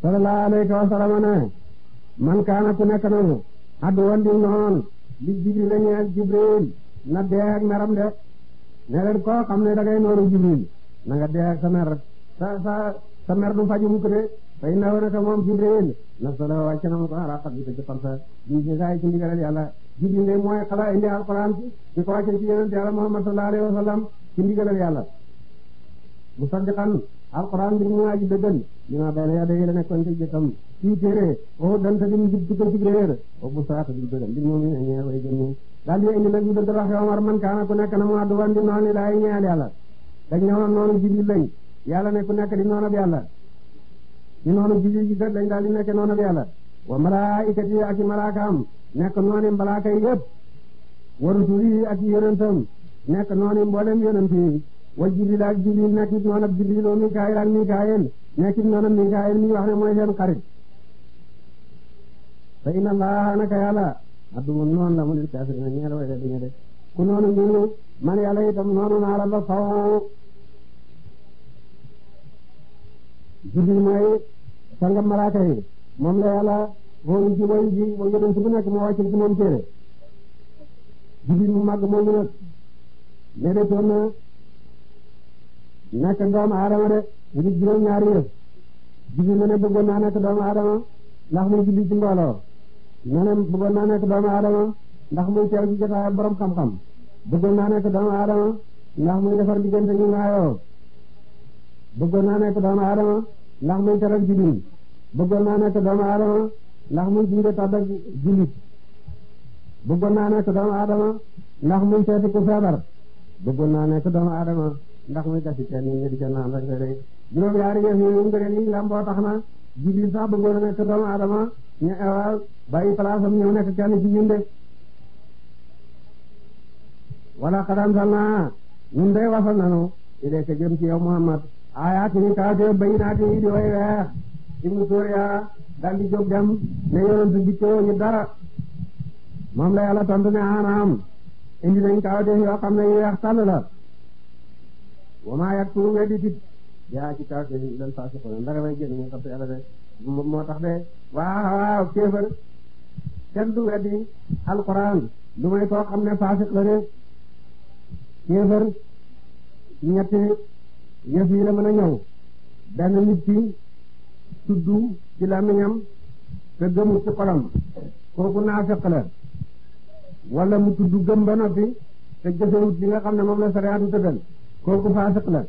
sallallahu alayhi wa ne man kaana ku nekk noonu addu woon di noon li jibril la ñeel jibril na dee ak meram de ne leen koo xam ne da nooru jibril na nga dee ak sa mer sa sa sa mer du faju mukk de fay nawo naka moom jibril na solo wàcc na ma ko ala xat bi ta jëppal sa di ci saay ci ndigalal yàlla jibril de mooy xala indi alquran ci di ko wàcce ci yonent yàlla muhammad sallallahu alayhi wa sallam ci ndigalal yàlla mu alquran bi ñu waa ji dëggal li ma bay na yaa dayee la nekkoon ci jëkkam fii téere o danta di mu jub dugal ci réer o bu saata di dëggal li moom ñee way gëm ñi daal di indi nag yu dëgg waxe Omar man kaana ku nekk na mu addu wan di noon li laay ñeel yàlla dañ ne woon noonu jibril lañ yàlla ne ku nekk di noonu yàlla di noonu jibril daal di nekk noonu yàlla wa malaayikati yi ak i malaakaam nekk noonu malaaka yëpp wa rusuli yi ak i yonentam nekk noonu mboolem wa jibril ak jibril nekkit noonam jibril oo mikaayil ak mikaayil nekkit noonam mikaayil mi wax ne mooy seen xarit fa inna allaha naka yàlla adduwun noonu la mu lil kaafiriina ñeel way de diña de ku noonu ñunu man yàlla itam noonu naa la ba faw jibril sanga malaaka yi la yàlla woon ci way ji wa yonent bu nekk moo wàccil ci moom téere jibril mu màgg moomu nag ne de nekk doomu aadama de ñu juróom ñaari yëf jibi mu ne bëggoon naa nekk doomu aadama ndax muy julli ci mbooloo mu ne bëggoon naa nekk doomu aadama ndax muy teew ci jotaay borom xam-xam bëggoon naa nekk doomu aadama ndax muy defar diggante ñu naayoo bëggoon naa nekk doomu aadama ndax muy teral julli bëggoon naa nekk doomu aadama ndax muy jiite tàdd ak jullit bëggoon naa nekk doomu aadama ndax muy seeti ku feebar bëggoon naa nekk doomu aadama ndax muy gas ci teen yi nga di ca naan rek rek juróom yaari yëf yi moom gënal yi lamboo tax na jibril sax bëggoon a nekk doomu aadama ñu eh, waaw bàyyi place am ñëw nekk kenn ci ñun de wala xadam sal naa ñun day wasal nanu ilayka jëm ci yow muhammad ayaati ni kaate bayinaati yi di way weex ibnu suriya dal di jóg dem ne yonentu dikkoo ñu dara moom la yàlla tontu ne anaam indi nañ kaate yoo xam ne yu weex tàll la waa yaktumu weddi tit yaa ci kaw te ilal te yàlla moo tax de waaw waaw kéefar kenn du weddi alquran lu may koo xam ne faasiq la de kéefar ñetti yëf yi la mën a ñëw benn nit ki tudd ci làmmiñam te gëmu ci xolam kooku naafiq la wala mu tudd gëm ba noppi te jëfewut li nga xam ne moom la sariyaatu tëddal kooku faasiq la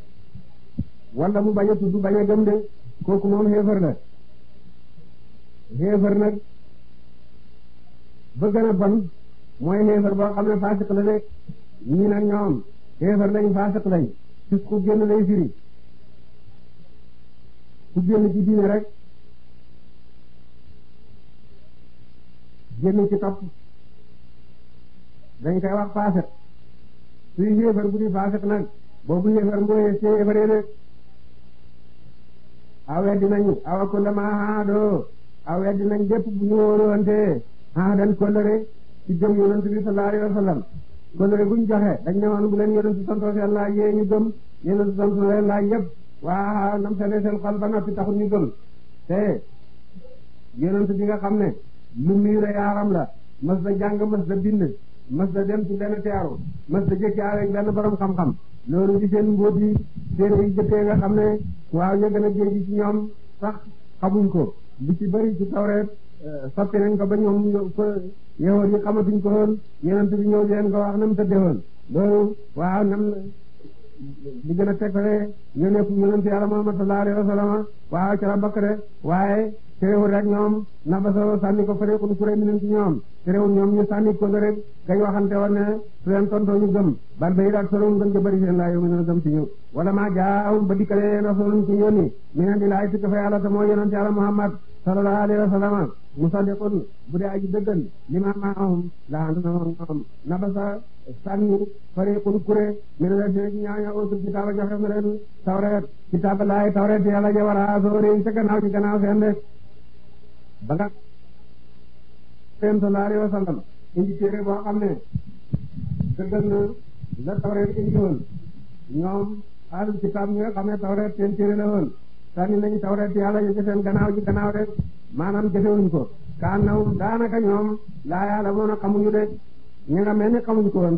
wala mu baña a tudd bañ a de kooku moom xeefar la xeefar nag ba gën a bon mooy xeefar boo xam ne faasiq la de ñii ñoom xeefar lañ faasiq lañ fis ku génn lay firi ku génn ci diine rek génn ci topp dañ koy wax faasiq suy xeefar bu di faasiq boobu yéefar mooy ci yéefar yi de awee dinañ awa kullama haadoo awee dinañ dépp bu ñu wóoroonte haadan kóllëre ci gëm yonent bi sallallahu alayhi wa sallam kóllëre bu ñu joxe dañ ne woon bu leen yonent santoo seen laaj yee ñu gëm yonent santoo seen laaj yëpp waa nam seetee seen xol ba noppi taxul ñu gëm te yonent bi nga xam ne lu miira yaaram la mas da jàng mas da bind mas da dem ci benn teeru mas da jëkkaale ak benn borom xam-xam loolu di seen mbóot yi téere yi jëkkee nga xam ne waaw ñu gën a géej ci ñoom sax xamuñ ko li ci ci tawreet euh, soppi nañ ko ba ñoom ko yowoor yi xamatuñ ko woon yeneen bi ñëw leen ko wax na mu tëddee woon loolu waaw nam li gën a tegtale ñu nekk yonent yàlla Muhammad sallallahu alayhi wa sallam waaw ci la bokk waaye terewul rek ñoom na basoo sànni ko fële ku suuree mineen ci ñoom terewul ñoom ñu sànni ko nga rek gañ waxante woon ne su leen tontoo ñu gëm bal ba yi daal solum gën ca bëri seen laa yow mi gëm ci ñu wala maa jaawum ba dikkalee rasulun ci yónni mineen di laay tukka fa yàlla te mooy yonent yàlla Muhammad sallallahu alayhi wa sallam musaddiqun bu dee aji dëggal kuré mi ne dina ci ñaaña utul kitaaba joxe na leen tawreet kitaaba laay tawreet yàlla ja war a sóori ca gannaaw ci gannaaw seen rek ba nga feem sallallahu alayhi wa sallam indi boo xam ne dëggal na la tawreet indi woon ñoom ahlul kitaab ñi nga xam ne tawreet seen téere la woon sànni nañu tawreet yàlla ñu ci seen gannaaw ji gannaaw rek maanaam jëfewuñ ko kaan nawum daanaka ñoom laa yàlla moon a xamuñu de ñu nga mel ni xamuñ ko woon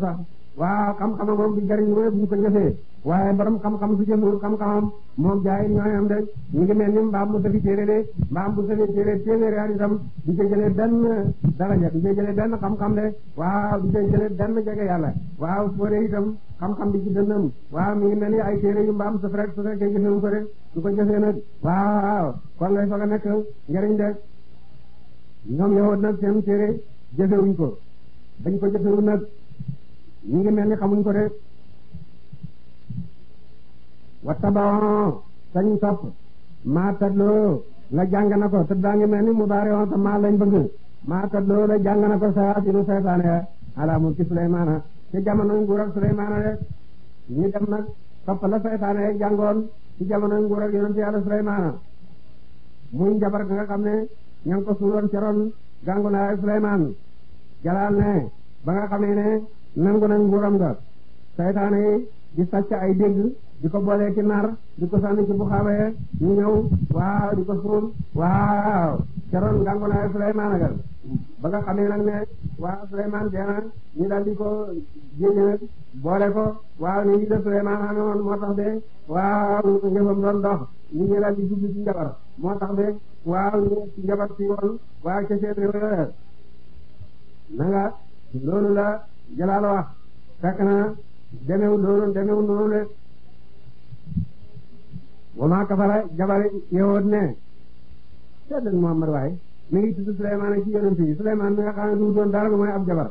waaw xam-xamam moom du jariñ mooy bu ñu ko ñëfee waaye borom xam-xam su jëmul xam-xamam moom jaay ñooyam de ñu ngi mel ni mbaam mu safi téere de mbaam bu safi téere téeméeri at itam du ca jëlee benn daraja du ca jëlee benn xam de waaw du ca jëlee benn jege yàlla waaw foore itam xam-xam bi ci dënnam waaw mi ngi mel ni ay téere yu mbaam saf rek su fekkee jëfewu ko de su ko jëfee nag waaw kon lay faga nekk njariñ de ñoom yowoot nag seen téere jëfewuñ ko bañ ko jëfewu nag ñu ngi mel ni xamuñ ko de wa tabaon sañ topp maa tadloo la jàng na ko te daa ngi mel ni mu baare woon te maa lañ bëgg maa tadloo la jàng na ko sayaatinu seytaane ya ala mulki Suleymaana ci jamonoy nguurak Suleymaana de ñu dem nag topp la seytaane ya jàngoon ci jamonoy nguurak yonent yàlla Suleymaana xam ne ña ko suuloon ca ron gàngu naa Suleymaan jalaal ne ba nga ne nangu nañ nguuram ga saytaane di sàcc ay dégg di ko boolee ci nar di ko sànni ci bu xaabee ñu ñëw waaw di ko suul waaw caroon ngangu naa Suleymaan agal ba nga xamee nag ne waaw Suleymaan dee na ñu daal di ko jénge boole ko waaw ni ñi de Suleymaan xamee woon moo tax de waaw ngëfam doon dox ñu ñu daal di jublu ci njabar moo tax de waaw ñu ci waaw ca réew yooyu na loolu la jalaal wax fekk na demewul noonu demewul noonu de wama kafara jabar yewoot ne seddal Muhammad waaye mi ngi tudd Suleymaan ci yonent yi Suleymaan mi nga xam ne doon dara lu mooy ab jabar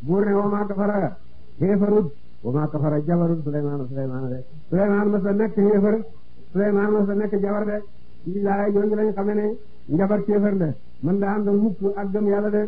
buur ne wama kafara xeefarut wama kafara jabarut Suleymaan Suleymaan de Suleymaan mas a nekk xeefar Suleymaan mas a nekk jabar de laa yooyu lañ xame ne njabar xeefar de mën daa ànd mukk ak gëm yàlla de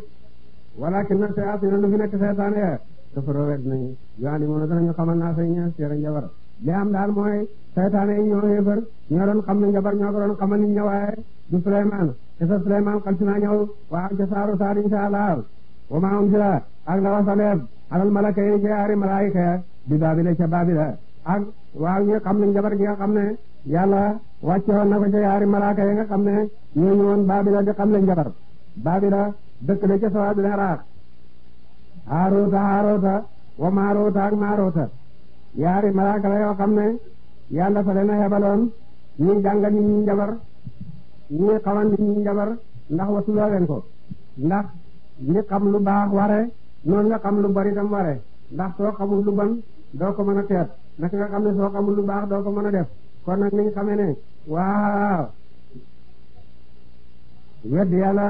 walakin na sayaatina lu fi nekk seytaane ya kafaroo wet nañu yoani moom danañu xamal naa sa ñees seen njabar li am daal mooy seytaane yi ñoo xéefar ñoo doon xam ne njabar ñoo ko doon xamal nit ña waaye du Suleymaan kesa Suleymaan xal si naa ñëw waaw ca saaru saar insha allah wa maa um sila ak la wasaleef alal malaka yi ca yaari malaayika ya bi baabila ca baabila ak waaw ñu xam ne njabar gi nga xam ne yàlla wàcce woon na ko ca yaari malaaka yi nga xam ne ñoo ñëwoon baabila di xam le njabar baabila dëkk la ca sawaadul xaraaq xaaroota xaaroota wa maaroota ak maaroota yaari malaaka la yoo xam ne yàlla fa na a yebaloon ñuy jàngal nit ñi njabar ñuy xawan nit ñi njabar ndax wasuloo leen ko ndax li xam lu baax ware noonu nga xam lu bari tam ware ndax soo xamul lu bon doo ko mën a teet naka nga xam ne soo xamul lu baax doo ko mën a def kon nag niñ xamee ne waaw wedd yàlla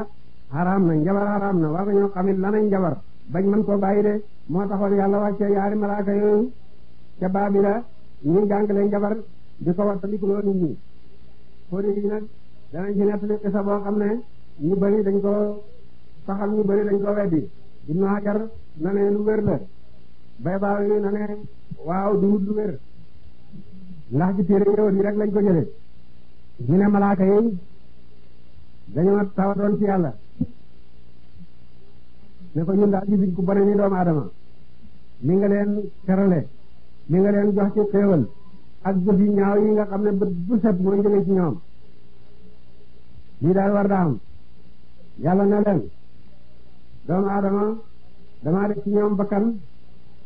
xaraam na njabar xaraam na war nañoo xam it lanañ njabar bañ mën koo bàyyi de moo taxoon yàlla wàccee yaari malaaka yooyu ca baabila ñuy jàngale njabar di ko wattandikuloo nit ñi fóori yi nag danañ ci nettali xisa boo xam ne ñu bëri dañ ko saxal ñu bëri dañ ko weddi Ibnu Hajar na ne lu wér la bay baaw yi na ne waaw duwut lu wér ndax ci téere yow yi rek lañ ko jële ñu ne malaaka yi dañoo tawatoon ci yàlla ne ko ñun daal gisuñ ku bone ni doomu aadama ni nga leen terale li nga leen jox ci xéewal ak jëf yu ñaaw yi nga xam ne bët bu set mooy jóge ci ñoom lii daal war daam yàlla ne leen doomu aadama damaa def ci ñoom bakkan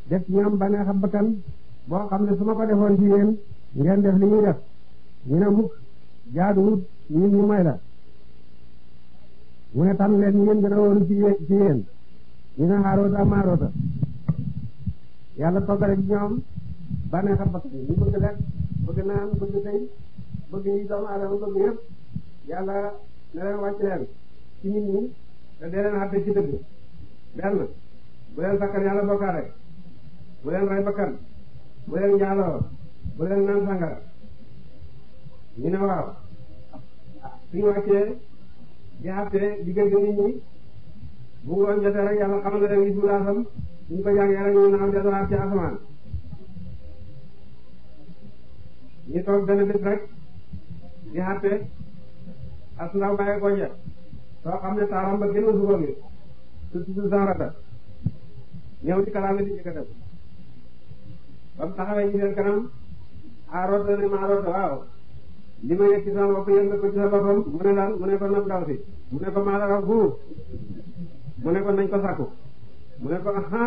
def ci ñoom baneex a bakkan boo xam ne su ma ko defoon ci yéen ngeen def li ñuy def ñu ne mukk jaaduwut nit ñi may la mu ne tànn leen yéen gën a wóoru ci yéen ñu ne Haaroota ak Maaroota yàlla toggale ci ñoom bànneex ak bakkan ñu bëgg lekk bëgg naan bëgg tey bëgg yi doomu aadama bëgg yëpp yàlla ne leen wàcc leen ci nit ñi te dee leen àtte ci dëgg benn bu leen sakkal yàlla bokkaale bu leen rey bakkan bu leen njaaloo bu leen naan sàngara ñu ne waaw suñu wàccee di àtte diggante nit ñi bu ngoon jotee rek yàlla xamal na leen gis miraasam ñu ko jàngee rek ñu naaw delluwaat ci asamaan ñu toog benn rek di àtte as ndaw bàyyi ko ja soo xam ne taaram ba gën a suba mi su su saarata ñëw ci kalaame di jëkkatam ba mu taxawee ci seen kanam aaroot na ne ma aaroot waaw li ma yëg ci sama bopp yëg nga ko ci sa boppam mu nam ndaw si mu ne ko raw fuuf mu ne ko nañ ko sàkku mu ne ko aha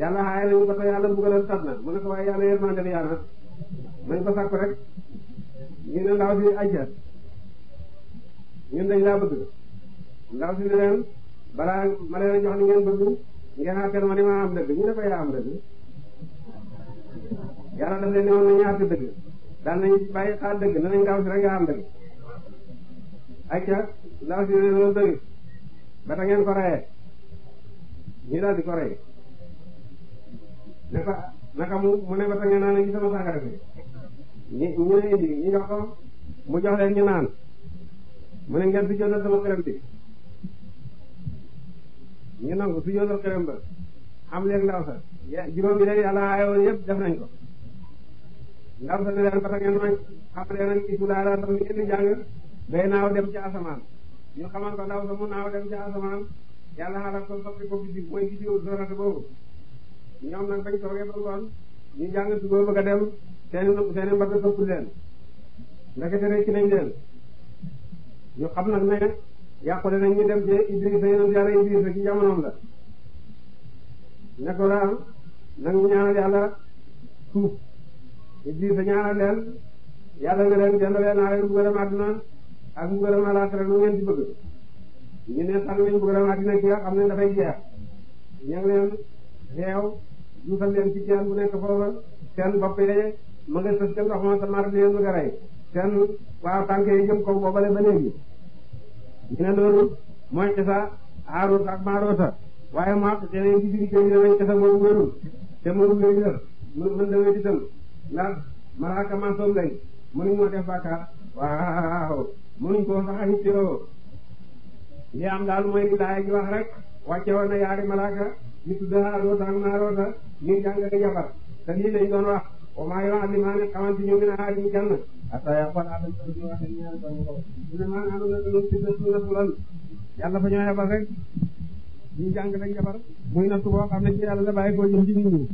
yàlla xaay nañu ko te yàlla mbugalal tat na mu ne ko waaye yàlla yërmande la yàlla nañ ko sàkku rek ñu ne ndaw si ajja ñun dañ laa bëgg ndaw si ne leen balaa ma leen a jox ni ngeen bëgg ngeen àttal ma ni ma am dëgg ñu ne ko yaa am dëgg yàlla daf leen ne woon na ñaata dëgg daan nañ bàyyi xaar dëgg ne nañ ndaw si rek yaa am dëgg ajja ndaw si ne loolu dëgg ba da ngeen ko reyee ñu daal di ko rey ne naka mu mu ne ba da ngeen naan sama sàngara bi ñu ñu ne indi ñu mu jox leen ñu naan mu ne ngeen du jëndal sama xërëm bi ñu nangu du jëndal xërëm ba xam leen ndaw sa juróom yi leen yàlla aayoon yëpp def nañ ko ndaw sa ne leen ba da ngeen mañ xam leen nag ci sulaala sax ngeen di jàng day naaw dem ci asamaan ñu xamal ko ndaw sa mun naaw dem ci asamaan yàlla xaaral ko soppi ko biddiw mooy biddiw dorate boobu ñoom nag ñu jàng sugóor bëgg a dem seeni seeni mbagg topp leen ndekete rek leen ñu xam nag ne yàqule nañ ñu dem ci Idrissa yonent yàlla Idrissa ci jamonoom la ne ko daal nag ñu ñaanal yàlla suuf Idrissa ñaanal leen yàlla nga leen jënd leen naa leen bëgg dem àdduna ak mbugalam alaxira lu ngeen ci bëgg ñu ne sax nañ mbugalam àddina ki nga xam ne dafay jeex ña ngi leen xeew duusal leen ci teen bu nekk foofa seen bopp yee ma nga sës ca ndox ma tamar leen bëgg a rey seen waaw tànk yi jëm kaw boobale ba léegi ñu ne loolu mooy xisa aarut ak maaroota waaye maa xeneen ci biir kër yi damay xisa moom wérul te moom léegi la mën mën damay di tam ndax malaaka maasoom lañ mënuñoo def bàkkaar waaw mënuñ koo sax ak itteewoo li am daal mooy laaya gi wax rek wàcce woon na yaari malaaka ñu tudd Haaruuta ak Maaruuta ñuy jàngale jabar te lii lañ doon wax wa maa yu'azzimaani xamante ñu min ahadin kenn hatta yaqoola ahaduhuma innamaa nahnu fitnatun yàlla fa ñoo yebal rek ñuy jàngale jabar muy nattu boo xam ne ci yàlla la bàyyi ko jëm ci nit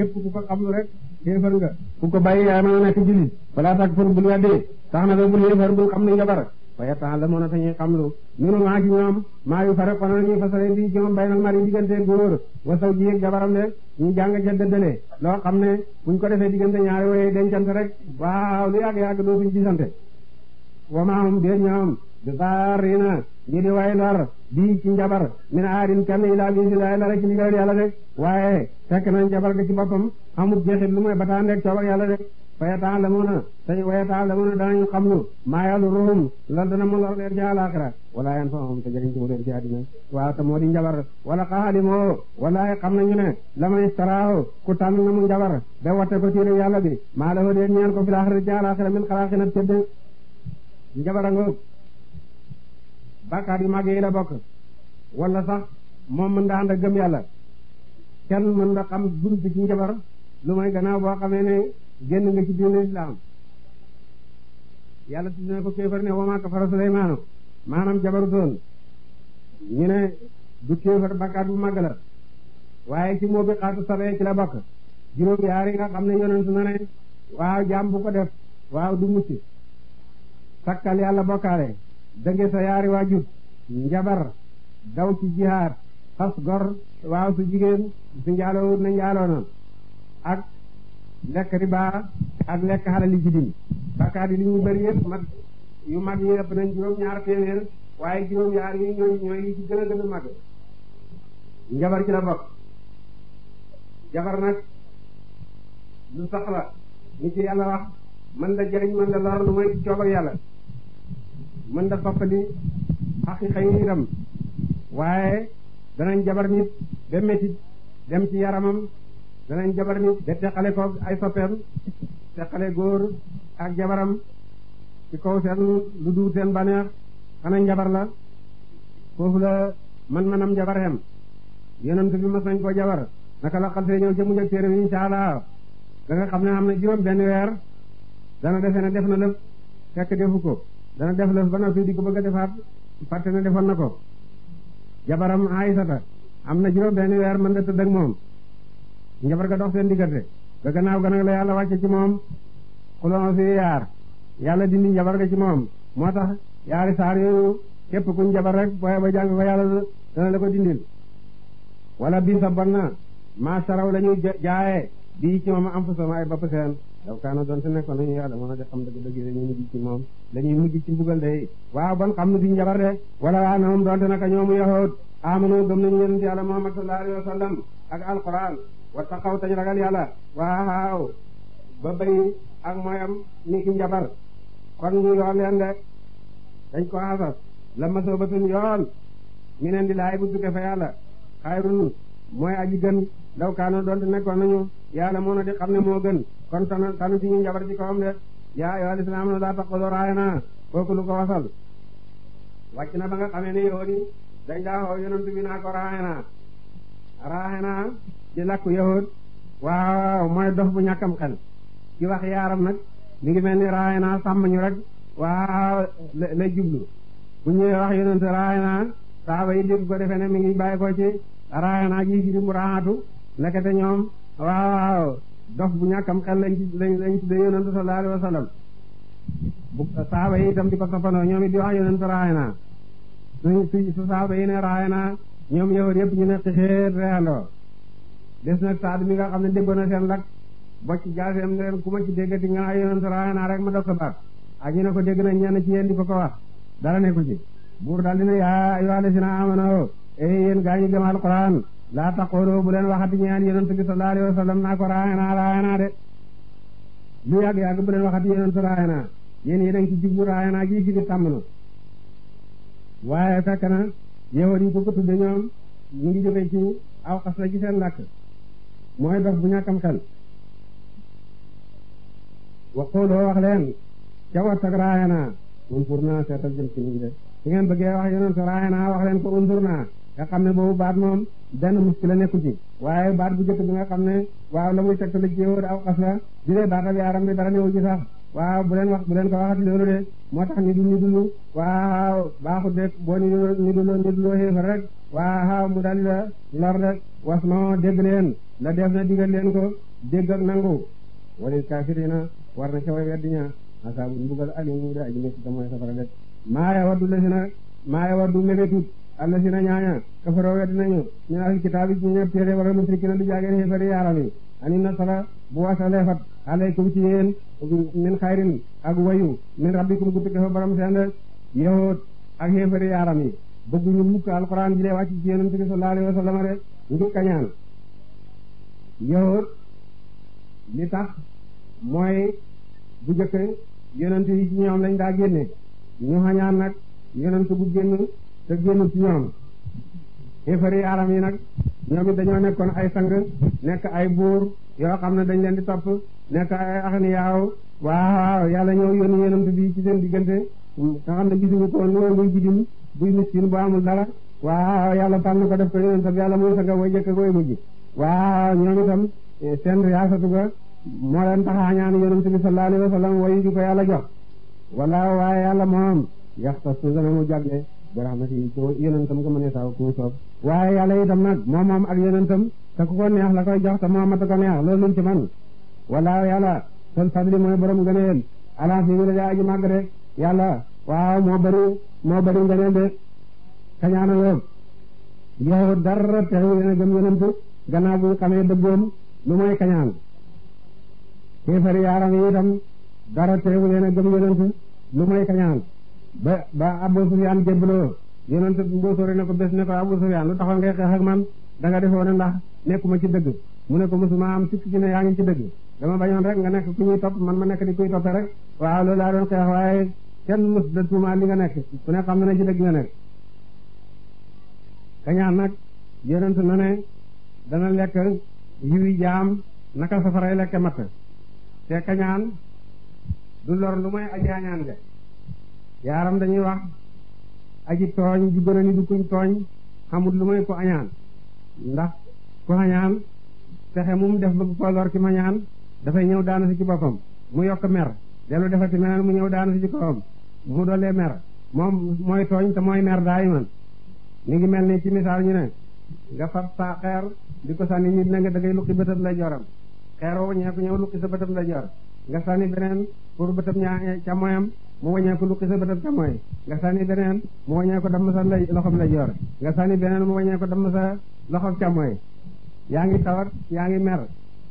képp ku ko xamlu rek yéefar nga ku ko bàyyi yaa mën a nekk jullit balaa tak pour bul weddi tax na ba bul yéefar bul xam ni njabar waaye temps la mën a tañuy xamlu munu maa ci ñoom maa yu fare xonal ñuy fasale di ñoom bay nag mari diggante góor wa saw ji yëg jabaram de ñu jàng ca dëddale loo xam ne buñ ko defee diggante ñaari woye dencante rek waaw lu yàgg-yàgg dootuñ gisante wa maam dee ñoom bi saarina ñi di way lor bii ci njabar min aadin kenn ilaa bi si la rek ci fekk na njabal ga ci boppam amul jeexit lu mooy bataan rek coobar yàlla rek wayataan la mun a te wayataan la mun danañu xam lu maayalu ruum loolu dana mun lor leen ci àllaaxira wala yan fahum te jëriñ ci mu leen ci àddina waaw te moo di njabar wala xaalimoo walaay xam nañu ne la may saraaw ku tànn na mu njabar ba watte ko tiire yàlla bi maa la fa deen ko fi laaxira ci àllaaxira min xalaaxina tëdd njabara nga bàkkaat yu màgg yi la bokk wala sax mën ndaa ànd ak yàlla kenn mën nga xam bunt ci njabar lu may gannaaw boo xamee ne génn nga ci diine islam yàlla tudd na ko kéefar ne wama kafara Suleymaanu maanaam jabarutoon ñu ne du kéefar bakkaat bu màgg la waaye ci moo bi xaatu sabee ci la bokk juróom yaar yi nga xam ne yonentu na ne waaw jaam bu ko def waaw du mucc sakkal yàlla bokkaale dënge sa yaari waajur njabar daw ci jihaad fas gor waaw su jigéen su njaalowut na njaaloona ak lekk riba ak lekk xalali jidim bakkaar yi li ñu bëri yëpp mag yi ëpp nañ juróom ñaar téeméer waaye juróom ñaar yi ñooy ñooy yi ci gën a gën a mag njabar ci la bokk jabar nag lu saxla ni yàlla wax mën da jëriñ mën da lor lu mooy coobak yàlla mën da soppali xaqiqa yi itam waaye danañ jabar nit ba métit dem ci yaramam danañ jabar nit ba teqale ko ay soppeem teqale góor ak jabaram ci kaw seen lu du seen baneex xanañ jabar la foofu la man manam jabar xem yonent bi mas nañ ko jabar naka la xal see ñëw ca mujj ak téere bi insha allah da xam ne am na juróom benn weer dana defee ne def na lëf fekk defu ko dana def lëf ba noppi di ko bëgg a defaat fàtte ne defoon na ko jabaram Aysata am na juróom benn weer mën na tëdd ak moom njabar ga dox seen diggante ga gannaaw ga la yàlla wàcce ci moom xulon fi yaar yàlla dindi njabar ga ci moom moo tax yaari saar yooyu képp kuñ jabar rek booye ba jàng ko yàlla dana la ko dindil wala bi sa bon na maa saraw la ñuy jaayee bii ci moom am fa sama ay bopp seen law kaana doon te nekkoon nañu yàlla mën a def xam dëgg dëgg yi dañuy mujj ci moom dañuy mujj ci mbugal day waaw ban xam ne duñ jabar de wala waa na moom doonte naka ñoomu yahood amano gëm nañu yonent yàlla muhammad sallallahu alayhi wa sallam ak alquran wa taqaw tañ ragal yàlla waaw ba bay ak mooyam ni ki njabar kon ñu yoon leen de dañ ko xasas la masoobatun yoon mi neen di laay bu duggee fa yàlla xayrun mooy aji gën law kaana doonte nekkoon nañu yàlla moo na di xam ne moo gën kon tànn tànn ci ñun jabar ci kawam de yaa yoo alislaam na daa taqaloo raaya naa kooku lu ko wasal wàcc na ba nga xamee ne yow dañ daa xoo yonent bi naa ko raaya naa di lakku yahud waaw mooy dof bu ñàkkam xel ci wax yaaram nag mi ngi mel ni raaya naa sàmm ñu rek waaw lay jublu bu ñëwee wax yonent raaya saaba yi dégg ko defee ne mi ngi bàyyi ko ci raaya naa ji ci di mu raatu nekkate ñoom waaw dof bu ñàkkam xel lañ ci lañ lañ ci da yonent sallallahu alayhi wa saaba yi itam di ko toppandoo ñoom it di wax yonent raay su saaba yi ne raay ñoom yowat yëpp ñu ne xixéer reandoo des nag saad mi na seen lak bocc jaaseem ne leen ku ma ci déggati nga naa yonent raay naa rek ma dog ko baat ak ñu ne ko dégg nañ ñenn ci yéen di ko ko wax dara nekku ci buur daal dina yaa ale si na amana o e yéen gaa ñi laa taqooloo bu leen waxati ñaan yonent bi sallallahu alayhi wa sallam naa ko raaya naa raaya naa de lu yàgg yàgg bu leen waxati yonent raaya naa yéen yéen a ngi ci jubbu raaya naa gi ci di sàmm na waaye fekk na yahudi yi ko ko tudde ñoom ñu ngi jóge ci aw xas la ci seen làkk mooy dox bu ñàkkam xel waqooloo wax leen ca wattak raaya naa unzur naa seetal jëm ci ñu de su ngeen bëggee wax yonent raaya wax leen ko unzur naa nga xam ne boobu baat moom benn muskila nekku ci waaye baat bu jëkk bi nga xam ne waaw la muy tegtale jéewóor aw xas la di lee baatab yaaram bi dara néew ci sax waaw bu leen wax bu leen ko waxat loolu de moo tax ni dul ni dulu waaw baaxut de boo ni ni dulo ni duloo xéefar rek waaw mu daal la lor de was no dégg leen la def na digal leen ko dégg ak nangu walil kaafiriina war na ca way weddi ña asaabu mbugal alim mu de aji metti ta mooy safara de maa yawaddu la si na maa yawaddu mébétut allazina ñaaña kafaroo wedd nañu ñu al kitaabi ci ñeer téere wala musrikina du jaageen xeefari yaaram yi ani nasara bu wasa leefat aleykum ci yéen min xayrin ak wayu min rabbikum gu tukke fa borom seen de ak xeefari yaaram yi bëgguñu mukk alquran ji wàcc ci yonent bi sallallahu alayhi wa ngir kañaan yahood li tax mooy bu jëkk yonent yi ñoom lañ daa génne ñu xañaan nag yonent bu génn te génn ci ñoom xéefar yi yi nag ñoom dañoo nekkoon ay sang nekk ay buur yoo xam ne dañ leen di topp nekk ay axniyaaw waaw yàlla ñëw yónni yonent bi ci seen diggante nga xam ne gisuñu ko woon muy jidim buy miskin bu amul dara waaw yàlla tànn ko def ko yonent bi yàlla muy sanga way jëkk koy mujj waaw ñoom itam eh, seen riyaasatu ga moo leen taxaa ñaan yonent bi sallallahu alayhi wayu ju ko yàlla jox wala waaye yàlla moom yaxtasu dana mu ba rahmati ci yonentam ko mënee saaw ku mu soob waaye yàlla itam nag moom moom ak yonentam te ku ko neex la koy jox te Muhammad ko neex loolu luñ ci yàlla sol fadli mooy borom ngëneel ala fi mi da aji màgg de yàlla waaw moo bari moo bari ngëneel de kañaana loog yow dara teewu leen a gëm yonentu gannaaw bu xamee dëggoom lu mooy kañaan kéefari yaaram yi itam dara teewu leen a gëm yonentu lu mooy kañaan ba ba Abu Sufyaan jébbaloo yonent mboosóore ne ko bés ne ko Abu Sufyaan lu taxoon ngay xeex ak man danga nga defoon ndax nekkuma ci dëgg mu ne ko mosuma am sikk ci ne yaa ngi ci dëgg dama bañoon rek nga nekk ku ñuy topp man ma nekk di kuy toppe rek waaw loolu laa doon xeex waaye kenn mos da tuuma li nga nekk ku ne xam na ne ci dëgg nga nekk kañaan nag yonent na ne dana lekk yiwi jaam naka safaray lekke matt te kañaan du lor lu may aji yaaram dañuy wax aji tooñ ju gën a ni du kuñ tooñ xamul lu may ko añaan ndax ku añaan pexe mu mu def ba ko lor ki ma dafay ñëw daanu si ci boppam mu yokk mer dellu defati meneen mu ñëw daanu si ci kawam mu dolee mer moom mooy tooñ te mooy mer daay man mi ngi mel ni ci misaal ñu ne nga fab sa xeer di ko sànni nit na nga dangay lukki bëtam la joram xeer woo ñee ko ñëw lukki sa bëtam la jor nga sànni beneen pour bëtam ñaa càmmoyam mu waññee ko lu xisa bëtëb ca mooy nga sànni beneen mu waññee ko damm sa lay loxob la joor nga sani beneen mu waññee ko damm sa loxob ca yaa ngi tawat yaa ngi mer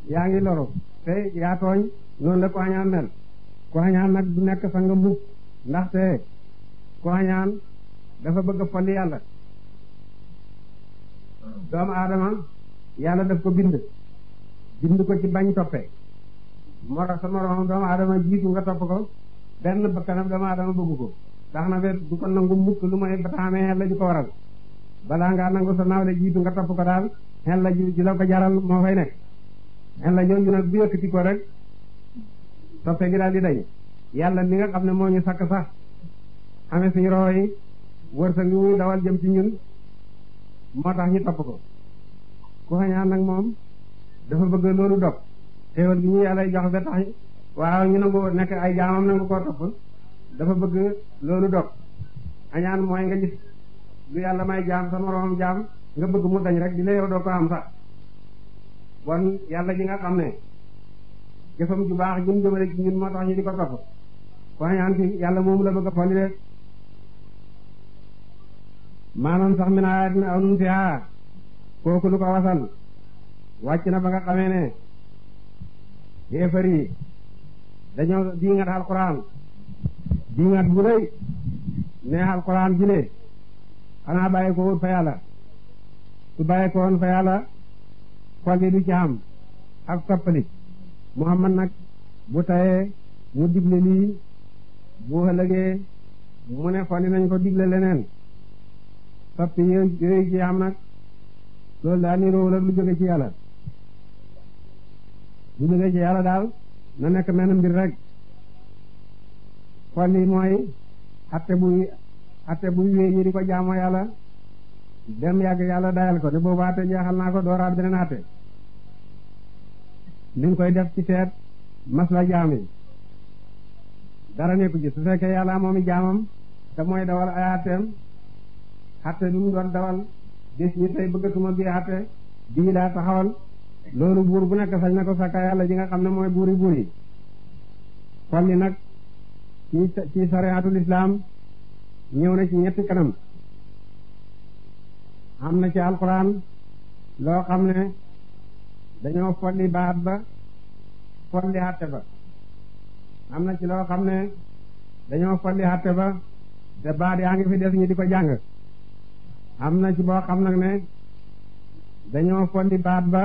yaa ngi loru te yaa tooñ noonu la ku añaan mel ku añaan nag du nekk sa nga mukk ndaxte ku añaan dafa bëgg a folli yàlla doomu aadama yàlla daf ko bind bind ko ci bañ toppee moo tax sa doomu aadama jiitu nga topp ko benn bakkanam dama dama bëgg ko tax na fe du ko nangu mukk lu may ba taxamee xel la ju ko waral balaa ngaa nangu sa naawle jiitu nga topp ko daal xel la ju la ko jaral moo fay nekk la jooju nag bu ko rek soppe gi di dañ yàlla mi nga xam ne moo ñu sakk sax xamee suñu roxo yi wërsëg yi muy dawal jëm ci ñun moo tax ñu topp ko ku xañaan nag moom dafa bëgg loolu dog xéewal gi ñu yàlla jox ba tax waaw ñu nangu nekk ay jaamam nangu koo topp dafa bëgg loolu dog añaan mooy nga gis lu yàlla may jaam sa moromam jaam nga bëgg mu dañ rek di la yow doo ko am sax bon yàlla gi nga xam ne jëfam ju baax jëm jëmale ci ñun moo tax ñu di ko topp ko añaan ci yàlla moom la bëgg a folli de maanaam sax mi naa dina aw fi aa kooku lu ko wasal wàcc na ba nga xamee ne yéefar yi dañoo diingat alquran diingat bu rëy ne alquran ji ne xanaa bàyyi ko woon fa yàlla su bàyyi ko woon fa yàlla xolli du ci am ak soppali Muhammad nag bu tayee mu digle lii bu ëllëgee mu ne xolli nañ ko digle leneen soppi yooyu ci am nag loolu daal ni róowu la lu jóge ci yàlla lu jóge ci yàlla daal na nekk menn mbir rek xol lii mooy atte buy atte buy wéy ñi di ko jaamoo yàlla dem yàgg yàlla dayal ko ne boobu atte jeexal naa ko dooraat beneen atte ni nga koy def ci teet masla jaam yi dara nekku ci su fekkee yàlla moom i jaamam te mooy dawal ay atteem atte bi mu doon dawal bis ñi tey bëggatuma bii atte bii laa taxawal loolu buur bu nekk sañ na ko sàkka yàlla ji nga xam ne mooy buuri buur yi xolli nag ci ci sariatul ñëw na ci ñetti kanam am na ci alquran loo xam ne dañoo folli baat ba folli àtte ba am na ci loo xam ne dañoo folli àtte ba te baat yaa ngi fi des ñi di ko jàng am na ci boo xam nag ne dañoo folli baat ba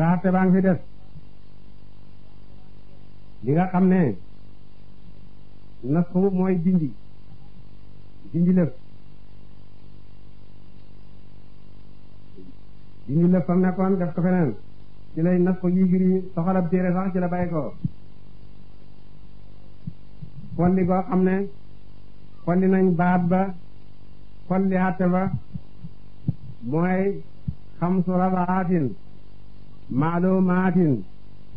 taxar te baa ngi fi des li nga xam ne nasxu mooy dindi dindi lëf dindi lëf fam nekkoon def ko feneen ci lay nasxu yi giri soxalab téere sax ci la bàyyi ko folli koo xam ne folli nañ baat ba folli àtte ba mooy xam su rabaatin maalumaatin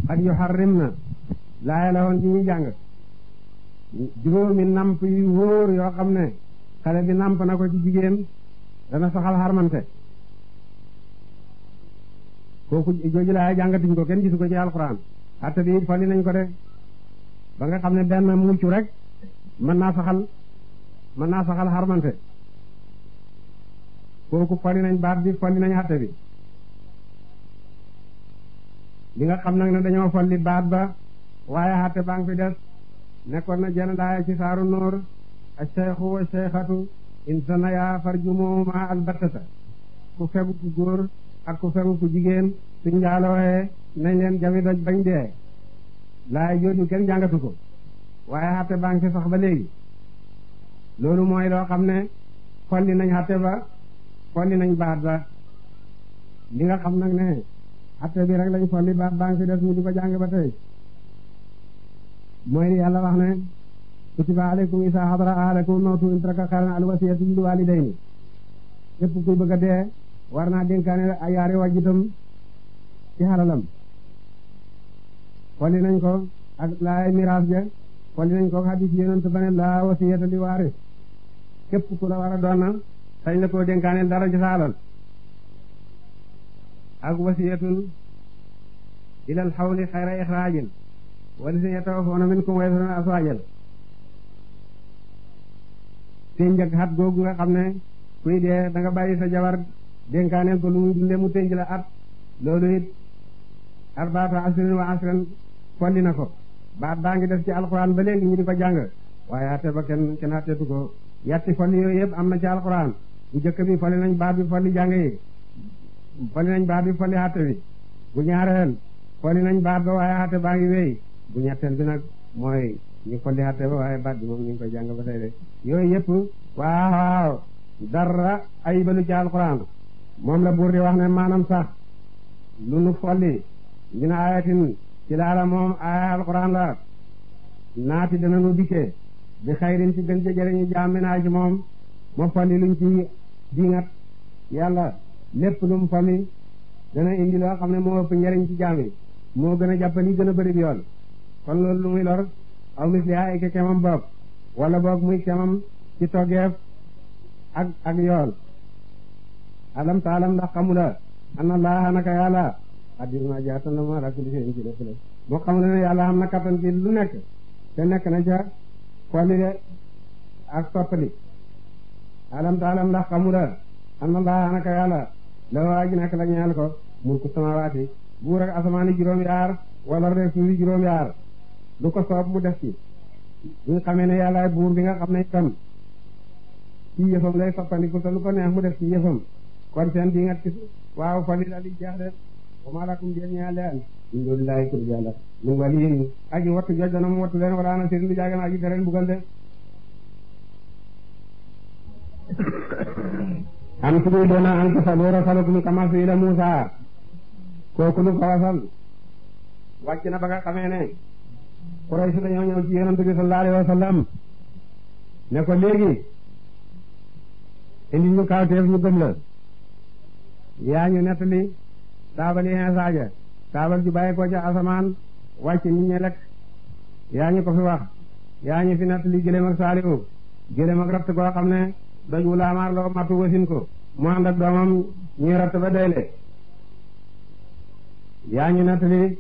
xat yu xarrim na laaya la woon ci ñuy jàng juróomi namp yu wóor yoo xam ne xale bi namp na ko ci jigéen dana soxal xarmante kooku jooju laaya jàngatuñ ko kenn gisu ko ci alxuraan atte bi it fali nañ ko de ba nga xam ne benn muccu rek mën naa saxal mën naa saxal xarmante kooku fali nañ baat bi fali nañ bi li nga xam nag ne dañoo folli baat ba waaye xatte baa ngi fi des nekkoon na jenn daaya ci saaru noor a cheikhu wa cheikhatu insana yaa farjumuhuma albattata ku fegu ku góor ak ku fegu ku jigéen suñ njaalowee nañ leen jawi doj bañ dee laay jooju kenn jàngatu ko waaye xatte baa fi sax ba léegi loolu mooy loo xam ne folli nañ xatte ba folli nañ baat ba li nga xam nag ne atte bi rek lañ folli baat baa ngi fi des ñu di jàng ba tey mooy li yàlla wax ne kutiba aleykum isa hadara ahalakum mawtu in taraka xayran al wasiyatu lil walidayni képp kuy bëgg dee war naa dénkaane yaari wàjjitam ci xalalam folli nañ ko ak laay miraas ja folli nañ ko ak hadis yonent ba ne laa wasiyata li waaris képp ku la war a doon na sañ la koo dénkaaneel dara ci sa alal ak wasiyatun ilal xawli xayra ixraajin walisi yatawafawna minkum wa yadruna aswaajal ténjag xat googu nga xam ne kuy dee da nga bàyyi sa jabar dénkaaneel ko lu muy dunde mu ténj la at loolu it arbaata asrin wa asran folli na ko baat baa ngi def ci alquran ba léegi ñu di ko jàng waaye atte ba kenn kenn atteetu ko yatti folli yooyu yëpp am na ci alquran bu jëkk bi folli nañ baat bi folli jàng yi foli nañ baat bi foli xatte bi bu ñaareel foli nañ baat ba waaye xatte baa ngi wéy bu ñetteel bi nag mooy ñu foli xatte ba waaye baat bi moom ni nga jàng ba tey yooyu yëpp waaw waaw dara ay balu ci alquran moom la buur di wax ne maanaam sax lu nu folli min ayatin ci laala moom aaya alquran la naati dana nu dikkee bi xayrin ci gën ci jëriñu jaam ci moom ma folli luñ ci dingat yàlla lépp lu mu fami dana indi loo xam ne moo ëpp njariñ ci jaam moo gën a jàppali gën a bëri yoon kon loolu lu muy lor aw misli ay ke kemam boog wala boog muy kemam ci toggeef ak ak yool alam taalam ndax xamula anna laaha naka yàlla addir ne xam na kattan ci lu nekk te nekk na ca follile ak soppali alam taalam ndax xamula anna laaha naka yàlla la waa ji nekk la ñeel ko mulku samawaati buur ak asamaani juróom-yaar wala rek suufi juróom-yaar lu ko soob mu def ci bu ñu xamee ne yàllaay buur bi nga xam ne itam ci yëfam lay soppandiku te lu mu def ci yëfam kon seen di nga ci waaw fan yi daal di jeex de wama lakum jël ñaa leen min mu wattu leen wala na de am turiduna an tasaluura falakum kama su'ila Muusaa kooku lu ko wasal wàcc na ba nga xamee ne Quraysh dañoo ci yonent bi sallallahu alayhi ne ko léegi indi ñu kawteef ñu gëm la yaa ñu nettali taabal yi Iisaa ja taabal ko ca asamaan wàcc nit ñi lekk ko fi wax yaa ñu fi nettali gëléem ak saaliw gëléem ak ratt goo xam ne dañu laamaar loo matu wasin ko mu ànd ak doomam ñuy ratt ba deyle yaa ñu nettali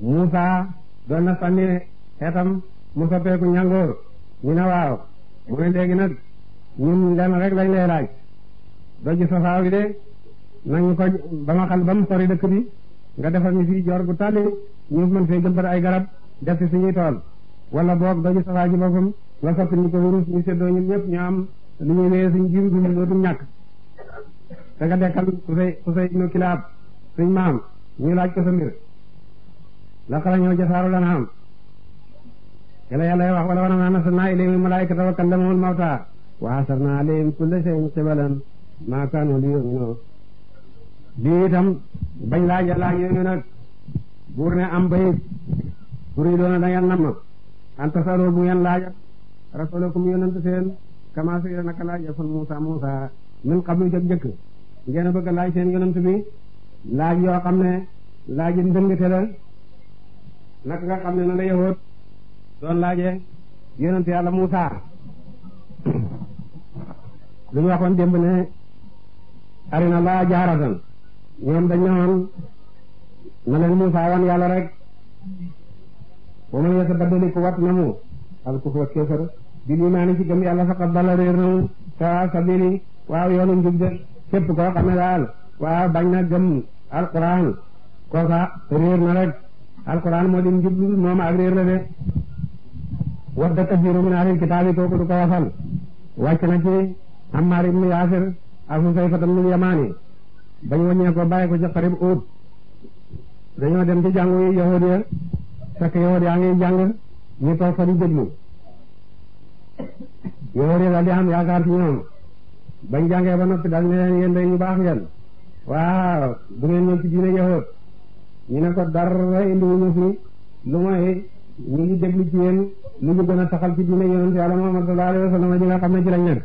Muusa doon na sànni xeetam mu soppeeku ñangoor ñu ne waaw mu ne léegi nag ñun lenn rek lañ lay laaj doj safaaw yi de nañu ko ba ma xal ba mu sori dëkk bi nga defal ñu fii joor gu tàlli ñu mën fee gëmbat ay garab def ci suñuy tool wala boog daju safaa ji boppam nga sotti ñu ko wurus ñu séddoo ñun ñëpp ñu am li ñuy wee suñ jiw du dootul ñàkk da nga dekkal Qusay Qusay ibnu Kilaab suñ maam ñu laaj ko sa mbir la xala ñëw jasaaru lana am yàlla yàlla wax wala wana naa nasanaa ilayhim malaa'ikata wa kallamahumul mawtaa wa hasharnaa alayhim kulla shay'in qibalan maa kaanu liyu'minuu lii itam bañ laaj yàlla ñooñu nag buur ne am bayit buri doona da ngeen an tasaloo bu ngeen laaja rasulakum yonent seen kama su naka laaj fon Musa Musa min qablu jëkk jëkk ngeen a bëgg a laaj seen yonent bi laaj yoo xam ne laaji ndëngte la naka nga xam ne na la yahood doon laaje yonent yàlla Musa *coughs* lu ñu waxoon démb ne arina laa jaaratan ñoom dañ ne woon na leen Musa wan yàlla rek wa man yatabaddali ku wat namu al kufra kéefar bil imaani ci gëm yàlla faqad dalla réer namu sa sabili waaw yoonu njub de képp koo xam ne daal waaw bañ na gëm alquran kooka réer na rek alquran moo di njub moom ak réer la de wadda kasiiru min ahlil kitaabi kooku du ko wasal wàcc na ci Ammaar ibnu Yaasir ak Huzayfa ibnu Yamaani bañ wàññee ko bàyyi ko ci xarib ut dañoo dem ci jàngu yi yahudiya fekk yow yaa ngi jàng ñu toog fa di déglu yow de daal di am yaakaar ci ñoom bañ jàngee ba noppi daal ne ñu baax ngeen waaw bu ngeen ñëw ci diine yahood ñu ne ko dara indiwuñu fi lu mooy ñu ngi déglu ci yéen lu ñu gën a saxal ci diine yonent yàlla Muhammad sallallahu alayhi wa sallam ñi nga xam ne ci lañ nekk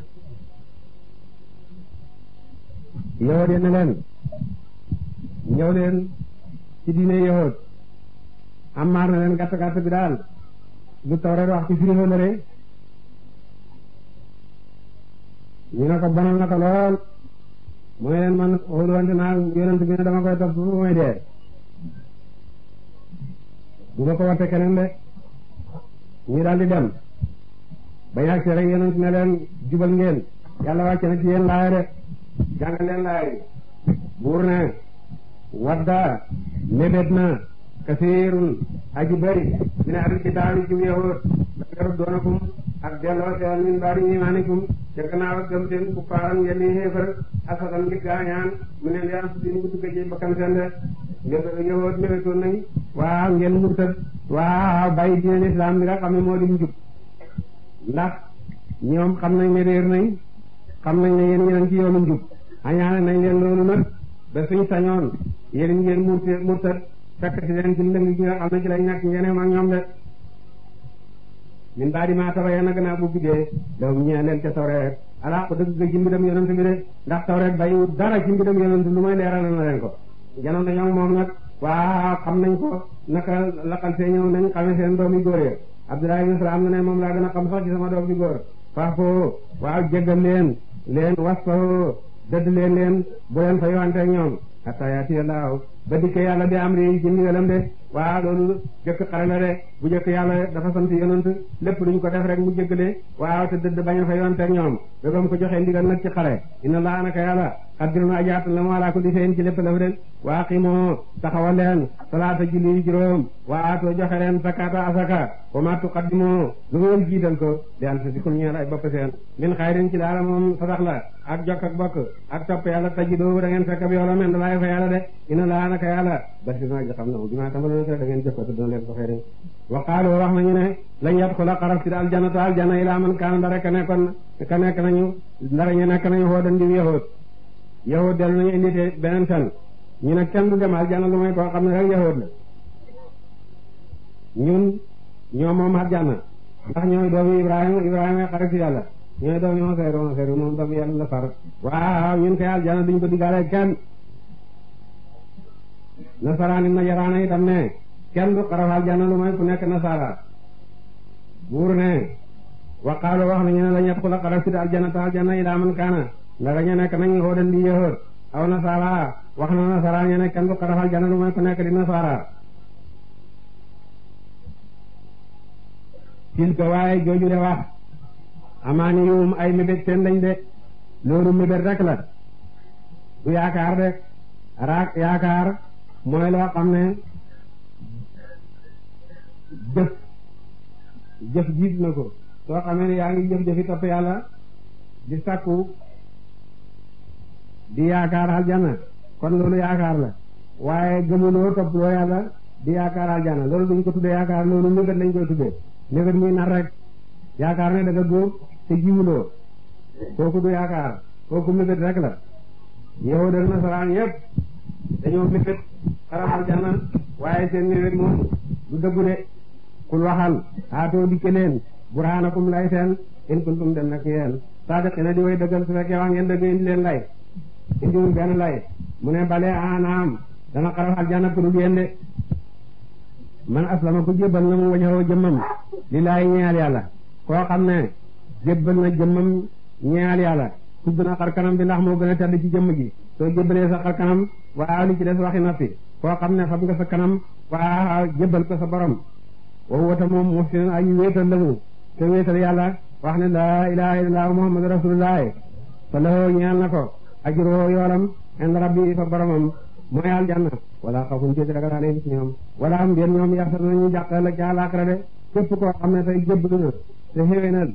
yahood ne leen ñëw leen ci diine yahood amaar na leen gàtt gàtt bi daal lu tawreet wax ci firi na rek ñu ne ko na ko lool mu ne leen man xóoluwante naa yonent bi ne dama koy topp bu may dee du ma ko warte keneen de ñu daal di dem bañ ak rek yonent ne leen jubal ngeen yàlla wàcce na ci yéen laaya de jàngal leen laaya buur ne wadda mébét na kasiirun aji bëri min ahlil kitaabi ci yahuud donakum ak delloo seen min baari imaanikum ca gannaaw ak gëm seen kuffaaran ngeen di xeefar asatan ngir gaañaan mu neen yaan su din bu dugg ci bakkan seen de ngeen yahuud nañ waaw ngeen murtad waaw bàyyi diine islam bi nga xam ne moo di njub ndax ñoom xam nañ ne réer nañ xam nañ ne yen ñeneen ci yoonu nag ba suñ sañoon yéen ngeen murtad fekk ci leen ci lëng gi nga xam ne ci lay ñàkk ngeneem ak ñoom de min baa di maa tabayee na gannaaw bu biddee dawum ñee leen ca tawreet alaa ko dëgg ga ci mbidam yonent bi de ndax tawreet bayu dara ci mbidam yonent lu may leeral na leen ko janoon na ñoom moom nag waa xam nañ ko naka laqal see ñëw nañ xamee seen doomi góor ya Abdoulaye ibn Salaam ne moom laa gën a xam sax ci sama doom bi góor faafoo waaw jéggal leen leen was fa dëdd ba dikk yàlla bi am réyi ci ndigalam de waa loolu jëkk xare la de bu jëkk yàlla dafa sant yonent lépp luñ ko def rek mu jéggalee waaw te dëdd bañ a fa yoon teg ñoom ba mu ko joxee ndigal nag ci xare ina laa naka yàlla xaddir ma ajaat la ma laa ko di seen ci lépp lëf de waa qimoo taxawal leen salaata julli juróom waa aatoo joxe leen zakata asaka wa ma tuqaddimoo lu ngeen jiital ko di anfusikum ñeel ay bopp seen min xayrin ci daala moom sadax la ak jokk ak bokk ak topp yàlla tajidoo da ngeen fekk ab yooloo men dalaay fa yàlla de ina laa naka yàlla basir naa ji xam na bi maa tàmbaloon da ngeen jëf ko dina leen ko xëy wa qaalu wax nañu ne lañ yadxula xaraf si daal janata al jana ilaa man kaana ndara ka nekkoon ka nekk nañu ndara ñu nekk nañu xoo dan di yahud yahud dellu nañu indi te beneen fen ñu ne kenn du dem aljana lu may koo xam ne rek yahud la ñun ñoo moom aljana ndax ñooy doomi Ibrahima Ibrahima xaritu yàlla ñooy doomi Oseer Oseer moom doomi yàlla la far waaw ñun kay aljana duñ ko diggaale kenn nasaraan na yaraana itam ne kenn du xaraf aljana lu may ku nekk nasara buur ne waqaalu wax nañu ne la ñett ku la xaraf si aljana te aljana yi daa kaana nga bañ a nekk den di yéexoor aw nasaara wax na nasaara ñu ne kenn du ko jana lu mooy ku nekk di nasaara fil ko waaye jooju de wax amaani yuum ay mébét seen lañ de loolu mébét rek la du yaakaar de raak yaakaar mooy loo xam ne jëf jëf jiit na ko soo xamee ne yaa ngi jëf jëfi topp yàlla di sakku di yaakaar aljanna kon loolu yaakaar la waaye gëmuloo toppuloo yàlla di yaakaar aljanna loolu duñ ko tuddee yaakaar loolu nëgat lañ koy tuddee nëgat muy nar rek yaakaar ne da nga góob te jiwuloo kooku du yaakaar kooku nëgat rek la yow de nasaraan yëpp dañoo nëgat xaram aljanna waaye seen nëgat moom du dëggu de kul waxal aatoo dikke leen burhaanakum lay seen in kuntum dem nak yeen saadiqiina di way dëggal su fekkee wax ngeen dëgg indi leen lay indiwul benn lay mu ne bale anaam dana xaral aljanna ku dul yéen de man aslama ku jébbal na mu wañoo jëmmam lillaahi ñeexal yàlla koo xam ne jébbal na jëmmam ñeexal yàlla ku gën a xar kanam bi ndax moo gën a ci jëmm ji soo jébbalee sa xar kanam waaw li ci des waxi noppi koo xam ne fab nga sa kanam wa jébbal ko sa borom wow wata moom muhsin aji wéetal la mu te wéetal yàlla wax ne laa ilaaha illallaahu muhammadu rasuulullaahi fa lahoo ñeel na ko ajuroo yoolam en rabbi fa boromam mooy aljanna wala xawfun tiit ragal alayhim ci ñoom wala am bien ñoom yaxsanu ñu jàq la ca àllaaxira de képp koo xam ne tey jébbalu na te xéwénal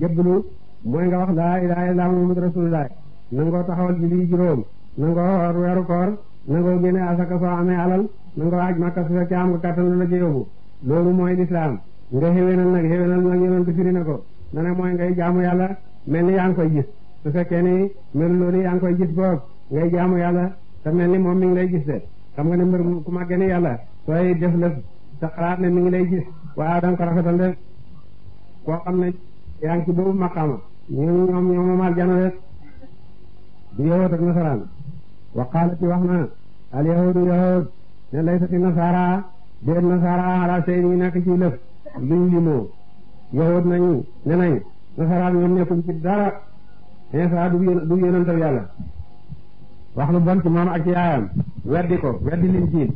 jébbalu mooy nga wax laa ilaaha illallaah muhammadu rasuulullaah nangoo taxawal julli juróom nangoo woor weeru koor nangoo génne asaka soo amee alal nangoo aj makka su fekkee am nga kàttan la ca yóbbu loolu mooy lislaam nga xéwénal nag xéwénal nag yonent firi na ko na ne mooy ngay jaamu yàlla mel ni yaa ngi koy gis su fekkee ni mel loolu yaa ngi koy gis boog ngay yàlla te mel ni moom mi ngi lay gis de xam nga ne mbir ku màggee ni yàlla sooy def lëf te xalaat ne mi ngi lay gis waaw da nga ko rafetal de koo xam ne yaa ngi ci boobu maqaama ñoom ñoom ñoom moom aljana de du yahut ak nasaraan wa qaalati wax na al yahudu yahud ne laysati nasara déet nasara ala sey ñu nekk ci lëf luñ limoo yahud nañu ne nañ nasaraan dara Isa du du yonentu yàlla wax lu bon ci moom ak ci yaayam weddi ko weddi Linjiil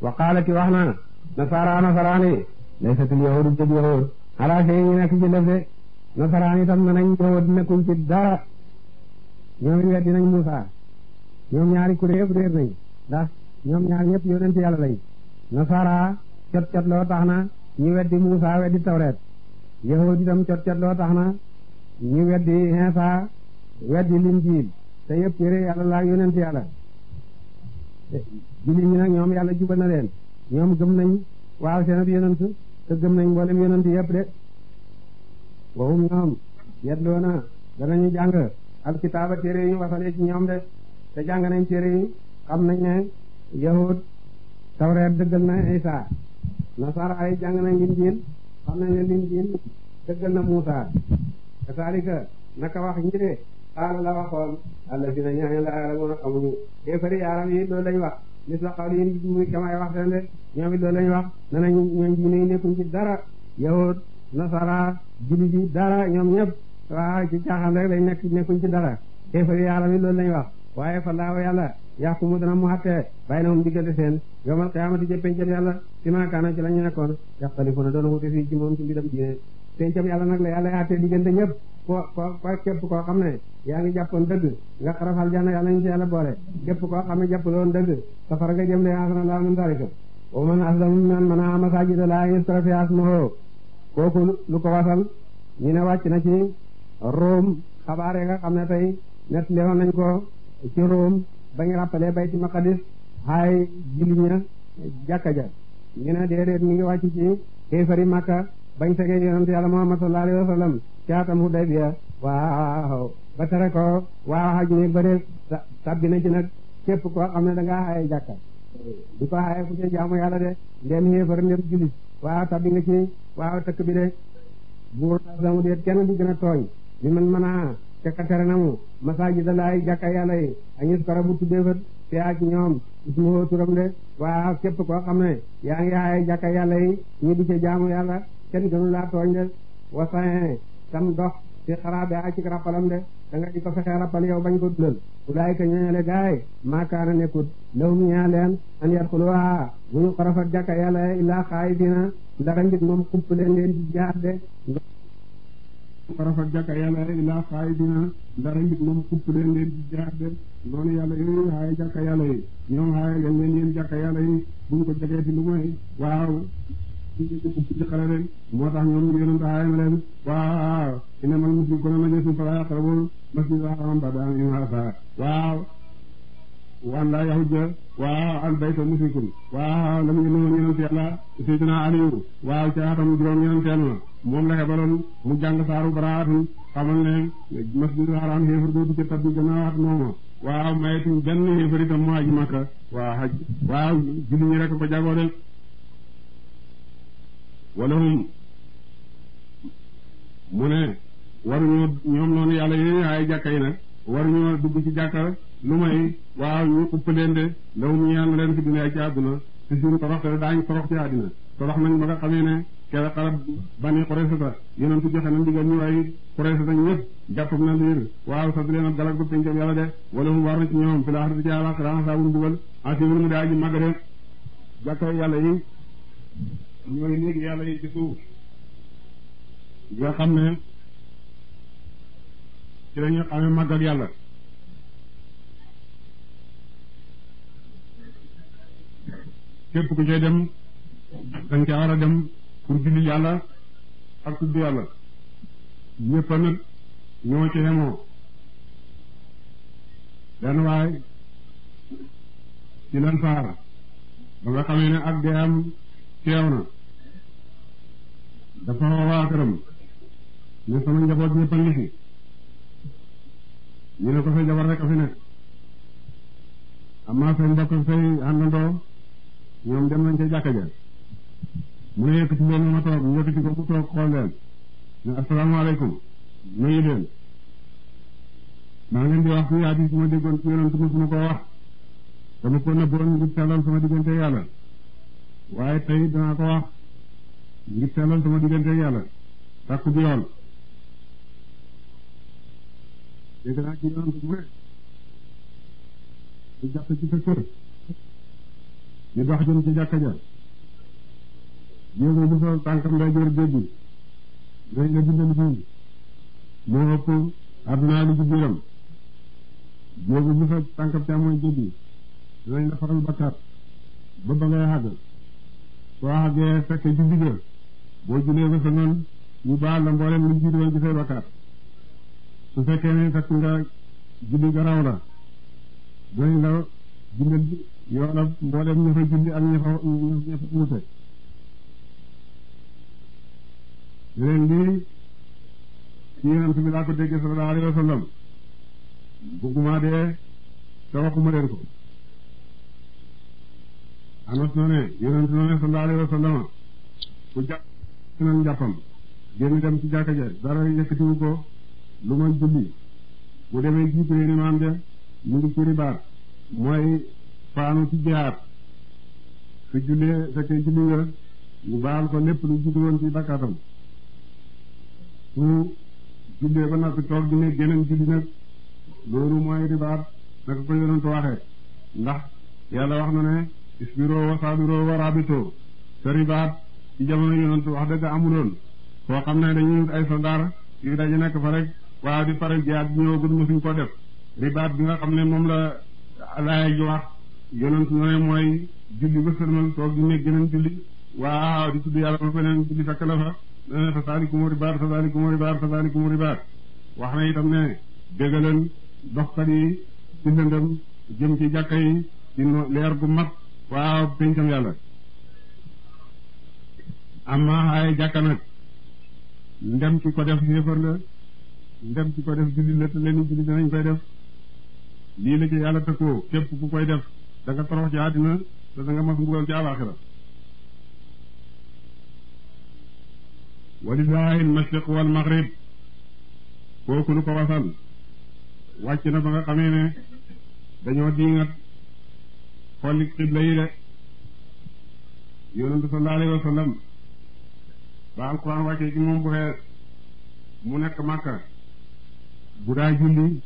wa qaalati wax na nasaara nasaraani yi laysatul yahuudu ci yahuud ala shay ñu nekk ci lëf nasaraani tam na nañ yahuud nekkuñ ci dara ñoom it weddi nañ Muusa ñoom ñaari kuréel yëpp réer nañ ndax ñoom ñaar ñëpp yonentu yàlla lañ nasaara cot cot loo tax na ñu weddi Muusa weddi tawreet yahuud itam cot cot loo tax na ñi weddi Iisaa weddi Linjiil te yëpp yëre yàlla laa yonent yàlla jullit ñi nag ñoom yàlla jubal na leen ñoom gëm nañ waaw seen ab yonent te gëm nañ mboolem yonent yëpp de wowum ñoom yeddoo na danañu jàng alkitaaba téere yi ñu ñoom de te jàng nañ téere yi xam nañ ne yahud na Isaa nasaara yi nañ Linjiil xam nañ ne Linjiil na Muusaa kasaalika naka wax ñi ne xaala la waxoon allazina ñaaña la yaalamuuna xamuñu kéefari yaaram yi loolu lañu wax misla qawlihim muy kamay wax seen de ñoom it wax nanañ ñoom ñu ne ci dara yahuud nasara jullit ji dara ñoom ñëpp waa ci caaxaan rek lañ nekk ci dara kéefari yaaram yi loolu lañ wax waaye fa laaw yàlla yaxkumu dana mu xattee bàyyi na moom diggante seen yowmal qiyaamati jëppencam yàlla si maakaano ci la ñu nekkoon yaxtalifu na doon wuute fii ci moom ci mbiram diine pencam yàlla nag la yàlla yaatee diggante ñëpp ko ko ko képp koo xam ne yaa ngi jàppoon dëgg nga xarafal jànna yàlla ñu ci yàlla boole képp koo xam ne jàppaloon dëgg safara nga jëm de asana laa min dalika wa man aslamu mimman mana'a masaajida llaahi yuzkara fiihaa ismuhu kooku lu ko wasal ñu ne wàcc na ci Rome xabaare nga xam ne tey nettali woon nañ ko ci Rome ba ñu rappalee bayti maqadis haay julli ña jàkka ja ñu ne déedéet mi ngi wàcc ci kéefari Makka bañ tegee yonent yàlla Muhammad sallallahu alayhi wa sallam caatam Hudaybiya waaw ba tere ko waaw xaj ne bëre tabbi na ci nag képp koo xam ne da ngaa xaye jàkka di ko xaye fu ci jaamu yàlla de ndem xéefar ndem julit waaw tabbi nga ci waaw tëkk bi de buur samu deet kenn di gën a tooñ li man manaa caka tere namu masaajida laay jàkka yàlla yi añis kora bu tuddee fa fiyaa ci ñoom ismuhu turam de waaw képp koo xam ne yaa ngi xaye jàkka yàlla yi ñu di ci jaamu yàlla kenn gënu laa tooñ de wasaen tam dox fi xaraabe a ci rappalam de da di ko fexee rappal yow bañ ko dulal ulaay ka ñooñale gaay maakaana nekkut lawum ñaa leen an yarxuluwaa bu ñu xarafat jàkka yàlla illaa xaayifiina ndara njit moom yàlla illaa xaayifiina ndara njit moom xupp leen leen di jaar de noonu yàlla yooyu xaaye jàkka yàlla yi ñoom xaaye leen leen yéen jàkka yàlla yi buñ ko jegee fi lu mooy waaw ci ci ci xale leen moo tax ñoom ñu yonent aayam leen waaw innamal mushrikuuna najasun falaa yaqrabul masjidal haraam ba'da amihim haazaa waaw wa an laa yahujja waaw al bayta mushrikun waaw la mu yónni woon yonent yàlla sayyidina Aliyu waaw ca atam juróom ñeenteel ma moom la xebaloon mu jàng saaru baraatun xamal ne masjidal haraam xéefar dootu ca tabbi gannaawaat mooma waaw mayetuñ benn xéefar itam mu aj Makka waaw aj waaw julli ñi rek ko jagoo de wala hum mu ne waruñoo ñoom noonu yàlla yéen ay jàkka yi nag waruñoo dugg ci jàkka lu may waaw ñu upp leen de law mu ñaan leen fi duniyaa ci àdduna si suñ torox te daañ torox ci àddina torox nañ ba nga xamee ne kere xarab bani xureesata yonent joxe na ndigal ñu ay xureesata ñëpp jàppam na liir waaw sas leen ak galak ba pencam yàlla de wala mu war na ci ñoom fi laaxarati ci àlaxira saabul mbugal asiwul mu daa ji màgg de jàkka yàlla yi ñooy néegi yàlla yi ci suuf nga xam ne ci la ñu xamee màggal yàlla képp ku cay dem danga ca war a dem pour julli yàlla ak tudd yàlla ñëpp nag ñoo ci yemoo benn ci lan faar ba nga xamee ne ak dee am teew na dafa waa këram ne sama njaboot ñëpp a ngi ñu ne ko sa jabar rek a fi nekk amaa say mbokk say àndandoo ñoom dem nañ ca jàkka ja mu ne yëkkati leen ma toog ñu yëkkati ko mu toog xool leen ne asalaamaaleykum nuyu leen maa ngi di wax ci yaati su ma déggoon ci yonent bi su ko wax dama ko nëbboon ngir sellal sama diggante yàlla waaye tey danaa ko wax ngir sellal sama diggante yàlla takku bi yoon dégg naa ci yoon bi mu ne di jàpp ci sa kër ñu dox jëm ci jàkka ja jéego bu fa tànkam nday jor déggi ngay nga bindal bii moo ëpp addunaa lu ci biiram bu fa tànkam te mooy jéggi dinañ la faral bakkaat ba ba ngay xàgg soo xàggee fekk ci digg boo julee ba sa ñu baal la mboolem lu nga julli garaw la doy la jundal yoolab mboolem ña fa julli ak ña fa ña fa wuute leen lii ci yonent bi laa ko déggee sallallahu alayhi wa sallam dee te waxuma leen ko anas na ne yonent na ne sallallahu ku jàpp ci nan njàppam génn dem ci jàkka ja dara yëkkatiwu ko lu ma julli bu demee jiite ni maam de mu ngi ci ribaat mooy faanu ci jaat su jullee fekkee julli nga ñu baal ko lépp lu jiitu woon ci bakkaatam su jullee ba noppi toog di ne geneen julli nag loolu mooy ribaat naka ko yonent waxee ndax yàlla wax na ne isbiroo wa saabiroo wa raabitoo sa ribaat ci jamono yonent wax dëgg amuloon foo xam ne dañuy wut ay soldaar yu daje nekk fa rek waaw di pare jiyaat ñëwagul mosuñ ko def ribaat bi nga xam ne moom la laay ji wax yonent na ne mooy julli ba sëlmal toog di nekk geneen julli waaw di tudd yàlla ba feneen julli fekk la fa dane fa saalikum ribaat fa saalikum ribaat fa saalikum ribaat wax na itam ne déggaleen doxkat yi ci lëndëm jëm ci jàkka yi ci leer gu mat waaw pencam yàlla amma ay jàkka nag ndem ki ko def yéefar la ndem ki ko def jullit la te leen jullit danañ koy def lii la ci yàlla tëkkoo képp ku koy def da nga torox ci àddina te da nga mas mbugal ci àllaaxira walillaahi almashriq wal maghrib kooku lu ko wasal wàcc na ba nga xamee ne dañoo diingat xolli xibla yi de yonentu sallallahu alayhi ba alxuraan wàcce ci moom bu xees mu nekk màkka bu daa julli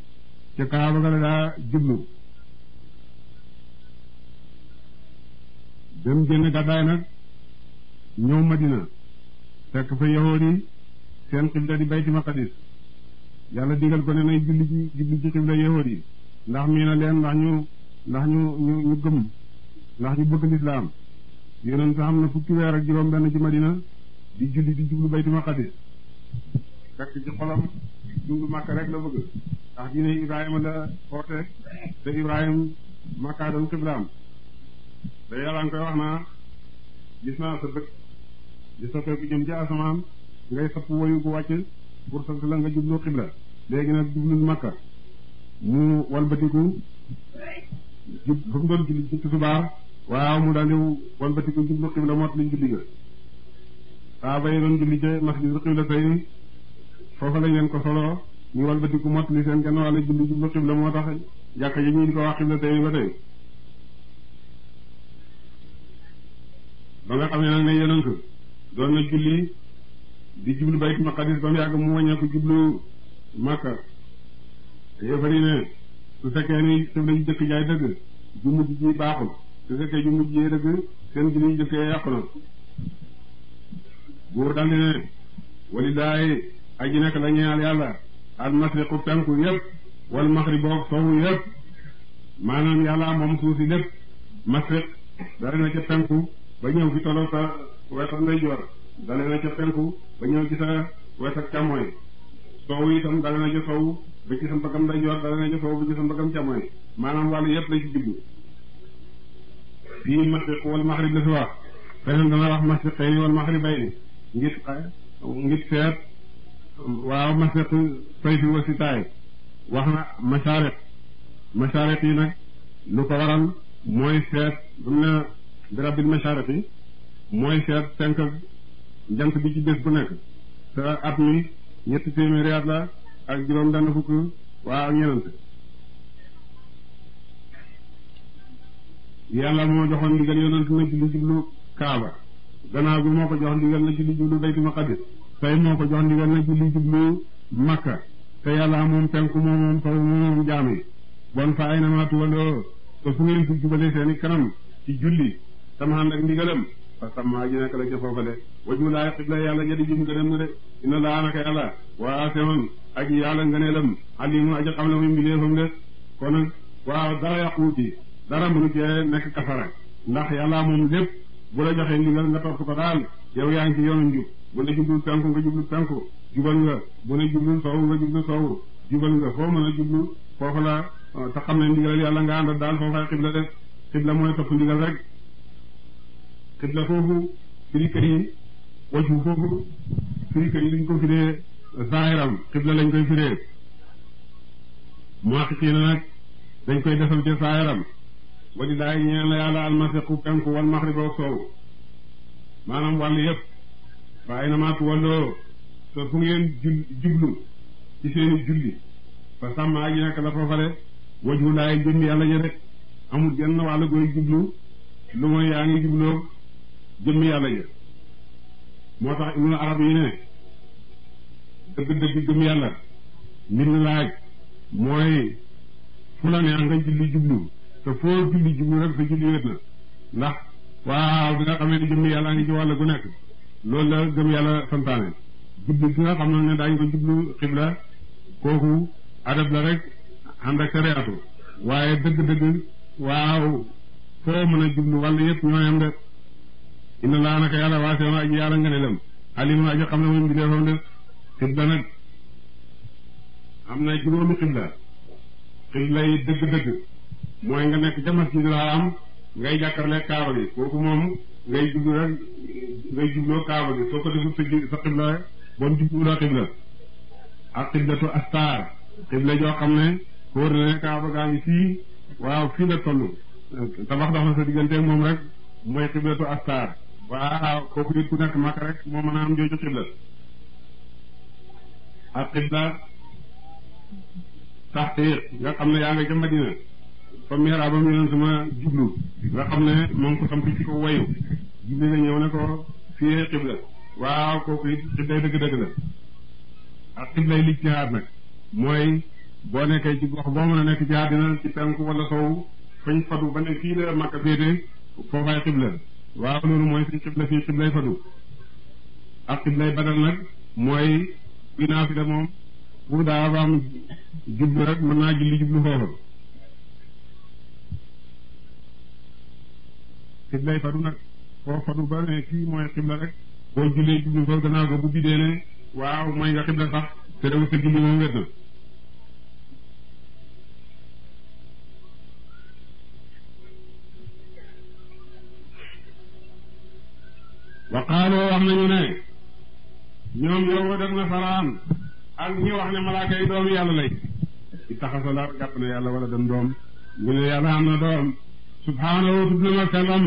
ca kaaba ga la daa jublu dem génn gàddaay nag ñëw madina fekk fa yahood yi seen xibla di bayti maqadis yàlla digal ko ne nay julli ci julli ci xibla yahood yi ndax mii leen ndax ñu ndax ñu ñu ñu ndax ñu bëgg lislaam yonent sax am na fukki weer ak juróom benn ci madina di julli di jublu baytul maqdis fekk ci xolam jublu Makka rek la bëgg ndax diine Ibrahima la porté te Ibrahima Makka doon xiblaam te yàlla koy wax naa gis naa sa dëkk di soppeeku jëm ci asamaan ngay sapp woyu gu wàcc pour sant la nga jublu xibla léegi nag jublu Makka mu walbatiku jub fu mu julli ci tusubaar waaw mu daal walbatiku jublu xibla mot li julli ga saaba yi doon julli ca masjidul xibla tey foofa lañ leen ko soloo ñu ku mott li seen genn wàll julli jublu xibla moo tax jàkk ji ñu di ko wax xibla tey ba nga xam ne nag ne yonent doon na julli di jublu baytul maqadis ba mu yàgg mu wàññeeku jublu màkka te yëfari su fekkee ni xibla yu jëkk jaay dëgg ju mujj ji baaxul su fekkee ju mujj jee dëgg seen julli yu jëkkee yàqu na buur dal ne walilaahi aji nekk la yàlla al masriqu penku yëpp wal maxriboog sowu yëpp maanaam yàlla moom suuf si lépp masriq na ca penku ba ñëw fi toloo sa wet ak ndeyjoor dale na ca penku ba ñëw ci sa wet ak càmmooñ sowu itam dale na ca sowu ba ci sa mbagam ndeyjoor dale na ca sowu ba ci sa mbagam càmmooñ maanaam wàllu yëpp la ci jublu fii masriq wal maxrib la fi wax feneen dana wax masriqayni wal maxribayni ngir eh, ngir seet waaw maset fi wasitaay wax na masaret masaret yi nag lu ko waral mooy seet dam na birabil masaret yi mooy seet fenk jant bi ci bés bu nekk te at mi ñetti téeméeri at la ak juróom benn fukk waa ak ñenent yàlla moo joxoon ndigal yonent na jublu jublu kaaba gannaaw bi moo ko jox ndigal na ci li jublu baytul maqdis tey moo ko jox ndigal na ci li jublu makka te yàlla moom penku moom moom taw bon fa ay namaatu wandoo te fu jubale seeni kanam ci julli tam ak ndigalam fa sammaa ji nekk la ca foofale waju laay xibla yàlla jadi jum gënam na de ina laa naka yàlla waa asewoon ak yàlla ngëneelam alimu aji xam la muy mbindeefam de kon nag dara yàquwuti dara mënu cee nekk kafara ndax yàlla bu la joxee ndigal nga topp ko daal yow yaa ngi ci yoonu njub bu ne jublu penku nga jublu penku jubal nga bu ne jublu sowu nga jublu sowu jubal nga foo mën a jublu foofu la euh, te daal foofaay xibla def xibla mooy topp ndigal rek xibla foofu firika yi waju foofu firika yi lañ ko firee zahiram xibla lañ koy firee muwafiqiina nag dañ koy defal ca zahiram wali ñeen la yàlla almasiqu penku wal maxriba soow maanaam wàll yëpp fa ay namaatu walloo te fu ngeen jul jublu ci seeni julli fa sàmma ak yi nekk la foofale waju laay yàlla ja rek amul genn wàll gooy jublu lu mooy yaa ngi jubloo jëm yàlla ja moo tax ibnu arab yi ne dëgg-dëgg gëm yàlla mbir mooy fu la neex nga julli jublu te foo julli jublu rek sa julli wét na ndax waaw bi nga xamee ni jëm yàlla ngi ci wàll gu nekk loolu la gëm yàlla santaane jublu gi nga xam ne daañu ko jublu xibla kooku adab la rek ànd ak sariatu waaye dëgg-dëgg waaw foo mën a jublu wàll yëpp ñoo yem de inna laa naka yàlla waase woon aji yàlla nga ne lem alimun aji xam ne moom bi deefam de xibla nag am na juróomi xibla xibla yi dëgg-dëgg mooy nga nekk ca masjidul haram ngay jàkkarle kaaba gi kooku moom ngay jublu rek ngay jubloo kaaba gi soo ko deful sa sa xibla bon jubluloo xam ne wóor gaa fii waaw fii la toll tabax moom rek mooy xiblatu astar waaw kooku nit ku nekk Makka rek a am jooju xibla ak xibla nga xam ne yaa nga ca Madina fa mihraabam ñu leen sama jublu nga xam ne moom ko samp ci ko wayu jubli la ñëw ne ko fii xibla waaw kooku it xiblay dëgg-dëgg la ak xiblay lijtihaad nag mooy boo nekkee ci gox boo mën a nekk ci àddina ci penku wala sow fañ fadu ba ne fii la Makka féete foofaay xibla waaw loolu mooy suñ xibla fii xiblay fadu ak xiblay badal nag mooy buy naa fi de moom bu daa am jublu rek mën naa julli jublu foofa xiblay fadu nag foo fadu ba ne kii mooy xibla rek boo jullee jublu ko gannaaw ko bu biddee ne waaw mooy nga xibla sax te dawul sa julli moom wet na wa qaaloo wax nañu ne ñoom yow def na saraan ak ñi wax ne malaaka yi doomu yàlla lay i taxasa la gàpp na yàlla wala dem doom ñu ne yàlla am na doom subhaanahu tudd na ma sellam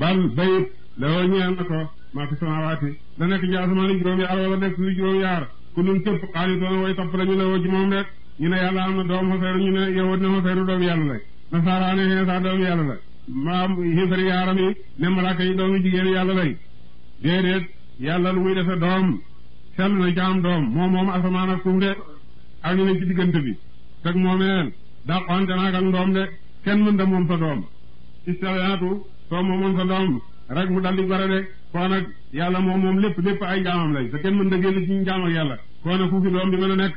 bal bayit lawoo ñeel na ko maa fi samaawaati la nekk ci asamaan juróom yaar wala nekk suñu juróom yaar ku lun képp xaalitoona way topp la ñu moom rek ñu ne yàlla am na doom xoseyru ñu ne yowut ne xoseyru doomu yàlla la nasaara ne xeesa doomu yàlla la maam xifari yaaram yi ne malaaka yi doomu jigéen yàlla lay déedéet yàlla lu muy defe doom sell na jaam doom moom moom asamaan ak de ak ñu ne ci diggante bi teg moomeel daa ci sariyaatu soo moomoon sa doom rek mu daldi gore de koo nag yàlla moom moom lépp lépp ay njaamam lañ te kenn mën da génn ci njaam ak yàlla koo nag fu fi doom di mën a nekk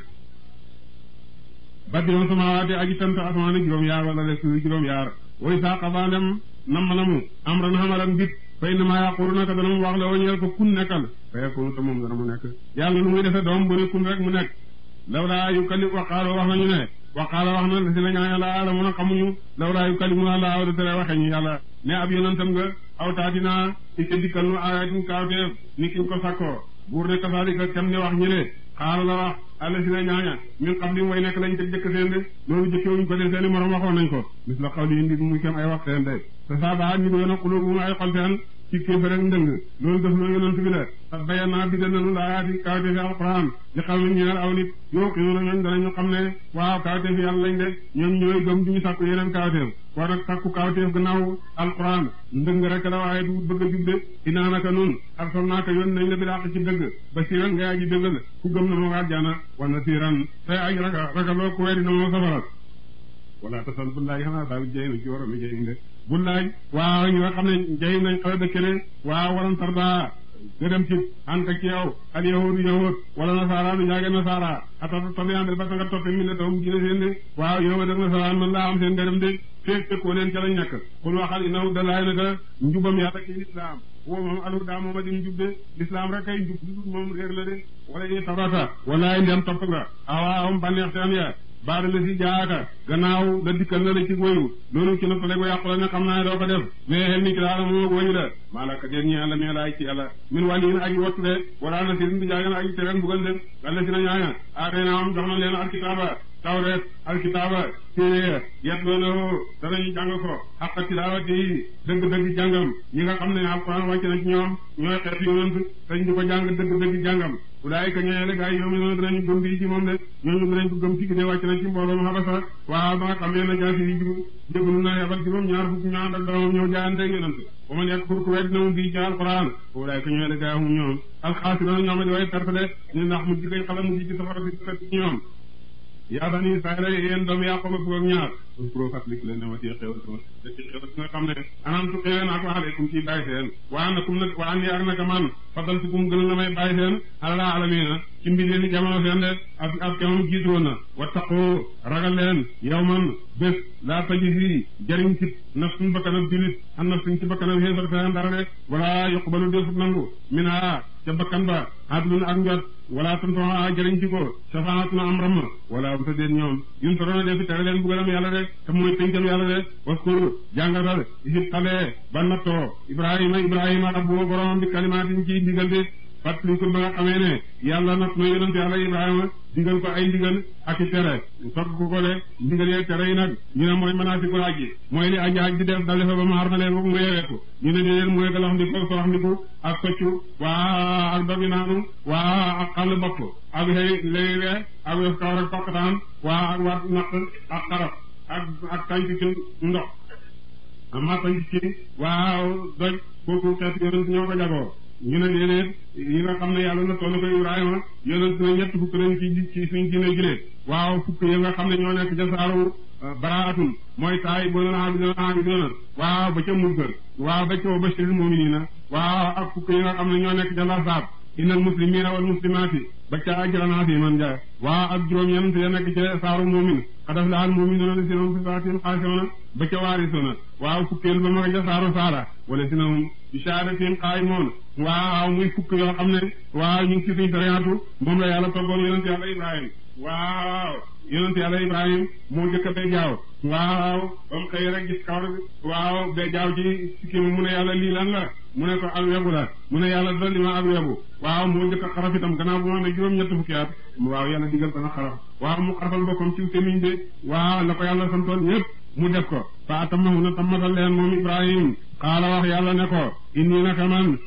badiyoon samaawaati aji tant asamaan juróom yaar wala de suuf juróom yaar way saa xasaa dem nam namu am ran xamaram bit fay na maa yàquru naka dana mu wax la wañeel ko kun nekkal fay akunu te moom dana mu nekk yàlla lu muy defe doom bu ne kun rek mu nekk law wax nañu ne waqaala wax na la si na ñaaña la alamun a xamuñu lawlaayu kalimuna la aw tere waxe ñu yàlla ne ab yonantam nga aw taatinaa i ca dikkal nu ayatin kaawteef ni kiñ ko sakkoo buur ne kasaalika kem ne wax ñële xaala la wax alla si na ñaaña min xam li way nekk lañ ca jëkk seen de loolu jëkkewuñ ko de seeni morom waxoon nañ ko mis la xaw li indi muy kem ay wax seen de te saaba ñu doon a xuluubum ay xol seen ci kéefar ak ndëng loolu def na yonent bi la ak bayanaa bi danañu laayaati kawte fi alquran li xam ne ñeel aw nit yoo xiiru ñoom danañu xam ne waaw kawte fi yàlla lañ de ñoom ñooy gëm duñu sàkku yeneen kawteef kon nag sàkku kawteef gannaaw alquran ndëng rek la waaye du bëgg a jubde dinaa naka noonu arsalnaaka yoon nañ la bi dàq ci dëgg ba siiran ngay aji dëggal ku gëm na moo ko àjjana wana siiran tey aj raga ragaloo ku weeri wala tasal bu laaj xanaa daaw jay na ci waroon na jay de bu laaj waaw ñi nga xam ne jay nañ xala dëkkale waaw waroon tarda nga dem ci ànd ak ci yow al yahud yahud wala nasaara nu ñaage nasaara atata tabiande ba nga toppe mi ne taw gina seen de waaw yahud ak nasaaraan man laa am seen nga dem de feek fekkoo leen ca la ñàkk xul waxal inaw dalaay naka njubam yàlla ci lislaam woo moom alu daa mooma dim njub de lislaam rek kay njub moom réer la de wala yi tawrata wala yi ndem topp nga awaa am bànneex te am ya baada la si jaaka gannaaw la dikkal na la ci wayu loolu ci noppale ko a la ne xam naa ne doo ko def mais xel ni ki daala moom ak wayu la maalaka den ñi àlla mais laaj ci yàlla min wàll yi na aji wattu de wala na sirin di jaagan aji tegan bugal de wala si na ah naa am jox na leen alkitaaba tawret alkitaaba téere yet loolu danañu jàng ko xàq tilaawati dëgg-dëgg jàngam ñi nga xam ne alquran wàcc na ci ñoom ñooy xeet yonent dañ di ko jàng dëgg-dëgg ulaayika ñooñu rek ay yoom yi danañ gëm fii ci moom de ñooñu danañ ko gëm fii ki ne wàcc na ci mbooloom xabasa waaw ba nga xam ne na jaasi yi jub jégalu na yabal ci moom ñaar fukk ñu ànd ak doomam ñëw jaayante yonent ba man yàgg pour ku wedd na mu fii ci alquran ulaayika ñooñu rek ay amul ñoom alxaasirona ñoom di way perte de ñu ndax mu ji koy xala mu ji ci safara si ñoom yaa bani Israayla yéen doomu Yaaqooba fukk ak ñaar uskuroo fàttaliku leen a ma ci xew te ci xew nga xam ne anamtu xewee naa ko aleykum ci bàyyi seen waa nakum nag waa ni ak naka man fadaltukum gën la may bàyyi seen ala alamina ci mbir leen jamono seen de ak ak kemam jiitu woon na wattaqoo ragal leen yow man bés laa tajisi jëriñ ci nafsun bakkanam julit an nafsin ci bakkanam xéefar feen dara de wala yuqbalu defut nangu mina ca bakkan ba adlun ak njot wala tantoa jëriñ ci ko safaatuna am ram wala bu ta deen ñoom yun torona defi tere leen bugalam yàlla rek te mooy péncam yàlla rek waskur jàngatal isib xale ba nattoo a ibrahima rabbu boromam bi kalimaatin ci ndigal de fàttaliku ba nga xamee ne yàlla nag na yonente yàlla Ibrahima digal ko ay ndigal ak i tere sokk ko ko de ndigal yeeg tere yi nag ñu ne mooy manaasikul hajj yi mooy li aji aj di def dal defe ba mu xarmalee ba mu yeweeku ñu ne déedéet mooy galaxndiku soxndiku ak soccu waa ak dogi naanu waa ak xàll bopp ak xëy léegi we ak wef kawar ak pokkataan waa ak waat ak xarab ak ak tànk ci ndox amaa tànk ci waaw doj kooku xeet yonent ñoo ñu ne déedéet yi nga xam ne yàlla na toll ko Ibrahima yonent na ñett fukk nañ ci ci suñ diine jile waaw fukk yi nga xam ne ñoo nekk ca saaru euh, baraatun mooy taay boo na hamidona hamidona waaw ba ca muggal waaw ba ca bashiril muminina waaw ak fukk yi nga xam ne ñoo nekk ca lasaab innal muslimina wal muslimaati ba ca ajranaa fii man ja waa ak juróom-ñeent ya nekk ca saaru muumin xadaf la al muuminuuna la si noom fi saatin xaasiona ba ca waarisuuna waaw fukkeel ba ma nga ja saaru saala wala si noom bisaaratin qaayimoon waaw muy fukk yoo xam ne waaw ñu ngi ci suñ sariyaatu moom la yàlla toggoon yonent yàlla Ibrahima waaw yonent yàlla Ibrahima moo jëkk a waaw ba mu rek gis kawar waaw bee ci sikkim mu ne yàlla lii lan la mu ne ko ak wegu la mu ne yàlla dolli ma ak wegu waaw moo a xaraf itam gannaaw bu ma amee juróom-ñett fukki at waaw yàlla digal ko na xaraf waaw mu xarafal boppam ci semiñ de waaw la ko yàlla santoon yépp mu def ko fa tamahu na tamatal leen moom ibrahim xaala wax yàlla ne ko inni naka man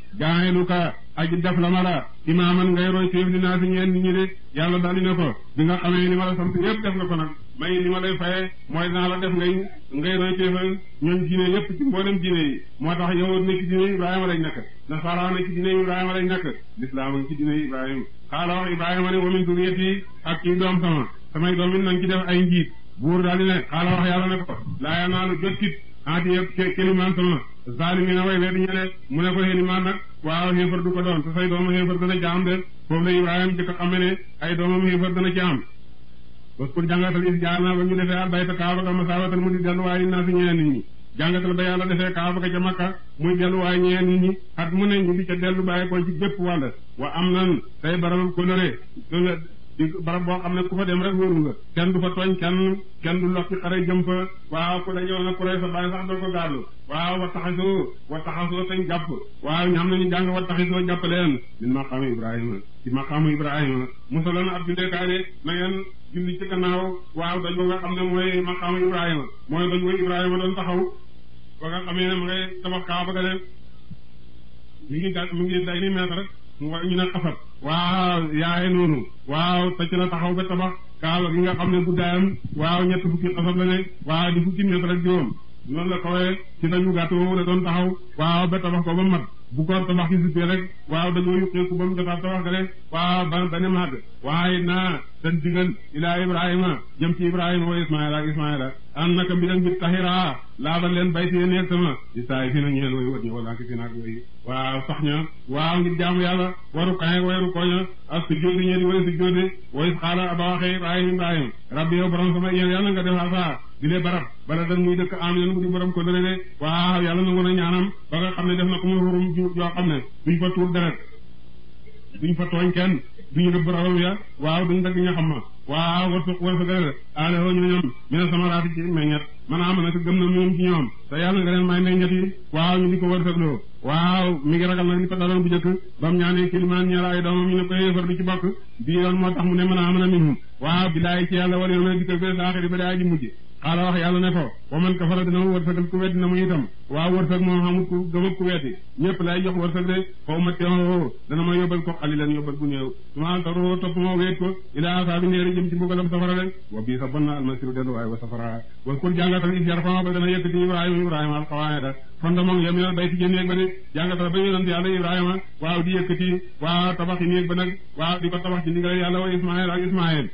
ka aji def la ma la imaaman ngay roy téef li naa fi ñeen nit ñi de yàlla daldi ne ko bi nga xamee ni ma la sant yépp def nga ko nag may ni ma lay fayee mooy naa la def ngay ngay roy téefal ñoom diine yépp ci mboolem diine yi moo tax yow nekk ci diine Ibrahima lañ nekk nasara nekk ci diine Ibrahima lañ nekk lislaam ci diine Ibrahima xaala wax Ibrahima ne wa min duriyati ak ci doom sama samay doom it nañ ci def ay njiit buur daal di ne xaala wax yàlla ne ko laa naalu jot kit anti yëpp kelimaan sama zaalimina way wedd ñene mu ne ko xelimaan nag waaw xéefar du ko doon te say dooma xéefar dana ci am de foofu la Ibrahima jëkk xam ne ay doomam xéefar dana ci am pour jàngatal is jaana ba ñu defee albayta kaaba ga masaabatal mu di delluwaayu naa si ñeneen nit ñi jàngatal ba yàlla defee kaaba ga ca makka muy delluwaay ñeen nit ñi at mu ne ñu di ca dellu bàyyi ko ci bépp wàll wa am nan tey barab kóllëre di barab boo xam ne ku fa dem rek wóoru nga kenn du fa tooñ kenn kenn du lokki xare jëm fa waaw ku dañoo na ku rey sa bàyyi sax doo ko gàllu waaw wa taxasoo wa taxasoo tañ jàpp waaw ñu xam ne ñu jàng wa taxasoo jàpp leen min maqaamu ibrahima ci maqaamu ibrahima musalon ab julleekaay de na ngeen julli ci gannaaw waaw dañ ba nga xam ne mooy maqaamu ibrahima mooy dañ booy ibrahima doon taxaw ba nga xamee ne ma ngay tabax kaaba ga de mi ngi da day ni meetar mu war ñu ne xafat waaw yaay noonu waaw tëcc na taxaw ba tabax kaaba gi nga xam ne guddaayam waaw ñett fukki xasab la ne waaw di fukki mètre ak juróom noonu la kawee ci nañu gàtt woowu da doon taxaw waaw ba tabax ko ba mat bu ko tabax gi sippee rek waaw dañoo yuqeeku ba mu jotaat tabax ga rek waaw ba ba ne màgg waaye naa dan digal ilaa ibrahima jëm ci ibrahima wa ismaila ak ismaila an naka mbiram bi taxiraa laabal leen bayti yéen yeeg sama di saay fi na ñeel way wat ñi wala sax ña waaw ngir jaamu yàlla waru kaay weeru koña ak si jóodi ñeeti way si jóode way xaala aba waxee raayim ibrahim rabbi yow borom sama yéen yàlla nga defaa saa di lee barab bala muy dëkk am leen mu di borom ko de waaw yàlla nangu na ñaanam ba nga xam ne def na ko mu xurum joo xam ne duñ fa tuur deret duñ fa tooñ kenn duñ rëbb rawam xam waaw wërsëg a aaleho ñu ñoom mi ne samaraati ci a maanaam nag gëm na moom ci ñoom te yàlla nga leen may meññet yi waaw ñu di ko wërsëgloo waaw mi ngi ragal nag li ko daloon bu jëkk ba mu ñaanee kilimaan ñaar ay doomam ñu ne ko yéefar bi ci bokk bii yoon moo tax mu ne mën a am na minhum waaw bilaay ci yàlla wala yoon di ko bés aaxiri ba daa ji mujj xaala wax yàlla ne ko wa man kafara dina ma wërsëgal ku weddi na mu itam waa wërsëg moom xamul ku gëm ak ku weddi ñëpp laay jox wërsëg de xaw ma teewoo dana ma yóbbal ko xalilan yóbbal gu néew suma taroo topp ma weet ko ilaa asaabi neeri jëm ci mbugalam safara de wa bii sa bon na almasiru den waaye wa safara wa kur jàngatal is yar fama ba dana yëkkati ibrahima ibrahima alxawaane da fondement ya mi na bay ti jën néeg ba de jàngatal ba yonent yàlla ibrahima waaw di yëkkati waaw tabax yi néeg ba nag waaw di ko tabax ci ndigal yàlla wa ismail ak ismail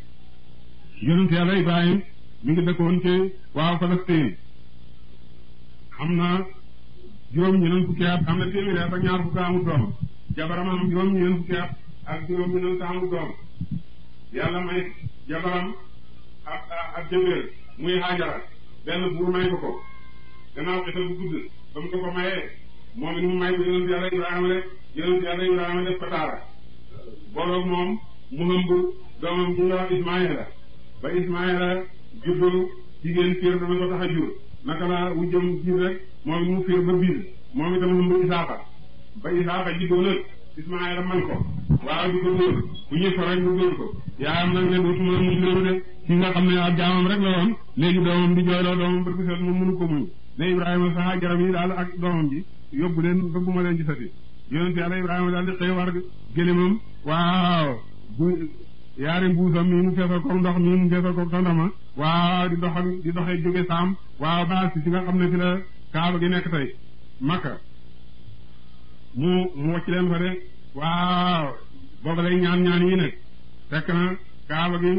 yonent yàlla ibrahima mi ngi dëkkoon ci waa Palestine am na juróom-ñeneen fukki ñaar fukk amul doom jabaram am juróom-ñeneen fukki at ak juróom jabaram muy Haajara benn buur may ko ko gannaaw xetal bu gudd ba ko ko mayee moom it mu may ko yonent yàlla rek yonent yàlla Ibrahima def ko taara jubbalu jigéen fiir dafa ko tax a jur naka la wu jëm biir rek moom mu fiir ba biir moom itam humbu isaaka ba isaaka juddoo nag Ismaayla man ko waaw di ko dóor bu ñuy ko rek nga doomam di jooyloo set mu mënu ko muñ ne Ibrahima sax garab yi daal ak doomam ji yóbbu leen bëgguma leen gisati yonent yàlla Ibrahima daal di xëy war gëlémam waaw yaari mbuusam mii mu feesal koog ndox mii mu feesal koog tandama waa di doxal di doxee jóge saam waaw baas bi ci nga xam ne fi la kaaba gi nekk tey makka mu mu wacc leen fa de waaw booba lay ñaan ñaan yi nag fekk na kaaba gi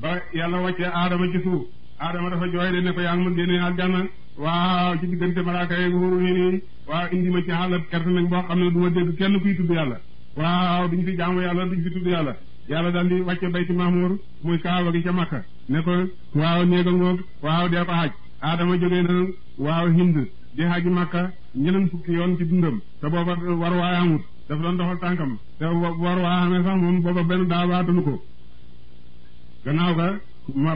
ba yàlla wàccee aadama ci suuf aadama dafa jooy de ne ko yaa ngi ma génne aljanna waaw ci diggante malaaka yeeg wóoru ni nii waaw indi ma ci àll kerte nañ boo xam ne du ma dégg kenn kuy tudd yàlla waaw duñ fi jaamu yàlla duñ fi tudd yàlla yàlla daal di wàcce bayti mahmur muy kaaba gi ca makka ne ko waaw néegal moom waaw dee ko xaj aadama jógee na waaw hind di xaji makka ñeneen fukki yoon ci dundam te booba war waay amut daf doon doxal tànkam te war waa xamee sax moom booba benn daabaatunu ko gannaaw ga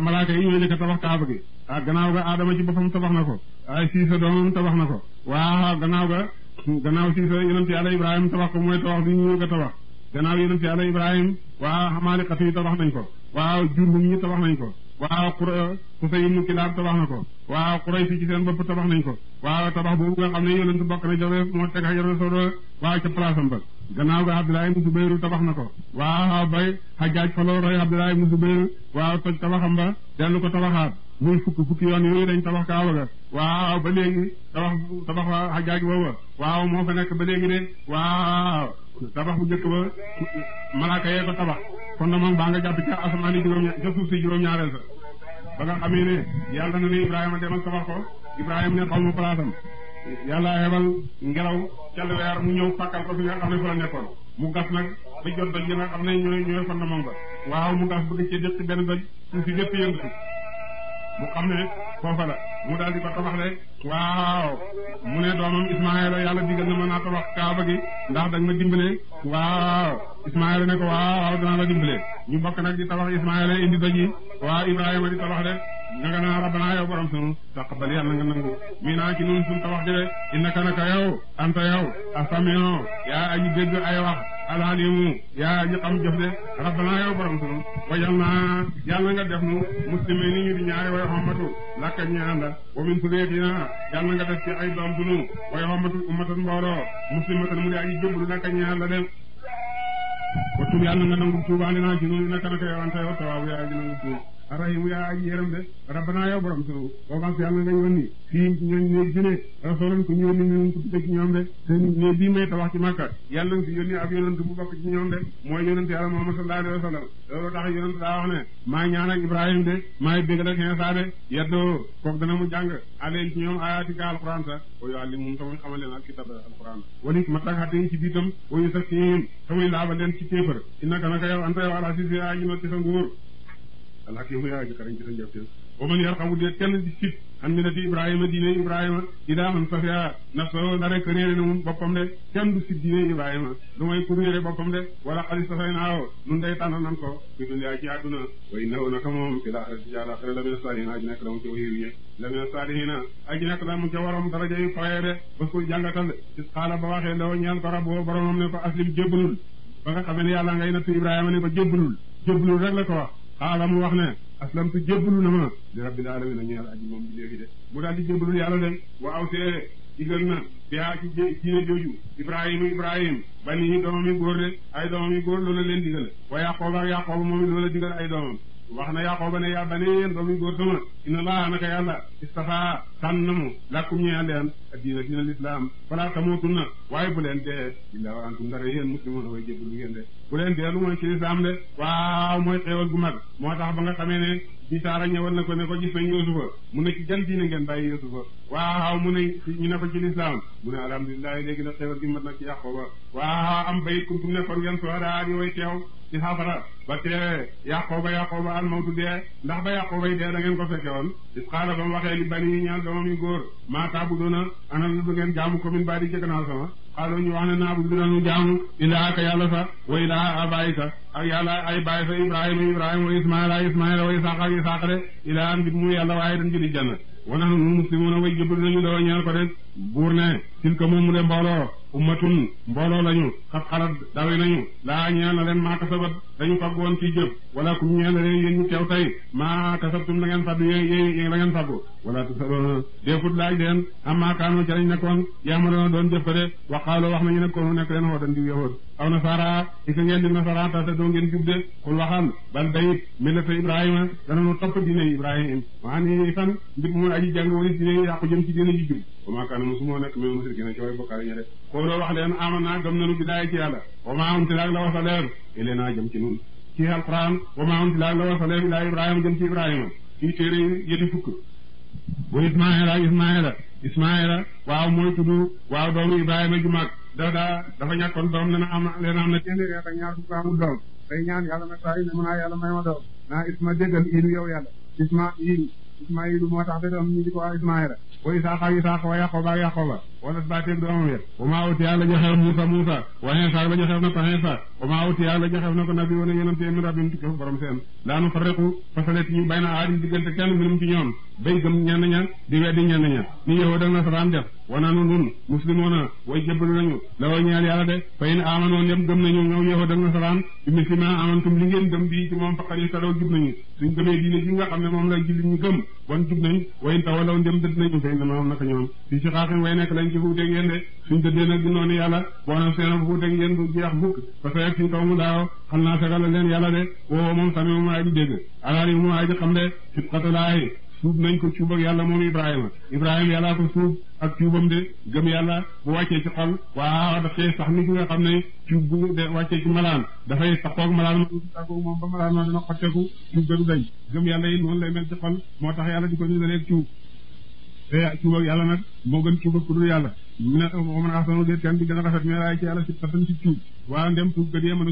malaaka yi ñoo njëkk tabax kaaba gi ah, gannaaw ga aadama ci boppam tabax na ko ay ah, siisa doomam tabax na ko waaw gannaaw ga gannaaw siisa yonent yàlla ibrahima tabax ko mooy tabax bi ñu ko tabax gannaaw yonent yàlla Ibrahim waaw a yi tabax nañ ko waaw jurhum ñi tabax nañ ko waaw xura Qusay ibnu Kilaab tabax na ko waaw Quraysh ci seen bopp tabax nañ ko waaw tabax boobu nga xam ne yonent bokk na jafe moo teg Hajaru Aswad waaw ca palaasam ba gannaaw ga Abdullah ibnu Zubayru tabax na ko waaw bay Hajjaaj faloo roy Abdullah ibnu Zubayru waaw toj tabaxam ba dellu ko tabaxaat muy fukk fukki yoon yooyu dañ tabax kaaba ga waaw ba léegi tabax tabax xajaaj booba waaw moo fa nekk ba léegi de waaw tabax bu njëkk ba malaaka yee ko tabax kon na moom baa nga jàpp ca asamaan juróom ñaareel sa ba nga xamee ne yàlla na ne Ibrahima demal tabax ko Ibrahima ne xaw ma palaasam ngelaw ca weer ñëw fàkkal ko fi nga xam ne nekkoon mu gas nag ba jot doj ya nga xam ne ñooy ñooy na moom ba waaw mu gas bëgg ci dëkk benn doj suuf si yëpp yëngatu mu am ne foofa la mu daal di ko tabax rek waaw mu ne doomam Ismaayla yàlla digal na ma naa tabax kaaba gi ndax dañ ma dimbale waaw Ismaayla ne ko waaw danaa la dimbale ñu bokk nag di tabax Ismaayla indi doj yi waaw Ibrahima di tabax rek nanga naa rabbana yow borom sunu taqabbal yàlla nga nangu mi naa ci nun sunu tawax jële innaka naka yow anta yow asamion yaa aji dégg ay wax alalimu yaa aji xam jëf de rabbana yow borom sunu wajal naa yàlla nga def nu muslimin ni ñu di ñaari way xommatu lakka ñaanda wa min sureetina yàlla nga def ci ay doom sunu way xommatu ummatan mbooloo muslimatan mu di aji jublu lakka ñaanda dem wa tub yàlla nga nangu tuubaandi naa ci nun innaka naka arrahim yaa aji a de rabbana yow borom sunu boobaas yàlla nga yónni fii ñooñ ne june rasulun ku ñu yónni ñu ko tudde ci ñoom de te ne bii may tabax ci Makka yàlla nga fi yónni ab yonent bu a ci ñoom de mooy yonent yàlla Muhammad sallallahu alayhi wa sallam loolu tax yonent daa wax ne maa ñaan ak Ibrahima de maay déggal ak Insa de yeddoo kooku dana mu jàng aleen ci ñoom a alquran sa wa yuallimuhum tamuy xamal leen alkitab alquran wali matakhatin a biitam wa yusakkihim tamuy laaba leen ci kéefër innaka naka yow anta yow ala sisi aji ma ci sa nguur alhakimu yaa ji xarañ ci sa njëf wa man yar xamu déet kenn di sib an millati ibrahima diine ibrahima idaa man safiya nafsahu nda rek réere na moom boppam de kenn du sib diine ibrahima lu mooy ku réere boppam de wala xali safay naawo nun day tànnal nan ko fi dunyaa ci àdduna wa innahu naka moom fi laaxirati ci àllaaxira la mina saalihiina aji nekk la mu ca wiiru ñe la mina saalihiina aji nekk la mu ca waram daraja yu fawee de bas ko jàngatal is xaala ba waxee law ñeel ko rabboo boromam ne ko aslim jébbalul ba nga xamee ne yàlla ngay nattu ibrahima ne ko jébbalul jébbalul rek la ko wax xaala mu wax ne aslamtu jébbalu na ma li rabbil alamin a ñeel aji moom bi léegi de mu daal di jébbalul yàlla de waaw see digal na bihaa ci diine jooju ibrahima ibrahim bani yi doomam yi góor de ay doomam yi góor loola leen digal wa yaqooba ak yaqooba moom it loola digal ay doomam wax na yaqooba ne yaa bani yéen doom yi góor sama inna laa naka yàlla istafaa sànn mu làkkum ñee leen diina dina lislaam balaa tamootu na waaye bu leen dee illaa wa antum ndara yéen muslimoon a way jéggalu ngeen de bu leen dee lu mooy ci lislaam de waaw mooy xéewal gu mag moo tax ba nga xamee ne di saara ñëwal na ko ne ko gis nañ Yuusufa mu ne ci jan diina ngeen bàyyi Yuusufa waaw mu ne ñu ne ko ci lislaam mu ne alhamdulilah léegi nag xéewal gi mat nag ci yàqo ba waaw am bayit kuntum nekkoon ngeen soodaa di way teew ci xafara ba teewee ba yàqoo ba almawtu dee ba yàqoo bay dee da ngeen ko fekke woon ba mu doomam yu góor maa taabuduuna ana lu ngeen jaamu commune ba di ca gannaaw sama xaaloo ñu wax ne naabudu dinañu jaamu ilaaka yàlla sax wa ilaa abaayika ak yàlla ay baay sa ibrahima ibrahima wa ismaila ismaila wa isaaq ak isaaq de ilaa am mu yàlla waaye dañ jëli janna wa nahnu muslimuuna way jëbal nañu dawa ñeel ko de buur ne sin moom mu de mbooloo ummatun mbooloo lañu xat xalat dawe nañu laa ñeel na leen maa kasabat dañu faggu woon ci jëf wala ku ñeel na leen yéen ñu teew tey maa kasabtum la ngeen faggu yéen yéen la ngeen faggu wala tusaluna deefut laaj leen amma kaanu ca lañ nekkoon yaamaloona doon jëf ko de waxaaloo wax nañu ne koonu nekk leen woo dan diw yahud aw nasara i ka ngeen di nasara ta te doo ngeen jub de xul waxal bal dayit millata ibrahima danañu mu aji jàng woni diine yàqu jëm ci wa maa kaana musumoo nekk minal mushrikiina ci way bokkaale ña de koo doon wax leen amanna gëm nanu billaay ci yàlla wa maa unzila ak la wasaleer ilayna jëm ci nun ci alquran wa maa unzila ak la wasaleer ilaa ibrahima jëm ci ibrahima ci téere yëti fukk wa ismaila ismaila ismaila waaw mooy tudd waaw doomu ibrahima ju mag da daa dafa ñàkkoon doom lena am leena am na téeméeri at ak ñaar fukk amul doom tey ñaan yàlla nag saa yu ne mën naa yàlla may ma doom naa isma déggal ilu yow yàlla isma ilu isma ilu moo tax da doom ñu di ko waa ismaila wa isaaq ak isaaq wa yaqoba ak yaqoba wala baateen du am wér wa maa wuti yàlla joxew Muusa Muusa wa Iisaa la joxew na ko Iisaa wa maa wuti yàlla joxew na ko nabi wana yonente min rabbihim tukkee borom seen laa nu farriqu fasalet ñu bay na aadim diggante kenn minum ci ñoom bay gëm ñenn ña di weddi ñenn ña ni yow dal na saraan def wana nu nun muslimoona way jëbbalu nañu la way ñaar yàlla de fa in amanoon yem gëm na saraan bi mislima amantum li ngeen gëm bii ci moom nañu suñ gëmee diine ji nga xam ne moom la julli ñu gëm wan danañ ci fuuteeg yéen de suñ dëddee nag noonu yàlla boona seena fuuteeg yéen bu jeex mukk parce que suñ kaw mu daaw xam naa a leen yàlla de woo moom sami mu aji dégg alaali mu aji xam de suub nañ ko cuub ak yàlla moom ibrahima ibrahima yàllaa ko suub ak cuubam de gëm yàlla bu wàccee ci xol waaw dafay sax ni ki nga xam ne cuub bu de wàccee ci malaan dafay saxoog malaan ma tàggoog moom ba malaan ma dina xotteeku cuub gënu dañ gëm yàlla yi noonu lay mel ci xol moo tax yàlla di ko Eh, te cuubag yàlla nag moo gën cuubag ku dul yàlla na mën a axsanu déet kan bi rafet mais laay ci yàlla si xasan si cuub waa ndem a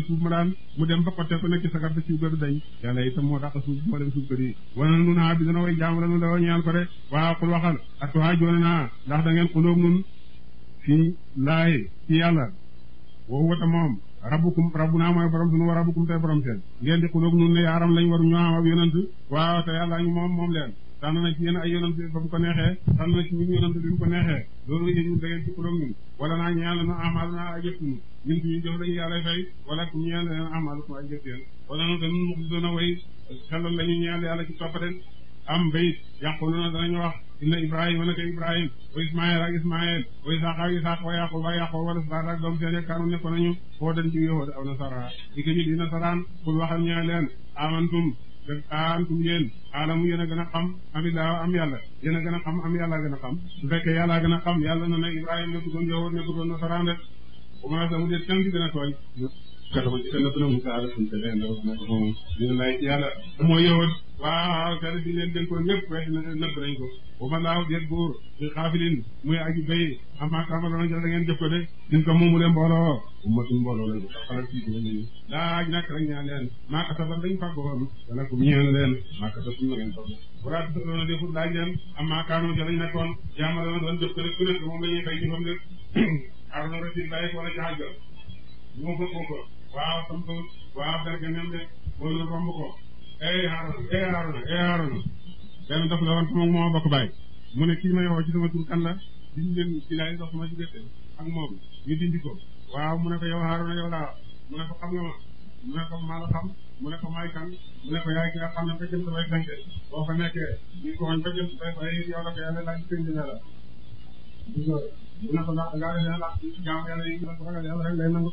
suuf ma daan mu dem ba xotte nekk ci sagar sa cuub ga du dañ yàlla itam moo dàq suuf moo dem suuf gën yi wana lu naa bi dana way jaam la nu la ñaan ko de waa xul waxal atuwaa joone naa ndax da ngeen xulóog nun fii laay ci yàlla woowu wata moom rabu rabbunaa mooy borom sunu wa rabbukum tey borom seen ngeen di xulóog nun ne yaaram lañ waru ñu am ab yonent waaw te yàlla moom moom leen tànn na ci yéen ay yonent ba mu ko neexee tànn na ci ñun yonent bi mu ko neexee loolu yéen ñun da ngeen ci xuloog ñun wala naa ñeel na amal naa ay jëf ñun ñun suñu jëf na amal ko ay jëf yéen a way xelal la ñu ñeel yàlla ci toppaten am bayit yàquluna danañu wax inna ibrahima naka ibrahim wa ismail ak ismail wa isaaq ak isaaq wa yaqub ak yaqub wala sabaat ak doom seen yakkaanu nekkoon nañu foo dañ ci yowood aw nasara di def aantum yéen aalamu yéen a gën a xam amilaa am yàlla yéen a gën a xam am yàllaa gën a xam su fekkee yàllaa gën a xam yàlla na na ne Ibrahima nekkutoon yowoon nekkutoon na rek bu ma la mu dee kenn di gën a tooñ katama ci kenn dina Musaa la suñ tege ndaw nekk moom dina lay ci yàlla mooy yowoon waaw kër bi leen dénkoon ñëpp wees nëbb nañ ko wa ma laaw déet buur bi xaafilin muy aji bay amaa taamaloona jël da ngeen jëf ko de din ko moomule mbooloo ummatul mbooloo lañ ko xalal ci dina ñu laaj nag rek ñaan leen maa kasabal dañ fàggoon dana ko ñeel leen maa kasabtum na ngeen fàgg walaa bisaloona defut laaj leen amaa kaanoo ja lañ nekkoon jaamaloona doon jëf ko de ku nekk moom la ñuy fay ñu fam de arno *clears throat* rasin bàyyi ko wala jaxajal ñu ma ko ko waaw sam ko waaw berge nem de loolu romb ko ey aarona ey aarona ey aarona benn dof la woon te moom moo bokk bàyyi mu ne kii may woo ci sama tur la diñ leen ci laay sama diggante ak moom ñu dindi ko waaw mu ne ko yow Haaruna ne ko xam nga ma mu ne ko maa mu ne ko maay kan mu ne ko yaay ki nga xam ne ba jëm ne mu ne ko ndax ngaa leen laaj ci jaamu yàlla yi ko ragal yàlla rek lay nangu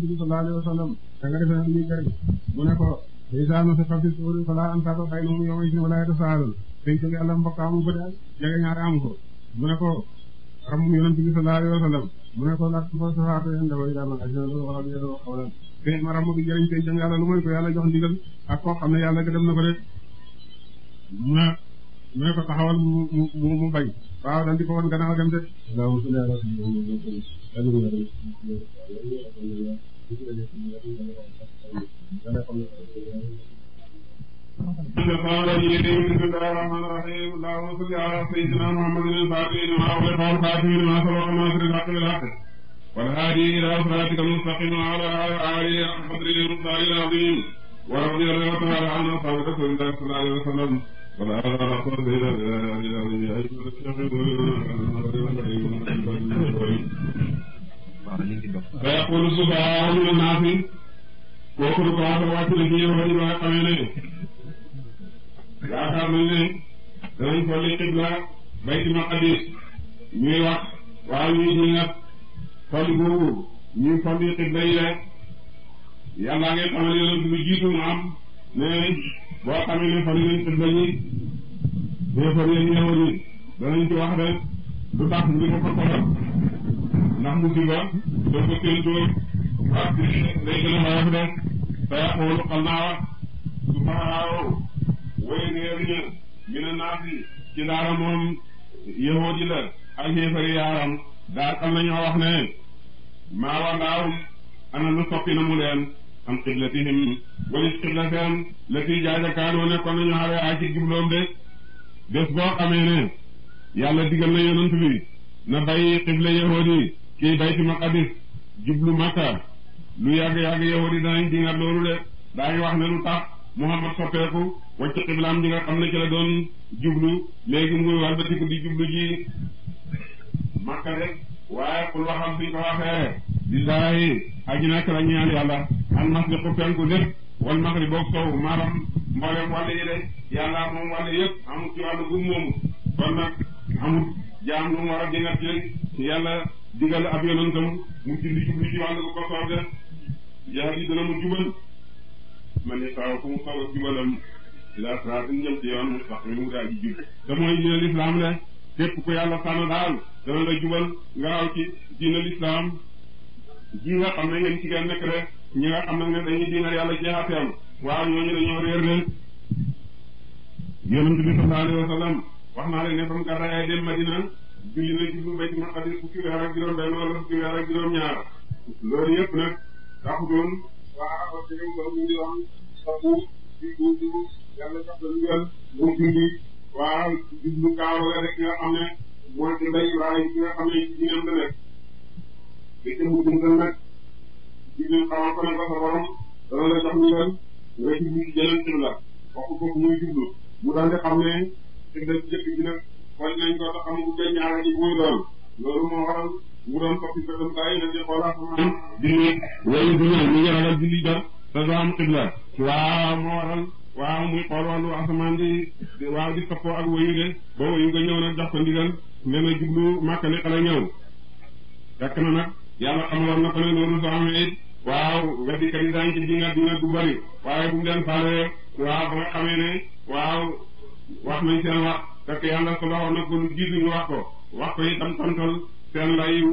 bi sallallahu alayhi wa sallam da nga defee ñuy jëriñ mu ne ko isa no saxal ci suuf fala an saaba xay ko yàlla mbokk amu bëri ak ko mu ne ko xam yonent mu ne ko la ko saxaate ndaw yi lu ko yàlla jox ndigal ak koo xam ne yàlla gërëm na ko de mu ne mu ko taxawal mu mu mu bañ waaw dañ di ko wan والهادي إلى صراطك المستقيم وعلى آله حق قدره والمقدار العظيم ورضي الله تعالى عن أصحاب رسول الله صلى الله عليه وسلم وعلى آله وصحبه إلى الشيخ wa yaqulu subhaanu naasi kooku ko waxee wàcc na ci yow dañu ne yaakaar nañ ne danañ folli xibla ñuy wax waaye ñuy diinat folli googu ñuy folli xibla yi rek yàlla ngay xamal yonent bi jiitu mu am ne boo xamee ne folli nañ xibla yi te folli yéen ñëwoon yi danañ ci wax rek lu tax ñu ko fa ndax musiba daf ko séentoo ak day gën a mayaf de sa yaqoolu xalnaawa sufahaao way réer ña mi ne naas yi ci ndaara moom yahood yi la ak xéefari yaaram daal am na ñoo wax ne maa wallaahum ana lu soppi na mu leen am xiblatihim walis xibla seen lati jaajakaanoo nekkoon nañu xawee ay ci jubloom de bés boo xamee ne yàlla digal na yonent bi na bàyyi xibla yahood fii bayti maqadis jublu makka lu yàgg-yàgg yow di danañ di loolu de daañu wax ne lu tax Muhammad soppeeku wàcc xiblaam di xam ne di jublu ji makka rek waaye xul waxam bi ko waxee lillaahi aji nekk la ñaan yàlla al masriqu penku lépp wal maxrib boog sow maanaam mboolem wàll yi de yàlla moom wàll yëpp amul ci wàllu gum moomu kon nag amul jaam lu mu war a yàlla digal ab yonentam mu julli jubli ci wàllu kosoor def yaar yi dana mu jubal man ne saa ku mu xaw a jubalam ila siraatin jëm ci yoon mustaqim mu daal di jub te dina lislaam ne képp ku yàlla sànn daal dana la jubal nga aw ci diina lislaam ji nga xam ne yéen ci ngeen nekk rek ñi nga xam ne dañuy diinal yàlla jeexateem waaw ñooñu dañoo réer leen yonent bi sallallahu alayhi wa sallam wax naa leen ne fa mu gàddaay dem Madina julli na ci lu baytul maqdis fukki weer ak juróom benn wala fukki weer ak juróom ñaar loolu yëpp nag taxutoon waa ba tey ba mu ngi doon sabu di gudd yàlla sax dañu wel mu julli waa jublu kaaru la rek nga xam ne mooy ci mbay waaye ki nga xam ne ci ñoom la nekk li ca mujj nga nag julli xamal ko ne ko sa borom dana la jox ñu wel nga jublu ci jeneen xibla waxu ko muy jublu mu daal di xam ne xibla jëkk bi nag foñ nañ ko te xamagu benn ñaar yi muy moo waral mu doon fokki bëtam bàyyi na di xoolaat maanaam julli wala du ñëw ñu ragal julli ba te doo am xibla waaw moo waral waaw muy xool wàllu asamaan waaw di toppoo ak wayu le ba wayu nga ñëw nag jox ko ndigal ne jublu màkka ne ñëw fekk nag yàlla xamaloon na ko ne loolu soo amee it waaw weddikat yi daañu ci dinga dinga du bëri waaye bu mu leen faale waaw ba nga xamee ne wax fekk yàlla ko loxo nag ba lu jiitu ñu wax ko wax ko itam tontal seen layu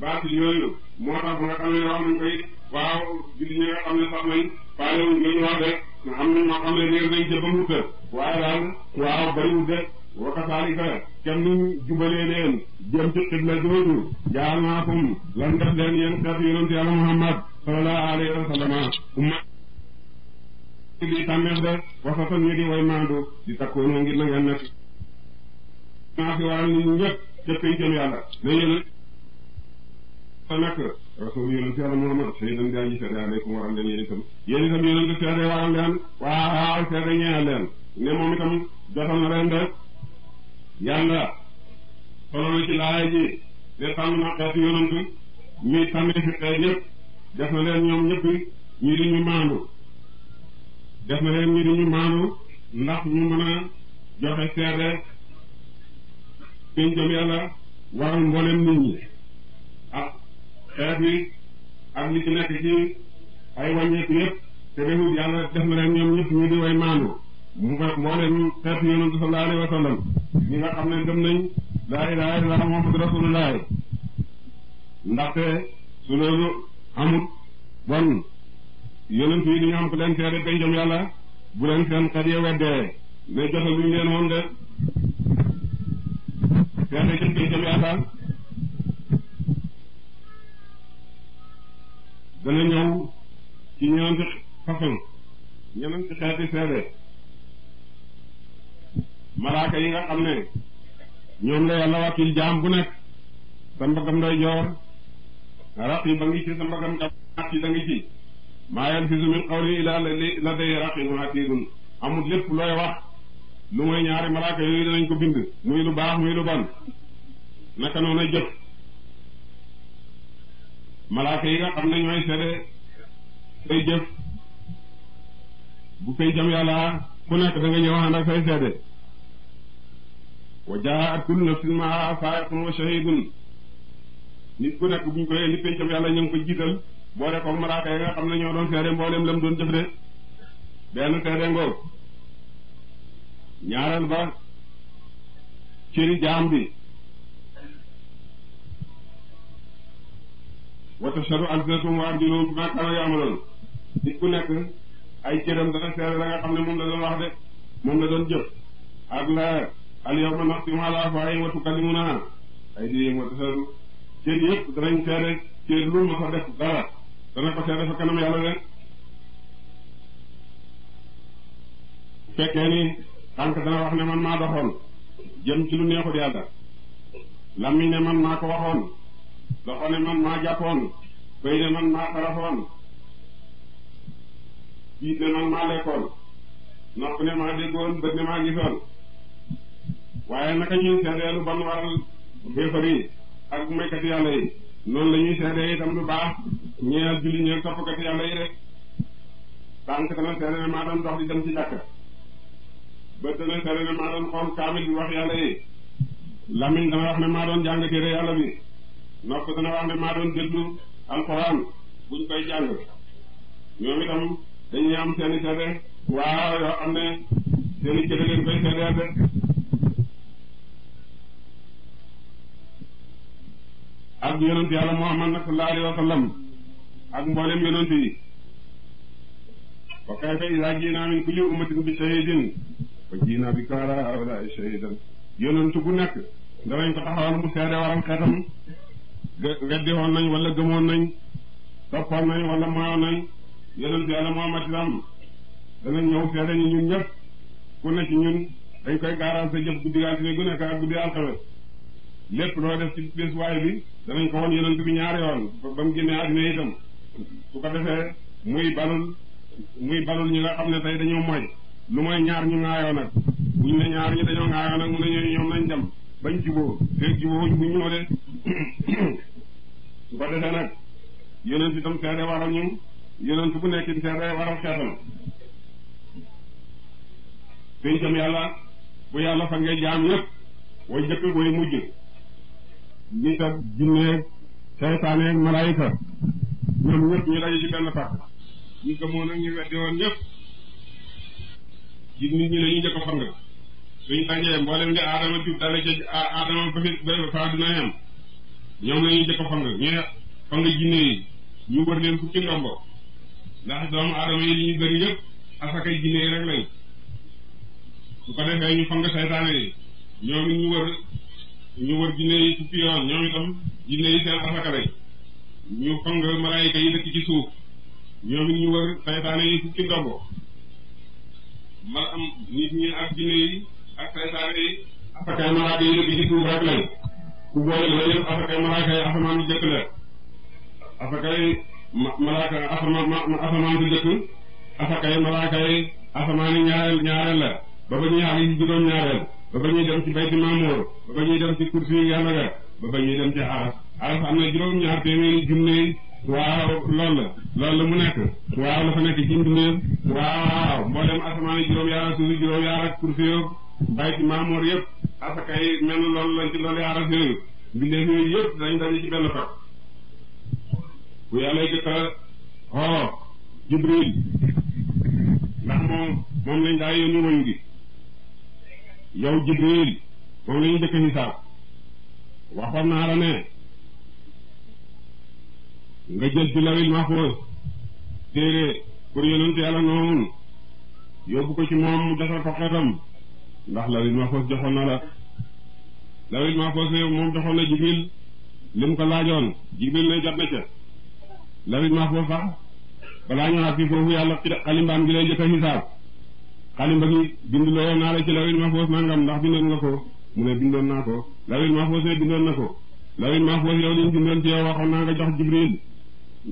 baatil yooyu moo tax nga xam ne wax nañ ko it waaw julli ñi nga xam ne sax nañ faale wuñ la ñu wax rek nga xam ne moo xam ne leer nañ ca ba mu të waaye daal waaw bariwul de wakasaalika kenn ñu jubalee leen jëm ci xibla jooju jaalnaakum lan def leen yéen xeetu yonent yàlla Muhammad sallallahu alayhi wa sallam lii tàmmeef de wasatan ñu di way maandu di takkoonoo ngir na nekk maa fi waral nit ñëpp ca péncam yàlla na yéen a nekk rasul yonent yàlla Muhammad sayyidan gaa ji seede aleykum waral leen yéen itam yéen itam yonent seede waral leen waaw seede ñeel leen ne moom itam jotal na leen de yàlla solo ci laay ji ne tànn na xeetu yonent mi tànnee xeet ñëpp def na leen ñoom ñëpp ñi di ñu maandu def na leen di ñu maanu ndax ñu mën a joxe seede péncam yàlla waral mboolem nit ñi ak xeet wi ak li ci nekk ci ay wàññeeku yëpp te def na leen ñoom ñëpp ñu di way maanu mboolem xeet yonent sallallahu nga xam ne dem nañ laa ilaaha illa muhammadu rasulullah ndaxte su loolu amut bon yonent yi dañoo am ku leen seede pencam yàlla bu leen seen xet ya weddee mais jotal lu leen woon de seede ci pencam yàlla dana ñëw ci ñeenti façon ñeenti xeeti seede malaaka yi nga xam ne ñoom la yàlla wàccul jaam bu nekk sa mbagam nday joor raq yi ba ngi ci sa mbagam jàpp ci da ngi ci maa yalfizu min qawlin illaa ladayhi raqiibun atiidun amul lépp looy wax lu mooy ñaari malaaka yooyu danañ ko bind muy lu baax muy lu bon naka noonu a jot malaaka yi nga xam ne ñooy seede say jëf bu fay jam yàlla ku nekk da nga ñëw ànd ak say seede wa jaa'at kullu nafsin ma'ahaa saa'iqun wa shahiidun nit ku nekk buñ koy li fay jam yàlla ñu ko jiital boole koog malaaka yi nga xam ne ñoo doon seede mboolem lam doon jëf de benn seede ngoog ñaareel ba ciri jaam bi wa tashhadu alsinatuhum wa arjuluhum bimaa kaanu ya'maluun nit ku nekk ay cëram dana seede la xam ne moom la doon wax de moom la doon jëf ak la al yawma naxtimu alaa afwaahihim wa tukallimunaa aydiihim wa tashhadu cër yëpp danañ seede cër lu ma fa def dara dana ko seede fa kanam yàlla leen fekkee ni tànk dana wax ne man maa doxoon jëm ci lu neexul yàlla lammiñ ne man maa ko waxoon loxo ne man maa jàppoon bëy ne man maa xarafoon biit ne man maa lekkoon nopp ne maa déggoon bët ne maa gisoon waaye naka ñuy seedeelu ban waral xéefar ak moykati yàlla yi noonu lañuy ñuy seede itam lu baax ñeel julli ñeel toppkat yàlla yi rek tànk dana seede ne maa doon dox di dem ci jàkk bët dana seede ne maa doon xool kaamil bi wax yàlla yi lamiñ dana wax ne maa doon jàng téere yàlla bi nopp dana wax ne maa doon déglu alxuraan buñ koy jàng ñoom itam dañuy am seeni seede waaw yoo xam ne seeni cëre leen koy seede ak yonent yàlla muhammad nag sallallahu alayhi wa sallam ak mboolem yonent yi wa kayfa idaa jiinaa min kulli ummatin bi shahidin fa jiinaa bika alaa haa'ulaa'i shahidan yonent bu nekk danañ ko taxawal mu seede waram xeetam weddi nañ wala gëmoon nañ toppoon nañ wala moyoon nañ yonent yàlla muhammad itam danañ ñëw seede ñu ñun ñëpp ku ne ñun dañ koy gaaraal sa jëf guddi altine gu nekk ak guddi alxames lépp loo def ci bés waay bi danañ ko woon yonent bi ñaari yoon ba mu génnee àddina itam su ko defee muy balul muy balul ñi nga xam ne tey dañoo mooy lu mooy ñaar ñu ŋaayoo nag bu ñu ne ñaar ñi dañoo ŋaayoo nag mu ne ñooy ñoom nañ dem bañ juboo feeg juboo bu ñëw de su ko defee nag yonent itam seede waral ñu yonent bu nekk it seede waral xeetam bu yàlla fa ngay jaam yëpp way jëkk way mujj nit ak jinne seytaane ak ñu daje ci benn pàkk ñu weddi ci nit ñi la ñuy a fang suñu dajee mboolem li aadama jub dale ca aadama ba fi fa dina yem ñoom la ñuy a fang ñu fang jinne yi ñu wër leen fukki ndombo ndax doomu aadama yi ñu bëri yëpp asakay jinne yi rek lañ su ko defee ñu fang seytaane yi ñoom ñu wër ñu wër jinne yi fukki yoon ñoom itam jinne yi seen asaka lay ñu fang malaayika yi dëkk ci suuf ñoom it ñu wër saytaane yi fukki ndogo ma am nit ñi ak jinne yi ak saytaane yi asakay malaaka yi dëkk ci suuf rek lañ ku boole la asakay malaaka yi asamaan bu jëkk la asakay malaaka asamaan bu jëkk asakay malaaka yi asamaan yi ñaareel ñaareel la ba ba ñaar yi juróom ñaareel ba ba ñuy dem ci bayti maamoor ba ba ñuy dem ci kursi yàlla ga ba ba ñuy dem ci aras aras am na juróom-ñaar téeméeri junne waaw loolu la loolu la mu nekk waaw la fa nekk ci mbindeef waaw mboolem asamaan yi juróom yaar ak suuf juróom yaar ak kursi yo yëpp asakay mel loolu ci dañ daje ci benn fa bu yàlla jëkka xoo jibril ndax moom moom lañ daa yónni woñ gi yow Jibril moom la ñu njëkk waxoon naa la ne nga jël ci lawil mahfuz téere pour yonent yàlla noonu yóbbu ko ci moom mu defar ko xeetam ndax lawil mahfuz joxoon na la lawil mahfuz ne moom joxoon na Jibril li mu ko laajoon Jibril ne jot na ca lawil mahfuz sax balaa ñëwaat fii foofu yàlla xalimbaan gi lay njëkk a xalim ba gi bind loo naa la ci lawil mahfuz nangam ndax bindoon nga ko mu ne bindoon naa ko lawil mahfuz ne bindoon na ko lawil mahfuz yow liñ bindoon ci yow waxoon naa nga jox jibril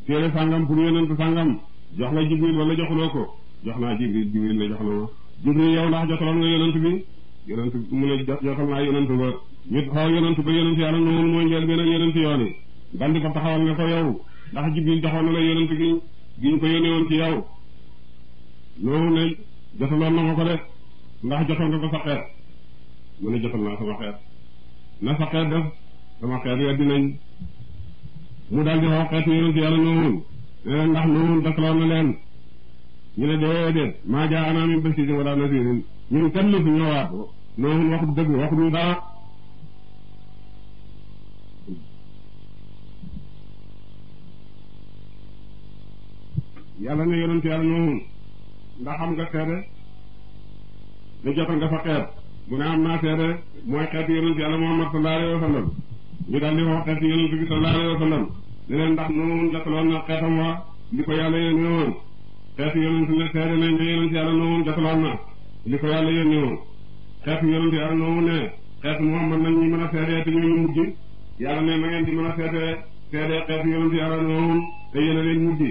téere sàngam pour yonent sàngam jox la jibril wala joxuloo ko jox naa jibril jibril la jox la ma jibril yow ndax jotaloon nga yonent bi yonent mu ne jotal naa yonent ba ñu xaw yonent ba yonent yàlla noonu mooy njël beneen yonent yooni bandi ko taxawal nga ko yow ndax jibril joxoon na la yonent gi gi ñu ko yónnee woon ci jotaloon na ma ko de ndax jotal nga ko sa xeet mu ne jotal naa sama xeet na sa xeet def sama xeet weddi nañ mu daal di xaw xeet yonent yàlla noowoon ne ndax noowoon dasaloon na leen ñu ne déedéet maa jaa anaa min basiirin wala nasiirin ñun kenn lu fi ñëwaat noowoon waxut dëgg waxut ñu dara yàlla ne yonent yàlla noowoon ndax xam nga seede ne jota nga fa xeet mu ne am naa seede mooy xeet yonent yàlla Muhammad sallallahu alayhi wa sallam ñu daal di wax xeet yonent bi sallallahu alayhi wa sallam ne leen ndax noonu jotaloon na xeetam waa li ko yàlla yónni woon xeet yonent la seede nañ ne yonent yàlla noonu jotaloon na li ko yàlla yónni woon xeet yonent yàlla noonu ne xeet Muhammad nañ ñi mën a seede te ñooñu mujj yàlla ne na ngeen di mën a seede seede xeet yonent yàlla noonu te yéen a leen mujj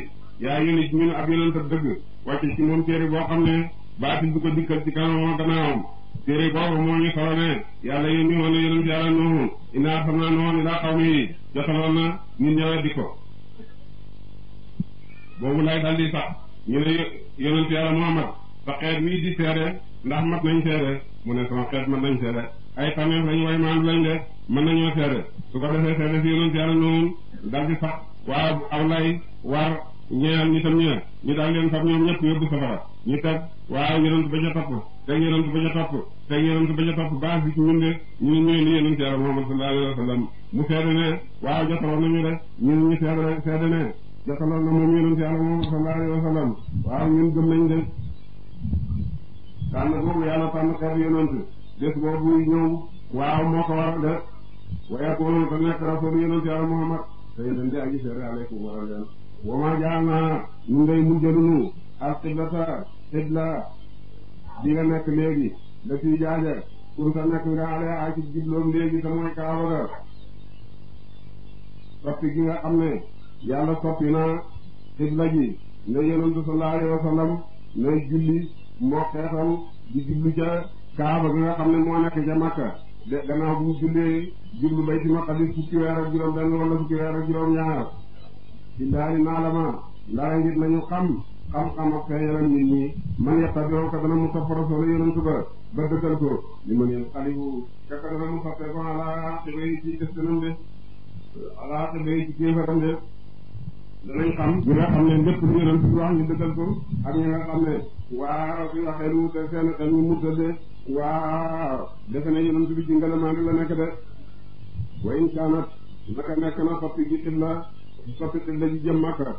yaa yónni ñu ne ab yonent dëgg wàcce ci moom téere boo xam ne baatin du ko dikkal ci kanam gannaawam téere boobu moo ñu solo ne yàlla yéen ñu woon ne yonent yàlla noohu inaa xam naa noonu na nit ñëwe di ko boobu lay dal sax ñu ne yonent yàlla Muhammad sa xeet wii di seede ndax mat nañ seede mu ne sama xeet mat nañ seede ay tameef lañu way maandu lañ de mën nañoo seede su ko defee seede si yonent yàlla noohu dal di sax waa aw lay war ñeel nitam ña ñu daal leen fab ñoom ñëpp yóbbu safara ñu teg waaw yonent ba ca topp teg yonent ba ca topp teg yonent ba ca topp baax bi ñun de ñu ñooy li yonent yàlla Muhammad sallallahu alayhi wa sallam mu seede ne waaw jotaloon nañu de ñun ñu seede seede ne jotaloon na moom yonent yàlla Muhammad sallallahu alayhi wa sallam waaw ñun gëm nañ de tànn boobu yàlla tànn xeetu yonent des boobu ñëw waaw moo ko waral de waaye ko nekk rasul yonent yàlla Muhammad te yonent de ak seede aleykum wa rahmatullah wama jaana ñun day mujjalunu ak xiblata xibla di nga nekk léegi da fi jaaja kunta nekk nga ale ay ci jubloom léegi te kaaba ga soppi gi nga xam ne yàlla soppi na xibla ji ne yonentu sallallahu alayhi wa sallam ne julli moo xeexam di jublu ca kaaba gi nga xam ne moo nekk ca makka de gannaaw bu mu jullee jublu ma maqdis fukki weer ak juróom benn wala fukki weer ak juróom ñaar bindaani maalama ndaara ngir nañu xam xam-xam ak feeñalam nit ñi man yàqa biroo ka dana mu topp rasoolu yonentu ba ba dëggal ko li man yeen xaliwu kaka dana mu soppee ko ala xibay ci gëstanam de ala xibay ci kéefaram de danañ xam ñi nga xam ne lépp lu yonentu wax ñu dëggal ko ak ñi nga xam ne waa fi waxee lu te seen xel ñu muddade waaw defe ne yonentu bi ci ngalamaa la nekk de wa in kaanat naka nekk na xoppi gi xibla bu soppi la ñu jëm Makka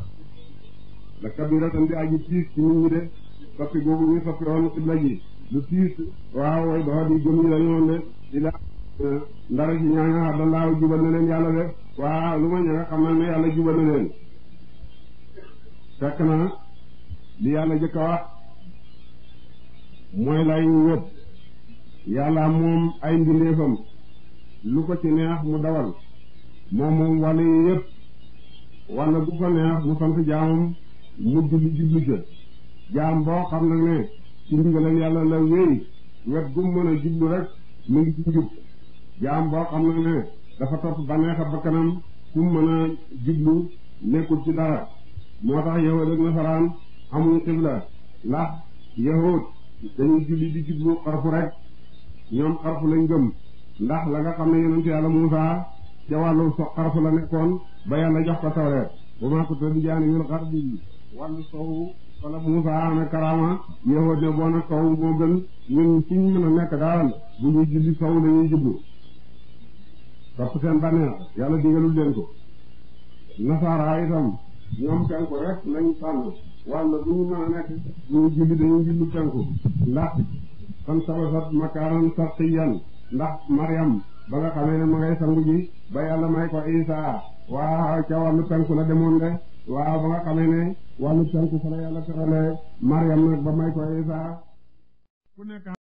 la kabiratan di aji tiis ci nit ñi de soppi boobu ñu soppi woon xibla ji lu tiis waaw way doxa di gëm ñi la de di la eh, ndara ci ñaaña xar da laa jubal na leen yàlla de waaw lu ma ña nga xamal ne yàlla jubal na leen fekk na li yàlla jëkk wax mooy lay ñëpp yàlla moom ay mbindeefam lu ko ci neex mu dawal moom moom wàll yi yëpp wala bu ko neex mu sant jaamam mu julli jubli ca jaam boo xam na ne ci ndigalal yàlla la wéy wet gum mën a jublu rek mu ngi ci njub jaam boo a bakkanam fu jublu nekkul ci dara moo tax yahud ak nasaraan amuñu xibla ndax yahud dañuy julli di jublu xarfu rek ñoom xarfu lañ gëm ndax la nga xam ne yonent yàlla Muusaa ca wàllu xarfu la nekkoon ba yàlla jox ko tawreet ba maa ko tëdd jaani yul xar bi wàllu sowu wala Musa amee karama yahuud ne boo na sowu moo gën ñun fi ñu mën a nekk daal bu ñuy julli sowu la ñuy jublu topp seen bànneex yàlla digalul leen ko nasaara itam ñoom penku rek lañu tànn wàll bu ñu a nekk bu ñuy julli dañuy jullu penku ndax fan sabasat makaaran sarqiyan ndax Mariam ba nga xamee ma ngay sangu ji ba yàlla may ko Isa waaw ca wàllu penku la demoon de waaw ba nga xamee ne wàllu penku fa la yàlla terale Mariam nag ba may ko Isa ku nekk